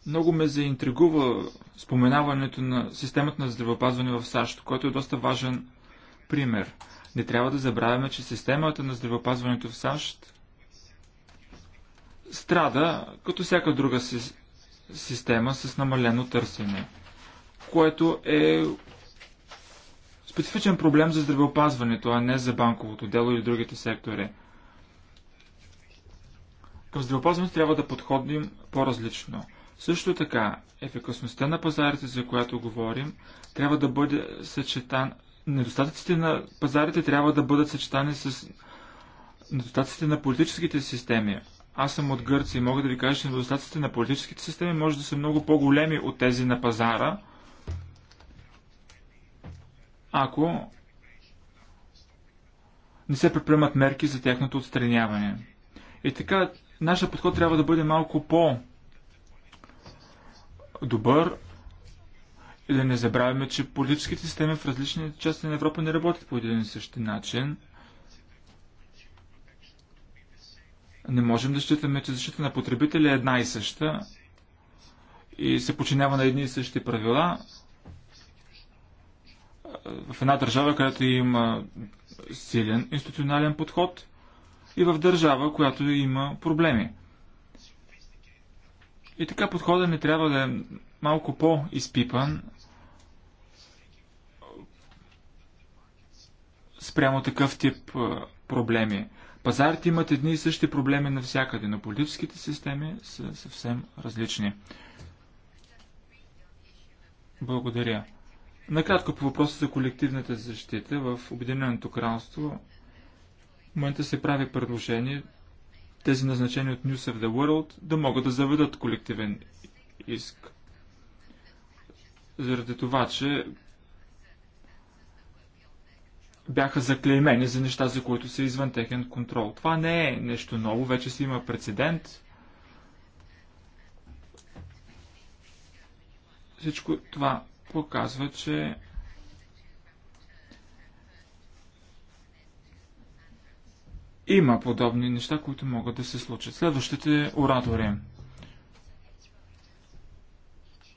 Speaker 3: Много ме заинтригува споменаването на системата на здравеопазване в САЩ, който е доста важен пример. Не трябва да забравяме, че системата на здравеопазването в САЩ страда, като всяка друга си, система с намалено търсене, което е специфичен проблем за здравеопазването, а не за банковото дело или другите сектори. Към здравеопазването трябва да подходим по-различно. Също така, ефикасността на пазарите, за която говорим, трябва да бъде съчетан. Недостатъците на пазарите трябва да бъдат съчетани с недостатъците на политическите системи. Аз съм от Гърция и мога да ви кажа, че недостатъците на политическите системи може да са много по-големи от тези на пазара, ако не се предприемат мерки за тяхното отстраняване. И така, нашия подход трябва да бъде малко по- добър. И да не забравяме, че политическите системи в различни части на Европа не работят по един и същи начин. Не можем да считаме, че защита на потребителя е една и съща и се починява на едни и същи правила. В една държава, която има силен институционален подход и в държава, която има проблеми. И така подходът ми трябва да е малко по-изпипан спрямо такъв тип проблеми. Пазарите имат едни и същи проблеми навсякъде, но политическите системи са съвсем различни. Благодаря. Накратко по въпроса за колективната защита в Обединеното кралство. В момента се прави предложение тези назначени от News of the World да могат да заведат колективен иск. Заради това, че бяха заклеймени за неща, за които са извън техен контрол. Това не е нещо ново, вече си има прецедент. Всичко това показва, че Има подобни неща, които могат да се случат. Следващите оратори.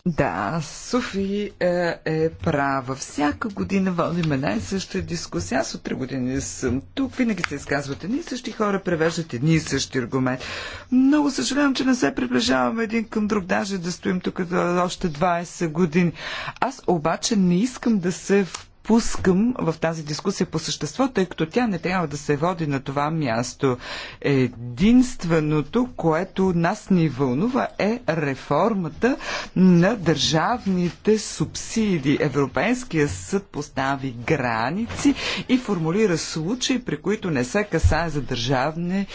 Speaker 4: Да, Софи е, е права. Всяка година водим една и съща дискусия. Аз от три години съм тук. Винаги се изказват едни и същи хора, превеждат едни и същи аргументи. Много съжалявам, че не се приближаваме един към друг, даже да стоим тук още 20 години. Аз обаче не искам да се впускам в тази дискусия по същество, тъй като тя не трябва да се води на това място. Единственото, което нас ни вълнува е реформата на държавните субсидии. Европейския съд постави граници и формулира случаи, при които не се касае за държавни е,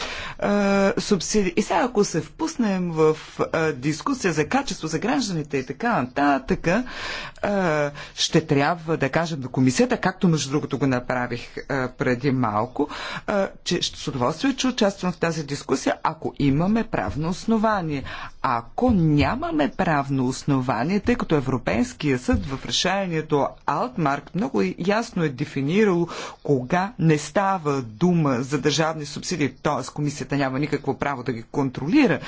Speaker 4: субсидии. И сега, ако се впуснем в е, дискусия за качество за гражданите и така нататък, е, ще трябва да кажем на комисията, както между другото го направих а, преди малко, а, че с удоволствие, че участвам в тази дискусия, ако имаме правно основание. Ако нямаме правно основание, тъй като Европейския съд в решението Алтмарк много ясно е дефинирал кога не става дума за държавни субсидии, т.е. комисията няма никакво право да ги контролира.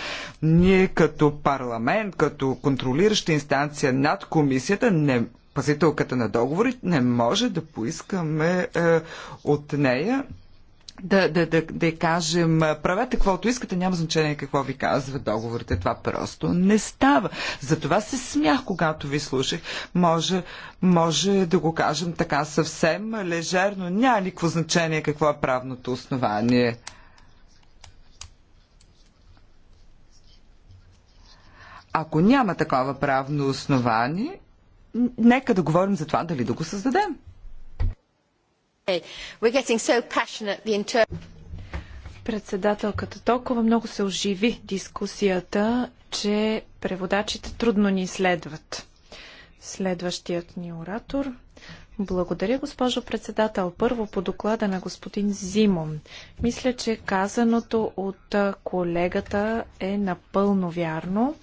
Speaker 4: Ние като парламент, като контролираща инстанция над комисията не пазителката на договори, не може да поискаме е, от нея да, да, да, да кажем е, правете каквото искате, няма значение какво ви казва договорите. Това просто не става. Затова се смях, когато ви слушах. Може, може да го кажем така съвсем лежерно. Няма никакво значение какво е правното основание. Ако няма такова правно основание, нека да говорим за това дали да го
Speaker 2: създадем. Председателката толкова много се оживи дискусията, че преводачите трудно ни следват. Следващият ни оратор. Благодаря, госпожо председател. Първо по доклада на господин Зимон. Мисля, че казаното от колегата е напълно вярно.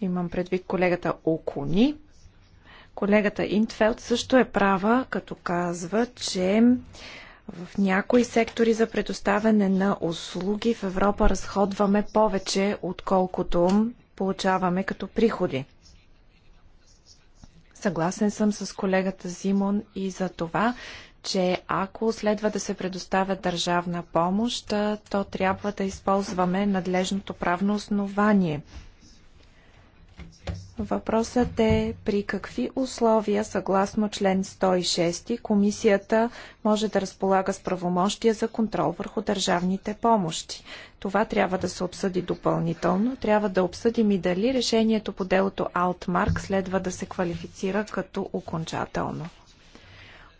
Speaker 2: Имам предвид колегата Окуни. Колегата Интфелд също е права, като казва, че в някои сектори за предоставяне на услуги в Европа разходваме повече, отколкото получаваме като приходи. Съгласен съм с колегата Зимон и за това, че ако следва да се предоставя държавна помощ, то трябва да използваме надлежното правно основание – Въпросът е при какви условия, съгласно член 106, комисията може да разполага с правомощия за контрол върху държавните помощи. Това трябва да се обсъди допълнително. Трябва да обсъдим и дали решението по делото Алтмарк следва да се квалифицира като окончателно.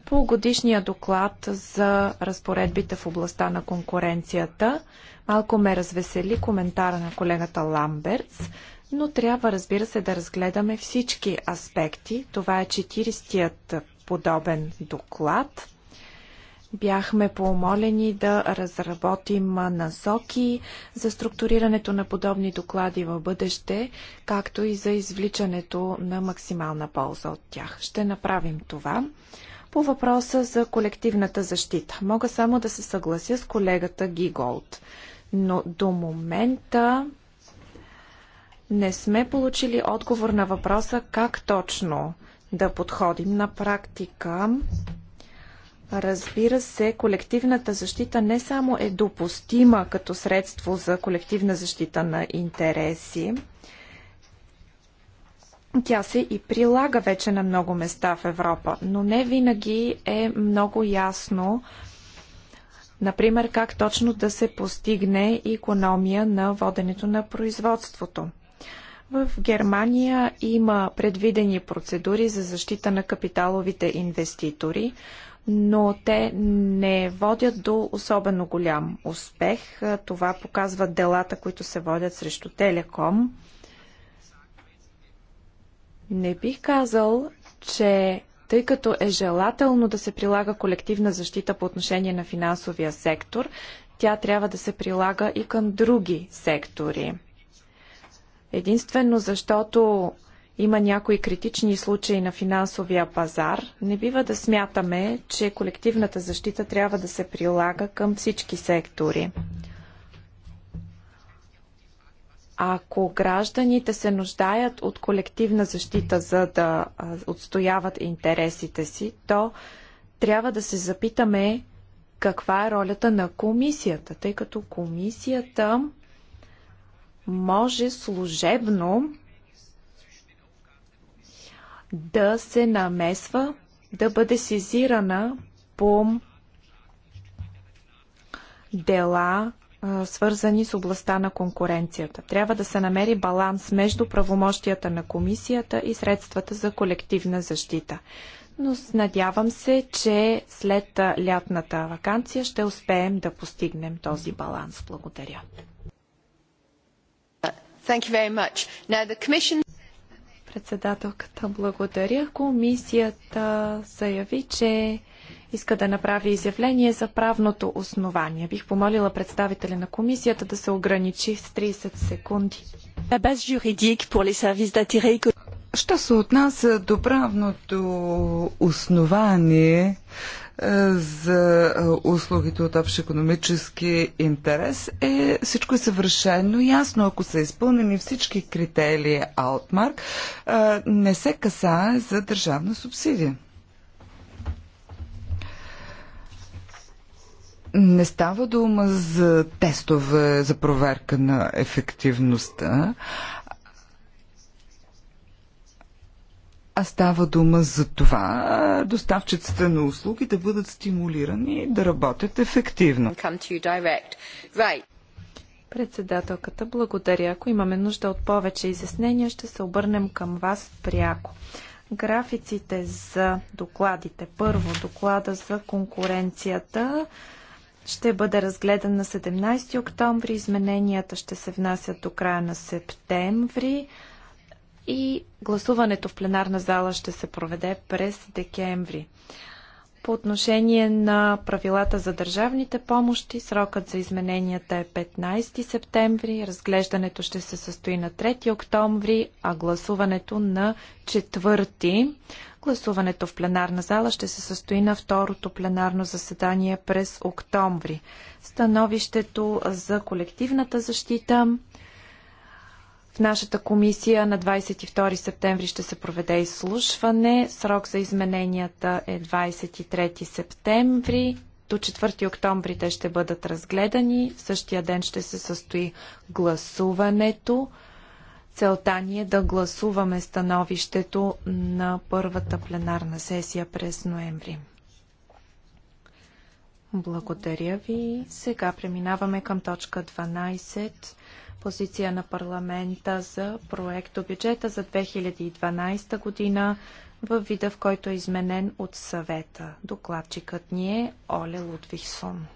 Speaker 2: По годишния доклад за разпоредбите в областта на конкуренцията, малко ме развесели коментара на колегата Ламберц, но трябва, разбира се, да разгледаме всички аспекти. Това е 40-тият подобен доклад. Бяхме помолени да разработим насоки за структурирането на подобни доклади в бъдеще, както и за извличането на максимална полза от тях. Ще направим това. По въпроса за колективната защита. Мога само да се съглася с колегата Гиголд. Но до момента не сме получили отговор на въпроса как точно да подходим на практика. Разбира се, колективната защита не само е допустима като средство за колективна защита на интереси, тя се и прилага вече на много места в Европа, но не винаги е много ясно, например, как точно да се постигне економия на воденето на производството. В Германия има предвидени процедури за защита на капиталовите инвеститори, но те не водят до особено голям успех. Това показват делата, които се водят срещу Телеком. Не бих казал, че тъй като е желателно да се прилага колективна защита по отношение на финансовия сектор, тя трябва да се прилага и към други сектори единствено защото има някои критични случаи на финансовия пазар, не бива да смятаме, че колективната защита трябва да се прилага към всички сектори. Ако гражданите се нуждаят от колективна защита, за да отстояват интересите си, то трябва да се запитаме каква е ролята на комисията, тъй като комисията може служебно да се намесва, да бъде сезирана по дела, свързани с областта на конкуренцията. Трябва да се намери баланс между правомощията на комисията и средствата за колективна защита. Но надявам се, че след лятната вакансия ще успеем да постигнем този баланс. Благодаря. Председателката благодаря. Комисията заяви, че иска да направи изявление за правното основание. Бих помолила представителя на комисията да се ограничи с 30 секунди. Що се отнася до правното
Speaker 4: основание, е, за е, услугите от общ економически интерес е всичко е съвършено ясно. Ако са изпълнени всички критерии Алтмарк, е, не се касае за държавна субсидия. Не става дума за тестове за проверка на ефективността, А става дума за това доставчиците на услуги да бъдат стимулирани и да работят ефективно.
Speaker 2: Председателката, благодаря. Ако имаме нужда от повече изяснения, ще се обърнем към вас пряко. Графиците за докладите. Първо, доклада за конкуренцията ще бъде разгледан на 17 октомври. Измененията ще се внасят до края на септември и гласуването в пленарна зала ще се проведе през декември. По отношение на правилата за държавните помощи, срокът за измененията е 15 септември, разглеждането ще се състои на 3 октомври, а гласуването на 4. Гласуването в пленарна зала ще се състои на второто пленарно заседание през октомври. Становището за колективната защита в нашата комисия на 22 септември ще се проведе изслушване. Срок за измененията е 23 септември. До 4 октомври те ще бъдат разгледани. В същия ден ще се състои гласуването. Целта ни е да гласуваме становището на първата пленарна сесия през ноември. Благодаря ви. Сега преминаваме към точка 12 позиция на парламента за проекто бюджета за 2012 година в вида, в който е изменен от съвета. Докладчикът ни е Оле Лудвихсон.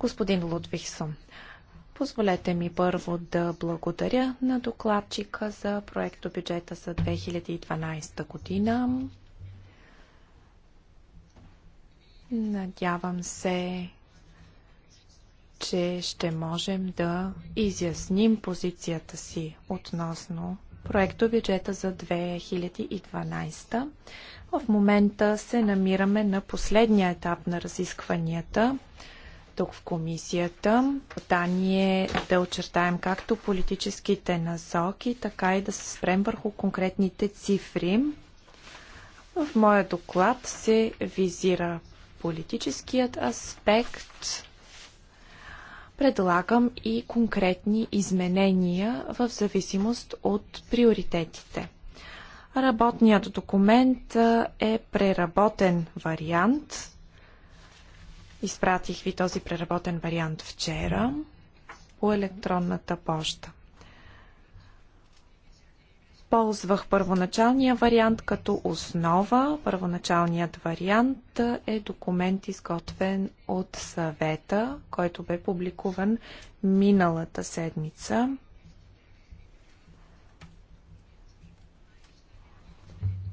Speaker 2: Господин Лудвихсон. Позволете ми първо да благодаря на докладчика за проекто бюджета за 2012 година. Надявам се, че ще можем да изясним позицията си относно проекто бюджета за 2012. В момента се намираме на последния етап на разискванията тук в комисията. Та ние да очертаем както политическите насоки, така и да се спрем върху конкретните цифри. В моя доклад се визира политическият аспект. Предлагам и конкретни изменения в зависимост от приоритетите. Работният документ е преработен вариант Изпратих ви този преработен вариант вчера по електронната поща. Ползвах първоначалния вариант като основа. Първоначалният вариант е документ изготвен от съвета, който бе публикуван миналата седмица.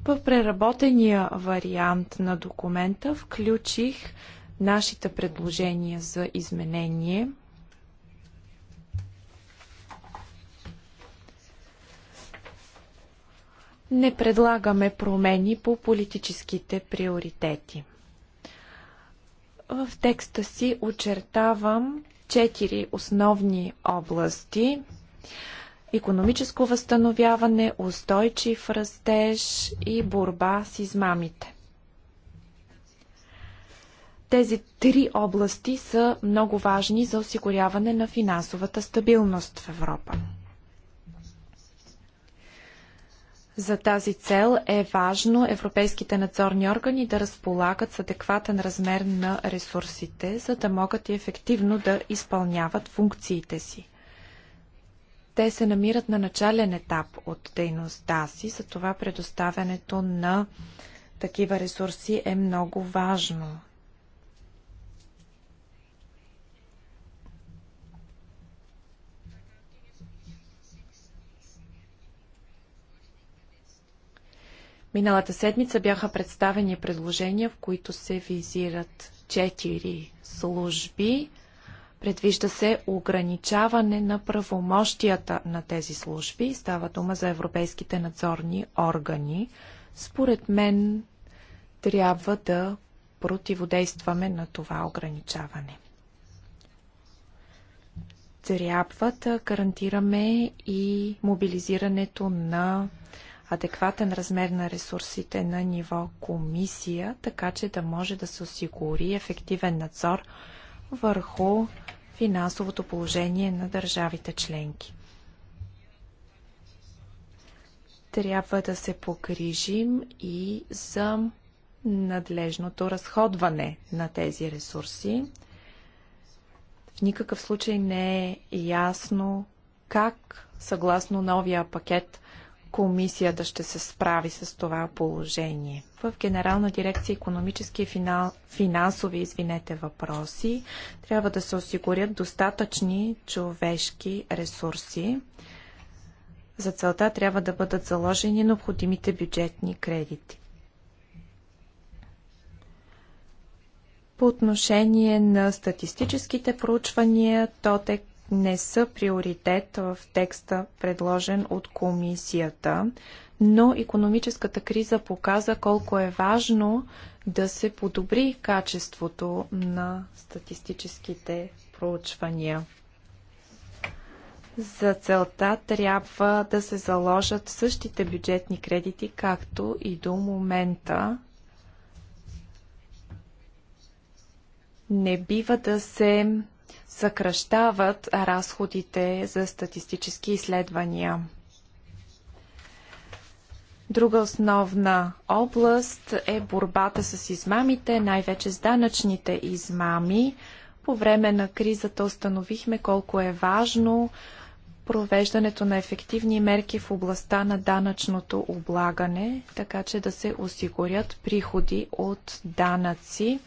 Speaker 2: В преработения вариант на документа включих нашите предложения за изменение. Не предлагаме промени по политическите приоритети. В текста си очертавам четири основни области економическо възстановяване, устойчив растеж и борба с измамите. Тези три области са много важни за осигуряване на финансовата стабилност в Европа. За тази цел е важно европейските надзорни органи да разполагат с адекватен размер на ресурсите, за да могат и ефективно да изпълняват функциите си. Те се намират на начален етап от дейността си, затова предоставянето на такива ресурси е много важно. Миналата седмица бяха представени предложения, в които се визират четири служби. Предвижда се ограничаване на правомощията на тези служби. Става дума за европейските надзорни органи. Според мен трябва да противодействаме на това ограничаване. Трябва да гарантираме и мобилизирането на адекватен размер на ресурсите на ниво комисия, така че да може да се осигури ефективен надзор върху финансовото положение на държавите членки. Трябва да се погрижим и за надлежното разходване на тези ресурси. В никакъв случай не е ясно как, съгласно новия пакет комисията ще се справи с това положение? В Генерална дирекция економически и финансови извинете, въпроси трябва да се осигурят достатъчни човешки ресурси. За целта трябва да бъдат заложени необходимите бюджетни кредити. По отношение на статистическите проучвания, то те не са приоритет в текста, предложен от комисията, но економическата криза показа колко е важно да се подобри качеството на статистическите проучвания. За целта трябва да се заложат същите бюджетни кредити, както и до момента. Не бива да се съкръщават разходите за статистически изследвания. Друга основна област е борбата с измамите, най-вече с данъчните измами. По време на кризата установихме колко е важно провеждането на ефективни мерки в областта на данъчното облагане, така че да се осигурят приходи от данъци.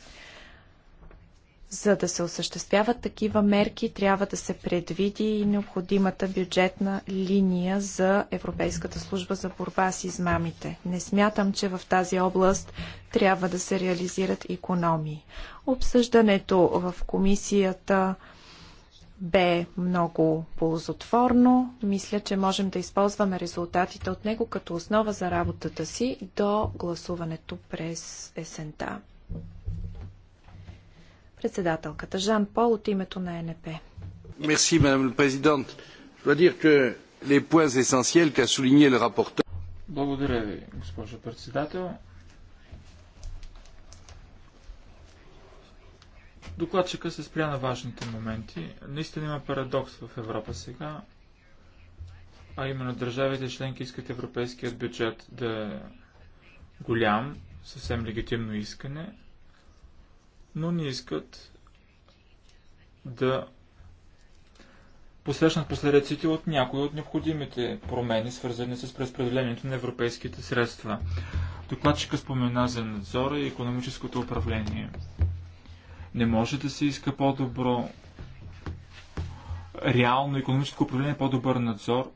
Speaker 2: За да се осъществяват такива мерки, трябва да се предвиди и необходимата бюджетна линия за Европейската служба за борба с измамите. Не смятам, че в тази област трябва да се реализират економии. Обсъждането в комисията бе много ползотворно. Мисля, че можем да използваме резултатите от него като основа за работата си до гласуването през есента. Председателката Жан Пол от името на НП. Merci,
Speaker 3: Благодаря ви, госпожо председател. Докладчика се спря на важните моменти. Наистина има парадокс в Европа сега, а именно държавите членки искат европейският бюджет да е голям, съвсем легитимно искане, но не искат да посрещнат последиците от някои от необходимите промени, свързани с преразпределението на европейските средства. Докладчика спомена за надзора и економическото управление. Не може да се иска по-добро реално економическо управление, по-добър надзор,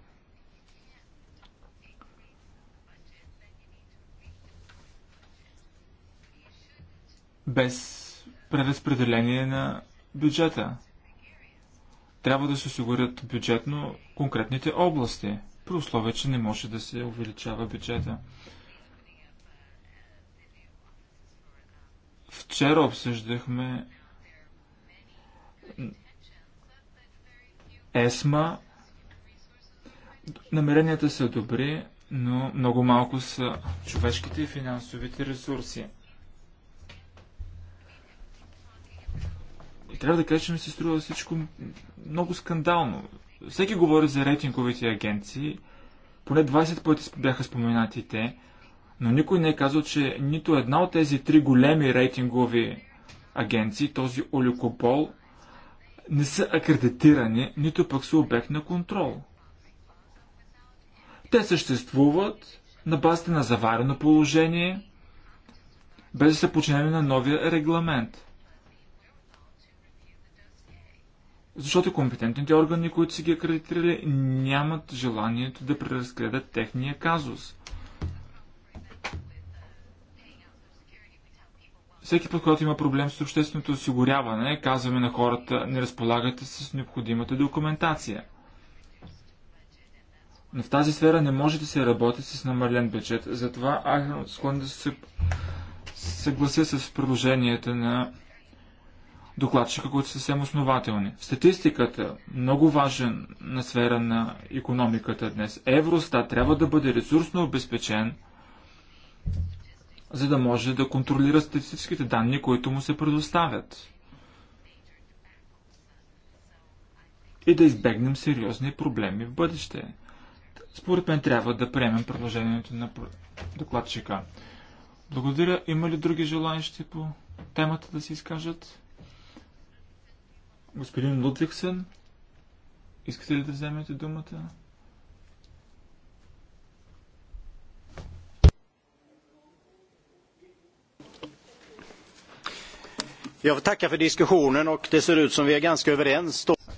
Speaker 3: без преразпределение на бюджета. Трябва да се осигурят бюджетно конкретните области, при условие, че не може да се увеличава бюджета. Вчера обсъждахме ЕСМА. Намеренията са добри, но много малко са човешките и финансовите ресурси. И трябва да кажа, че ми се струва всичко много скандално. Всеки говори за рейтинговите агенции. Поне 20 пъти бяха споменати те. Но никой не е казал, че нито една от тези три големи рейтингови агенции, този олюкопол, не са акредитирани, нито пък са обект на контрол. Те съществуват на базата на заварено положение, без да са починени на новия регламент. Защото компетентните органи, които си ги акредитирали, нямат желанието да преразгледат техния казус. Всеки път, когато има проблем с общественото осигуряване, казваме на хората, не разполагате с необходимата документация. Но в тази сфера не може да се работи с намален бюджет. Затова аз склон да се съглася с предложенията на докладчика, които са е съвсем основателни. Статистиката, е много важен на сфера на економиката днес. Евроста трябва да бъде ресурсно обезпечен, за да може да контролира статистическите данни, които му се предоставят. И да избегнем сериозни проблеми в бъдеще. Според мен трябва да приемем предложението на докладчика. Благодаря. Има ли други желаящи по темата да се изкажат? Господин Лутвиксен, искате ли да вземете думата?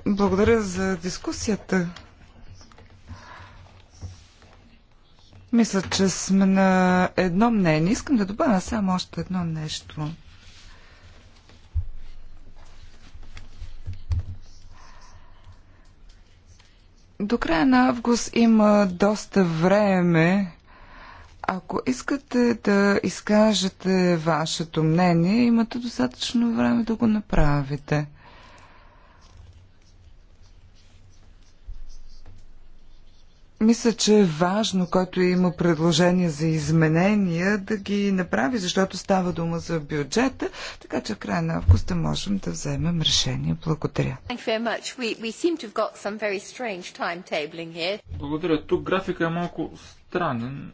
Speaker 4: Благодаря за дискусията. Мисля, че сме на едно мнение. Искам да добавя само още едно нещо. До края на август има доста време. Ако искате да изкажете вашето мнение, имате достатъчно време да го направите. Мисля, че е важно, който има предложения за изменения, да ги направи, защото става дума за бюджета, така че в края на августа можем да вземем решение. Благодаря.
Speaker 3: Благодаря. Тук графика е малко странен.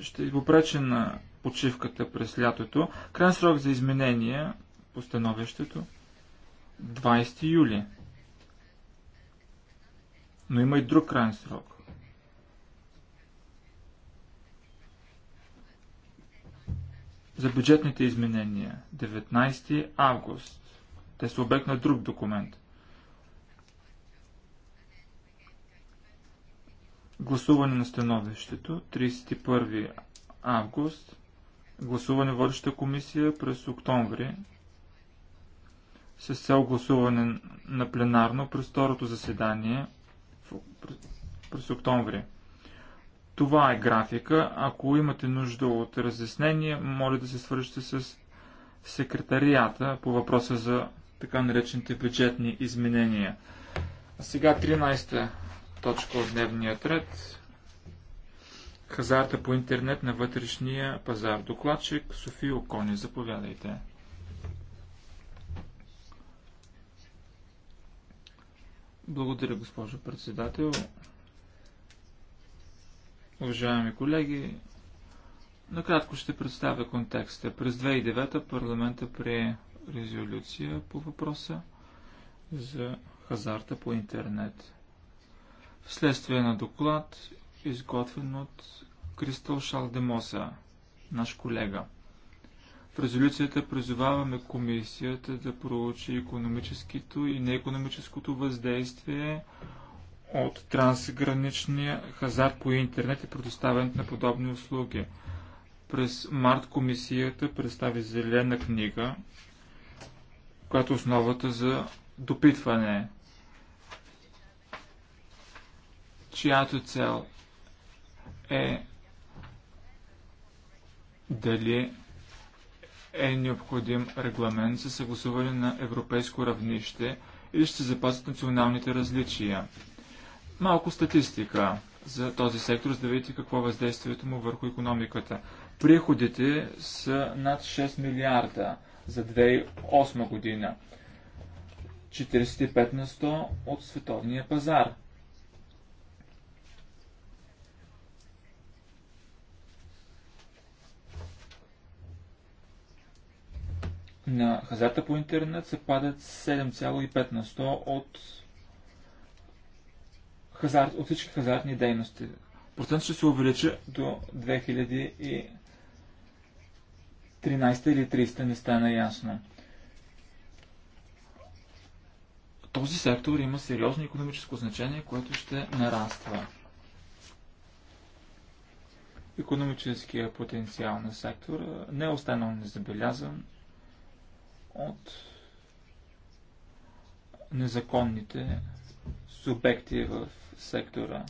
Speaker 3: Ще го прече на почивката през лятото. Крайен срок за изменения по становището 20 юли. Но има и друг крайен срок. За бюджетните изменения 19 август. Те са обект на друг документ. Гласуване на становището 31 август. Гласуване в водеща комисия през октомври с цел гласуване на пленарно през второто заседание през октомври. Това е графика. Ако имате нужда от разяснение, моля да се свържете с секретарията по въпроса за така наречените бюджетни изменения. А сега 13-та точка от дневния ред. Хазарта по интернет на вътрешния пазар. Докладчик София Окони. Заповядайте. Благодаря, госпожо председател. Уважаеми колеги, накратко ще представя контекста. През 2009 парламента прие резолюция по въпроса за хазарта по интернет. Вследствие на доклад, изготвен от Кристал Шалдемоса, наш колега. В резолюцията призоваваме комисията да проучи економическото и неекономическото въздействие от трансграничния хазар по интернет и предоставянето на подобни услуги. През март комисията представи зелена книга, която е основата за допитване, чиято цел е дали е необходим регламент за съгласуване на европейско равнище или ще запазят националните различия. Малко статистика за този сектор, за да видите какво е въздействието му върху економиката. Приходите са над 6 милиарда за 2008 година. 45 на 100 от световния пазар. На хазарта по интернет се падат 7,5 на 100 от хазар, от всички хазартни дейности. Процент ще се увеличи до 2013 или 300 не стана ясно. Този сектор има сериозно економическо значение, което ще нараства. Економическия потенциал на сектора не е останал незабелязан от незаконните субекти в сектора.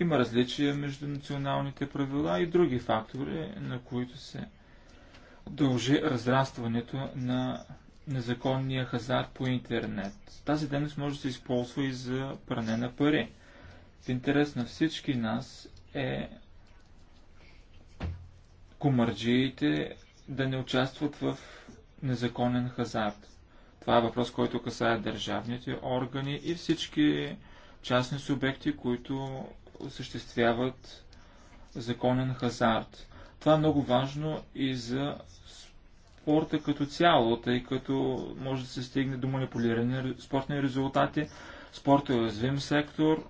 Speaker 3: Има различия между националните правила и други фактори, на които се дължи разрастването на незаконния хазар по интернет. Тази дейност може да се използва и за пране на пари. В интерес на всички нас е комарджиите да не участват в незаконен хазарт. Това е въпрос, който касае държавните органи и всички частни субекти, които осъществяват законен хазарт. Това е много важно и за спорта като цяло, тъй като може да се стигне до манипулирани спортни резултати. Спорта е уязвим сектор,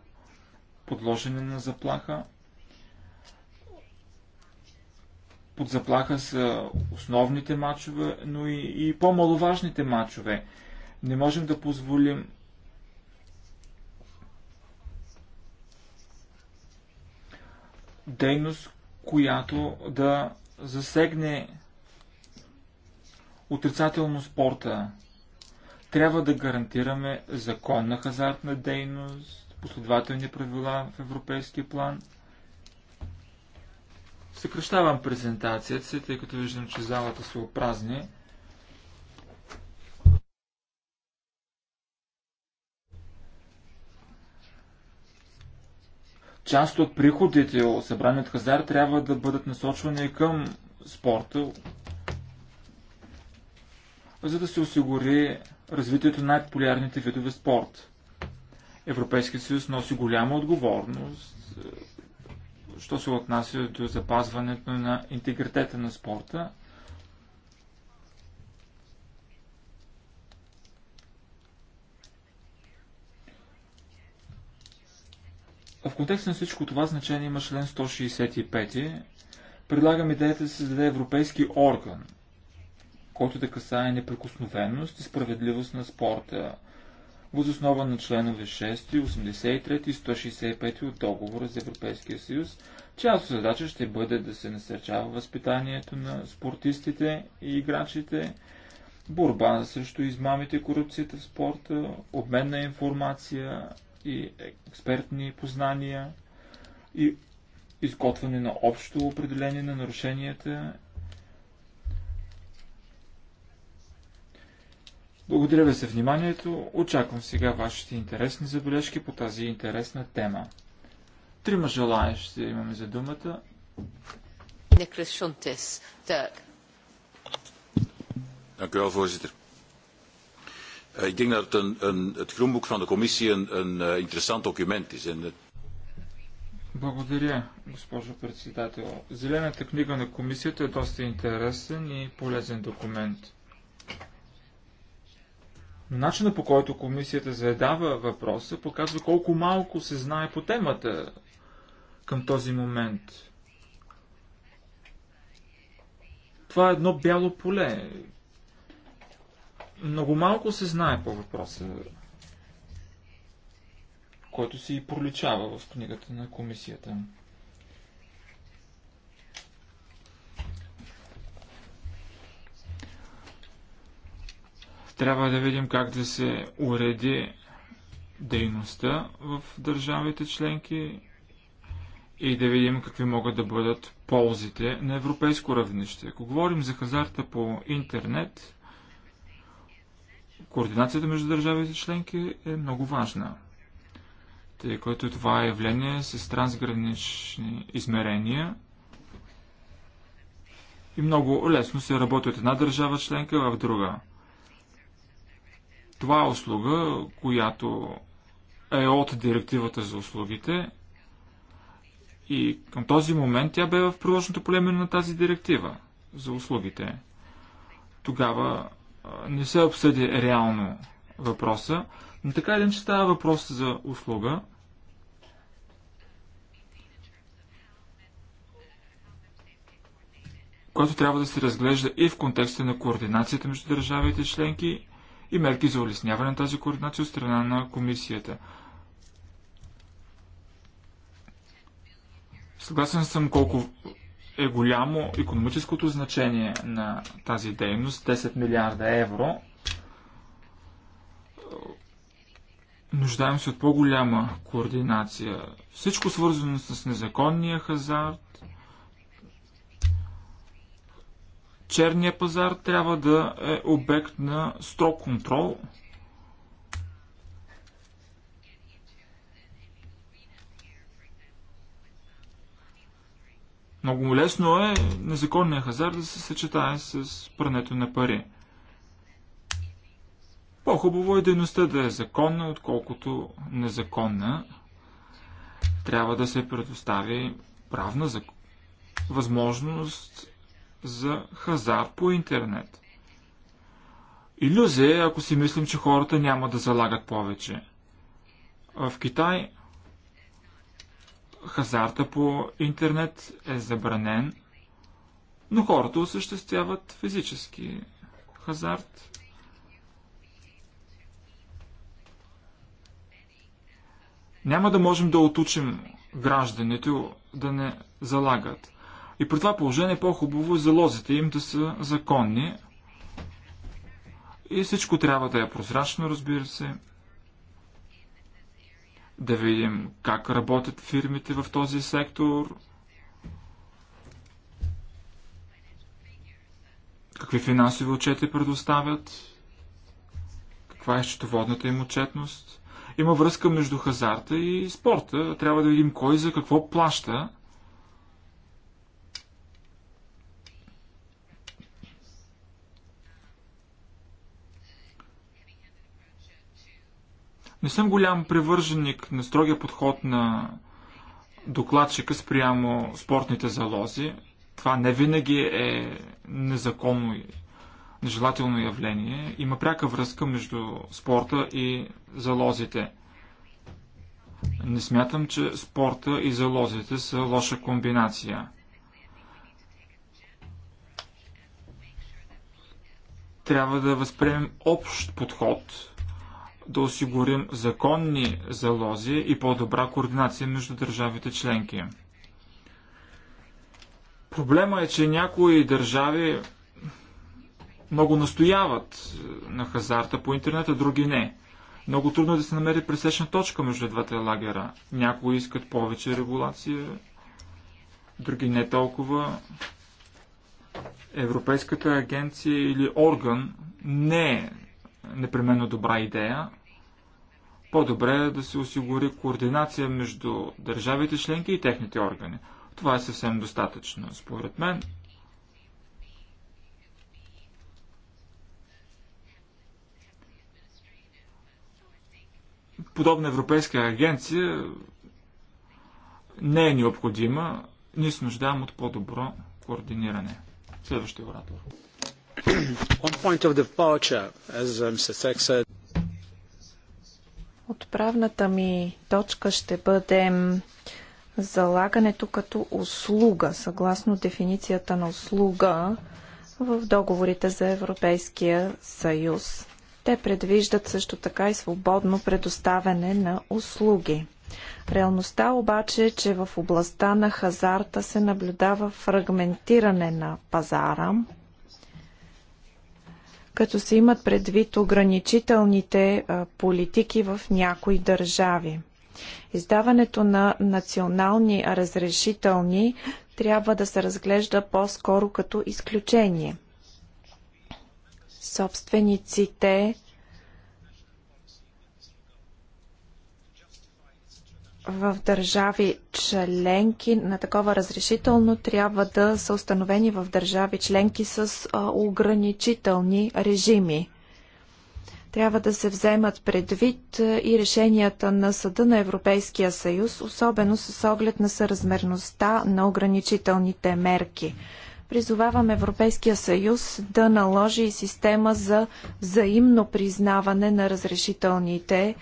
Speaker 3: подложен е на заплаха. Под заплаха са основните матчове, но и, и по-маловажните матчове. Не можем да позволим дейност, която да засегне отрицателно спорта. Трябва да гарантираме законна хазартна дейност, последователни правила в европейския план. Съкръщавам презентацията си, тъй като виждам, че залата се опразни. част от приходите от събрани от хазар трябва да бъдат насочвани към спорта, за да се осигури развитието на най-популярните видове спорт. Европейският съюз носи голяма отговорност, е, що се отнася до запазването на интегритета на спорта В контекст на всичко това значение има член 165. Предлагам идеята да се създаде европейски орган, който да касае неприкосновеност и справедливост на спорта, възоснова на членове 6, 83 и 165 от договора за Европейския съюз, чиято задача ще бъде да се насърчава възпитанието на спортистите и играчите, борба срещу измамите и корупцията в спорта, обмен на информация, и експертни познания и изготвяне на общо определение на нарушенията. Благодаря ви за вниманието. Очаквам сега вашите интересни забележки по тази интересна тема. Трима желаящи имаме за думата. Dank u wel, voorzitter. Eh, ik denk dat het, groenboek van de commissie een, eh, interessant document is. Благодаря, госпожо председател. Зелената книга на комисията е доста интересен и полезен документ. Начина по който комисията задава въпроса показва колко малко се знае по темата към този момент. Това е едно бяло поле. Много малко се знае по въпроса, който си и проличава в книгата на комисията. Трябва да видим как да се уреди дейността в държавите членки и да видим какви могат да бъдат ползите на европейско равнище. Ако говорим за хазарта по интернет, Координацията между държавите членки е много важна, тъй като това е явление с трансгранични измерения и много лесно се работи от една държава членка в друга. Това е услуга, която е от директивата за услугите и към този момент тя бе в приложното племе на тази директива за услугите. Тогава не се обсъди реално въпроса, но така един, че става въпрос за услуга. което трябва да се разглежда и в контекста на координацията между държавите членки и мерки за улесняване на тази координация от страна на комисията. Съгласен съм колко е голямо економическото значение на тази дейност 10 милиарда евро. Нуждаем се от по-голяма координация. Всичко свързано с незаконния хазарт, черния пазар трябва да е обект на строг контрол – Много лесно е незаконния хазарт да се съчетае с прането на пари. По-хубаво е дейността да е законна, отколкото незаконна. Трябва да се предостави правна зак... възможност за хазар по интернет. Иллюзия е, ако си мислим, че хората няма да залагат повече. в Китай Хазарта по интернет е забранен, но хората осъществяват физически хазарт. Няма да можем да отучим гражданите да не залагат. И при това положение е по-хубаво залозите им да са законни. И всичко трябва да е прозрачно, разбира се да видим как работят фирмите в този сектор, какви финансови отчети предоставят, каква е счетоводната им отчетност. Има връзка между хазарта и спорта. Трябва да видим кой за какво плаща. Не съм голям привърженик на строгия подход на докладчика спрямо спортните залози. Това не винаги е незаконно и нежелателно явление. Има пряка връзка между спорта и залозите. Не смятам, че спорта и залозите са лоша комбинация. Трябва да възприемем общ подход да осигурим законни залози и по-добра координация между държавите членки. Проблема е, че някои държави много настояват на хазарта по интернет, а други не. Много трудно е да се намери пресечна точка между двата лагера. Някои искат повече регулация, други не толкова. Европейската агенция или орган не е непременно добра идея. По-добре е да се осигури координация между държавите членки и техните органи. Това е съвсем достатъчно, според мен. Подобна европейска агенция не е необходима. Ние се нуждаем от по-добро координиране. Следващия оратор
Speaker 4: point of departure, as uh, Mr. said,
Speaker 2: Отправната ми точка ще бъде залагането като услуга, съгласно дефиницията на услуга в договорите за Европейския съюз. Те предвиждат също така и свободно предоставяне на услуги. Реалността обаче е, че в областта на хазарта се наблюдава фрагментиране на пазара, като се имат предвид ограничителните политики в някои държави. Издаването на национални разрешителни трябва да се разглежда по-скоро като изключение. Собствениците в държави членки на такова разрешително трябва да са установени в държави членки с ограничителни режими. Трябва да се вземат предвид и решенията на Съда на Европейския съюз, особено с оглед на съразмерността на ограничителните мерки. Призовавам Европейския съюз да наложи система за взаимно признаване на разрешителните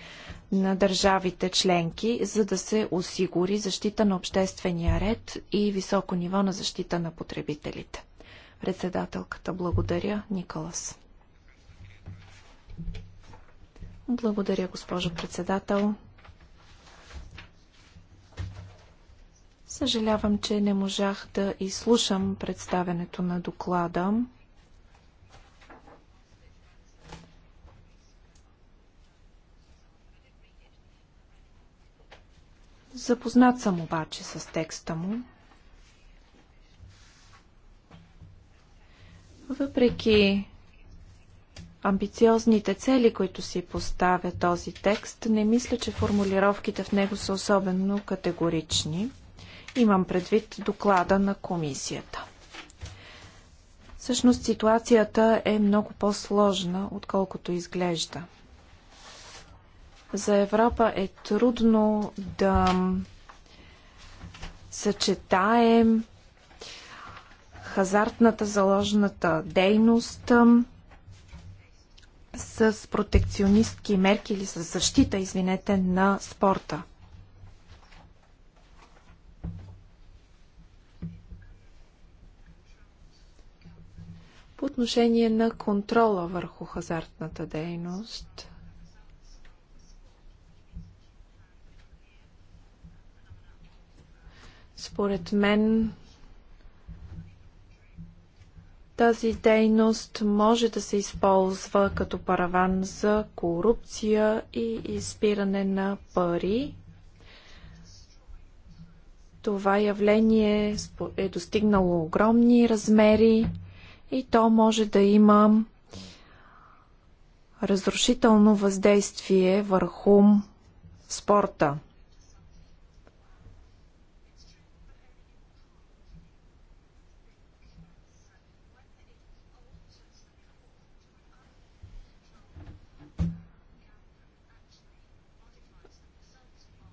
Speaker 2: на държавите членки, за да се осигури защита на обществения ред и високо ниво на защита на потребителите. Председателката благодаря, Николас. Благодаря, госпожо председател. Съжалявам, че не можах да изслушам представенето на доклада. Запознат съм обаче с текста му. Въпреки амбициозните цели, които си поставя този текст, не мисля, че формулировките в него са особено категорични. Имам предвид доклада на комисията. Всъщност ситуацията е много по-сложна, отколкото изглежда за Европа е трудно да съчетаем хазартната заложната дейност с протекционистки мерки или с защита, извинете, на спорта. По отношение на контрола върху хазартната дейност – Според мен тази дейност може да се използва като параван за корупция и изпиране на пари. Това явление е достигнало огромни размери и то може да има разрушително въздействие върху спорта.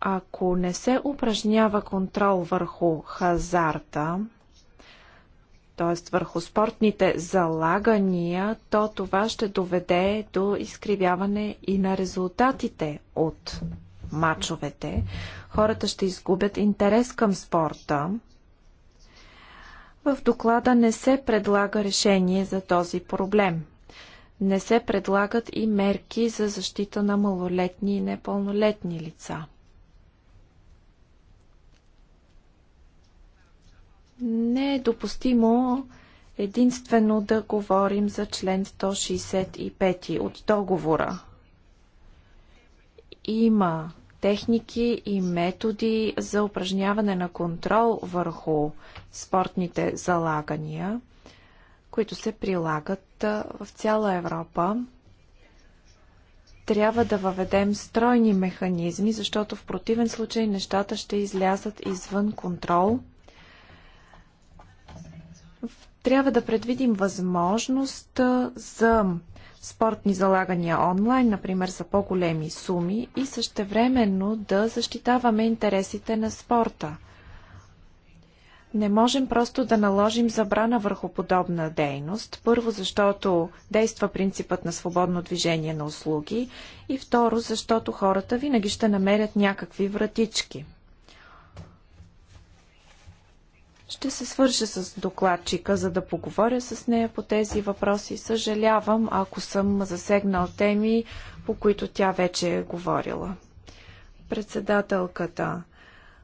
Speaker 2: ако не се упражнява контрол върху хазарта, т.е. върху спортните залагания, то това ще доведе до изкривяване и на резултатите от мачовете. Хората ще изгубят интерес към спорта. В доклада не се предлага решение за този проблем. Не се предлагат и мерки за защита на малолетни и непълнолетни лица. Не е допустимо единствено да говорим за член 165 от договора. Има техники и методи за упражняване на контрол върху спортните залагания, които се прилагат в цяла Европа. Трябва да въведем стройни механизми, защото в противен случай нещата ще излязат извън контрол – трябва да предвидим възможност за спортни залагания онлайн, например за по-големи суми и същевременно да защитаваме интересите на спорта. Не можем просто да наложим забрана върху подобна дейност. Първо, защото действа принципът на свободно движение на услуги и второ, защото хората винаги ще намерят някакви вратички. Ще се свържа с докладчика, за да поговоря с нея по тези въпроси. Съжалявам, ако съм засегнал теми, по които тя вече е говорила. Председателката.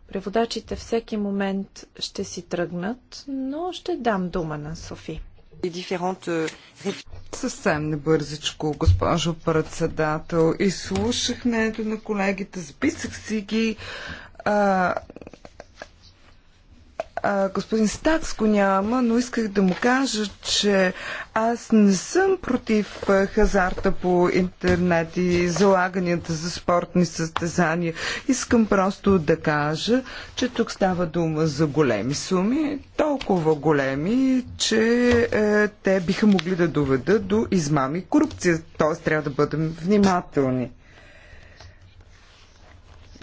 Speaker 2: Преводачите всеки момент ще си тръгнат, но ще дам дума на Софи.
Speaker 4: Съвсем небързичко, госпожо председател. Изслушах мнението на колегите, записах си ги. А, а, господин Стакс го няма, но исках да му кажа, че аз не съм против хазарта по интернет и залаганията за спортни състезания. Искам просто да кажа, че тук става дума за големи суми, толкова големи, че е, те биха могли да доведат до измами и корупция. Тоест трябва да бъдем внимателни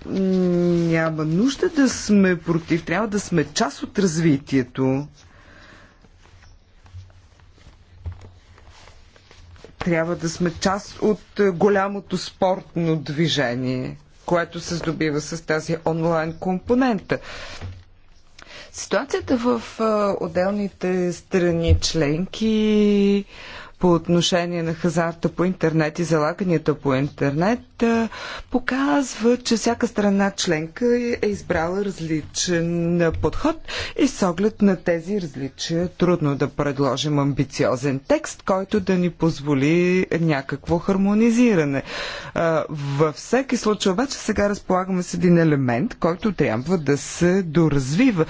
Speaker 4: няма нужда да сме против, трябва да сме част от развитието. Трябва да сме част от голямото спортно движение, което се здобива с тази онлайн компонента. Ситуацията в отделните страни членки по отношение на хазарта по интернет и залаганията по интернет показва, че всяка страна членка е избрала различен подход и с оглед на тези различия трудно да предложим амбициозен текст, който да ни позволи някакво хармонизиране. Във всеки случай обаче сега разполагаме с един елемент, който трябва да се доразвива.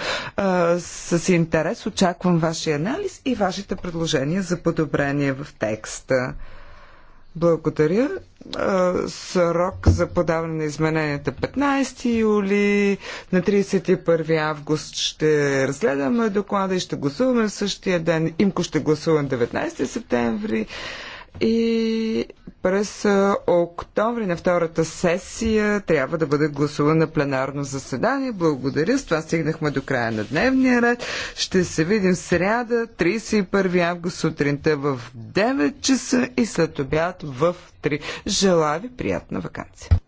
Speaker 4: С интерес очаквам вашия анализ и вашите предложения за подобрение в текста. Благодаря. Срок за подаване на измененията 15 е юли. На 31 август ще разгледаме доклада и ще гласуваме същия ден. Имко ще гласуваме 19 септември и през октомври на втората сесия трябва да бъде гласувана пленарно заседание. Благодаря. С това стигнахме до края на дневния ред. Ще се видим сряда, 31 август сутринта в 9 часа и след обяд в 3. Желая ви приятна вакансия.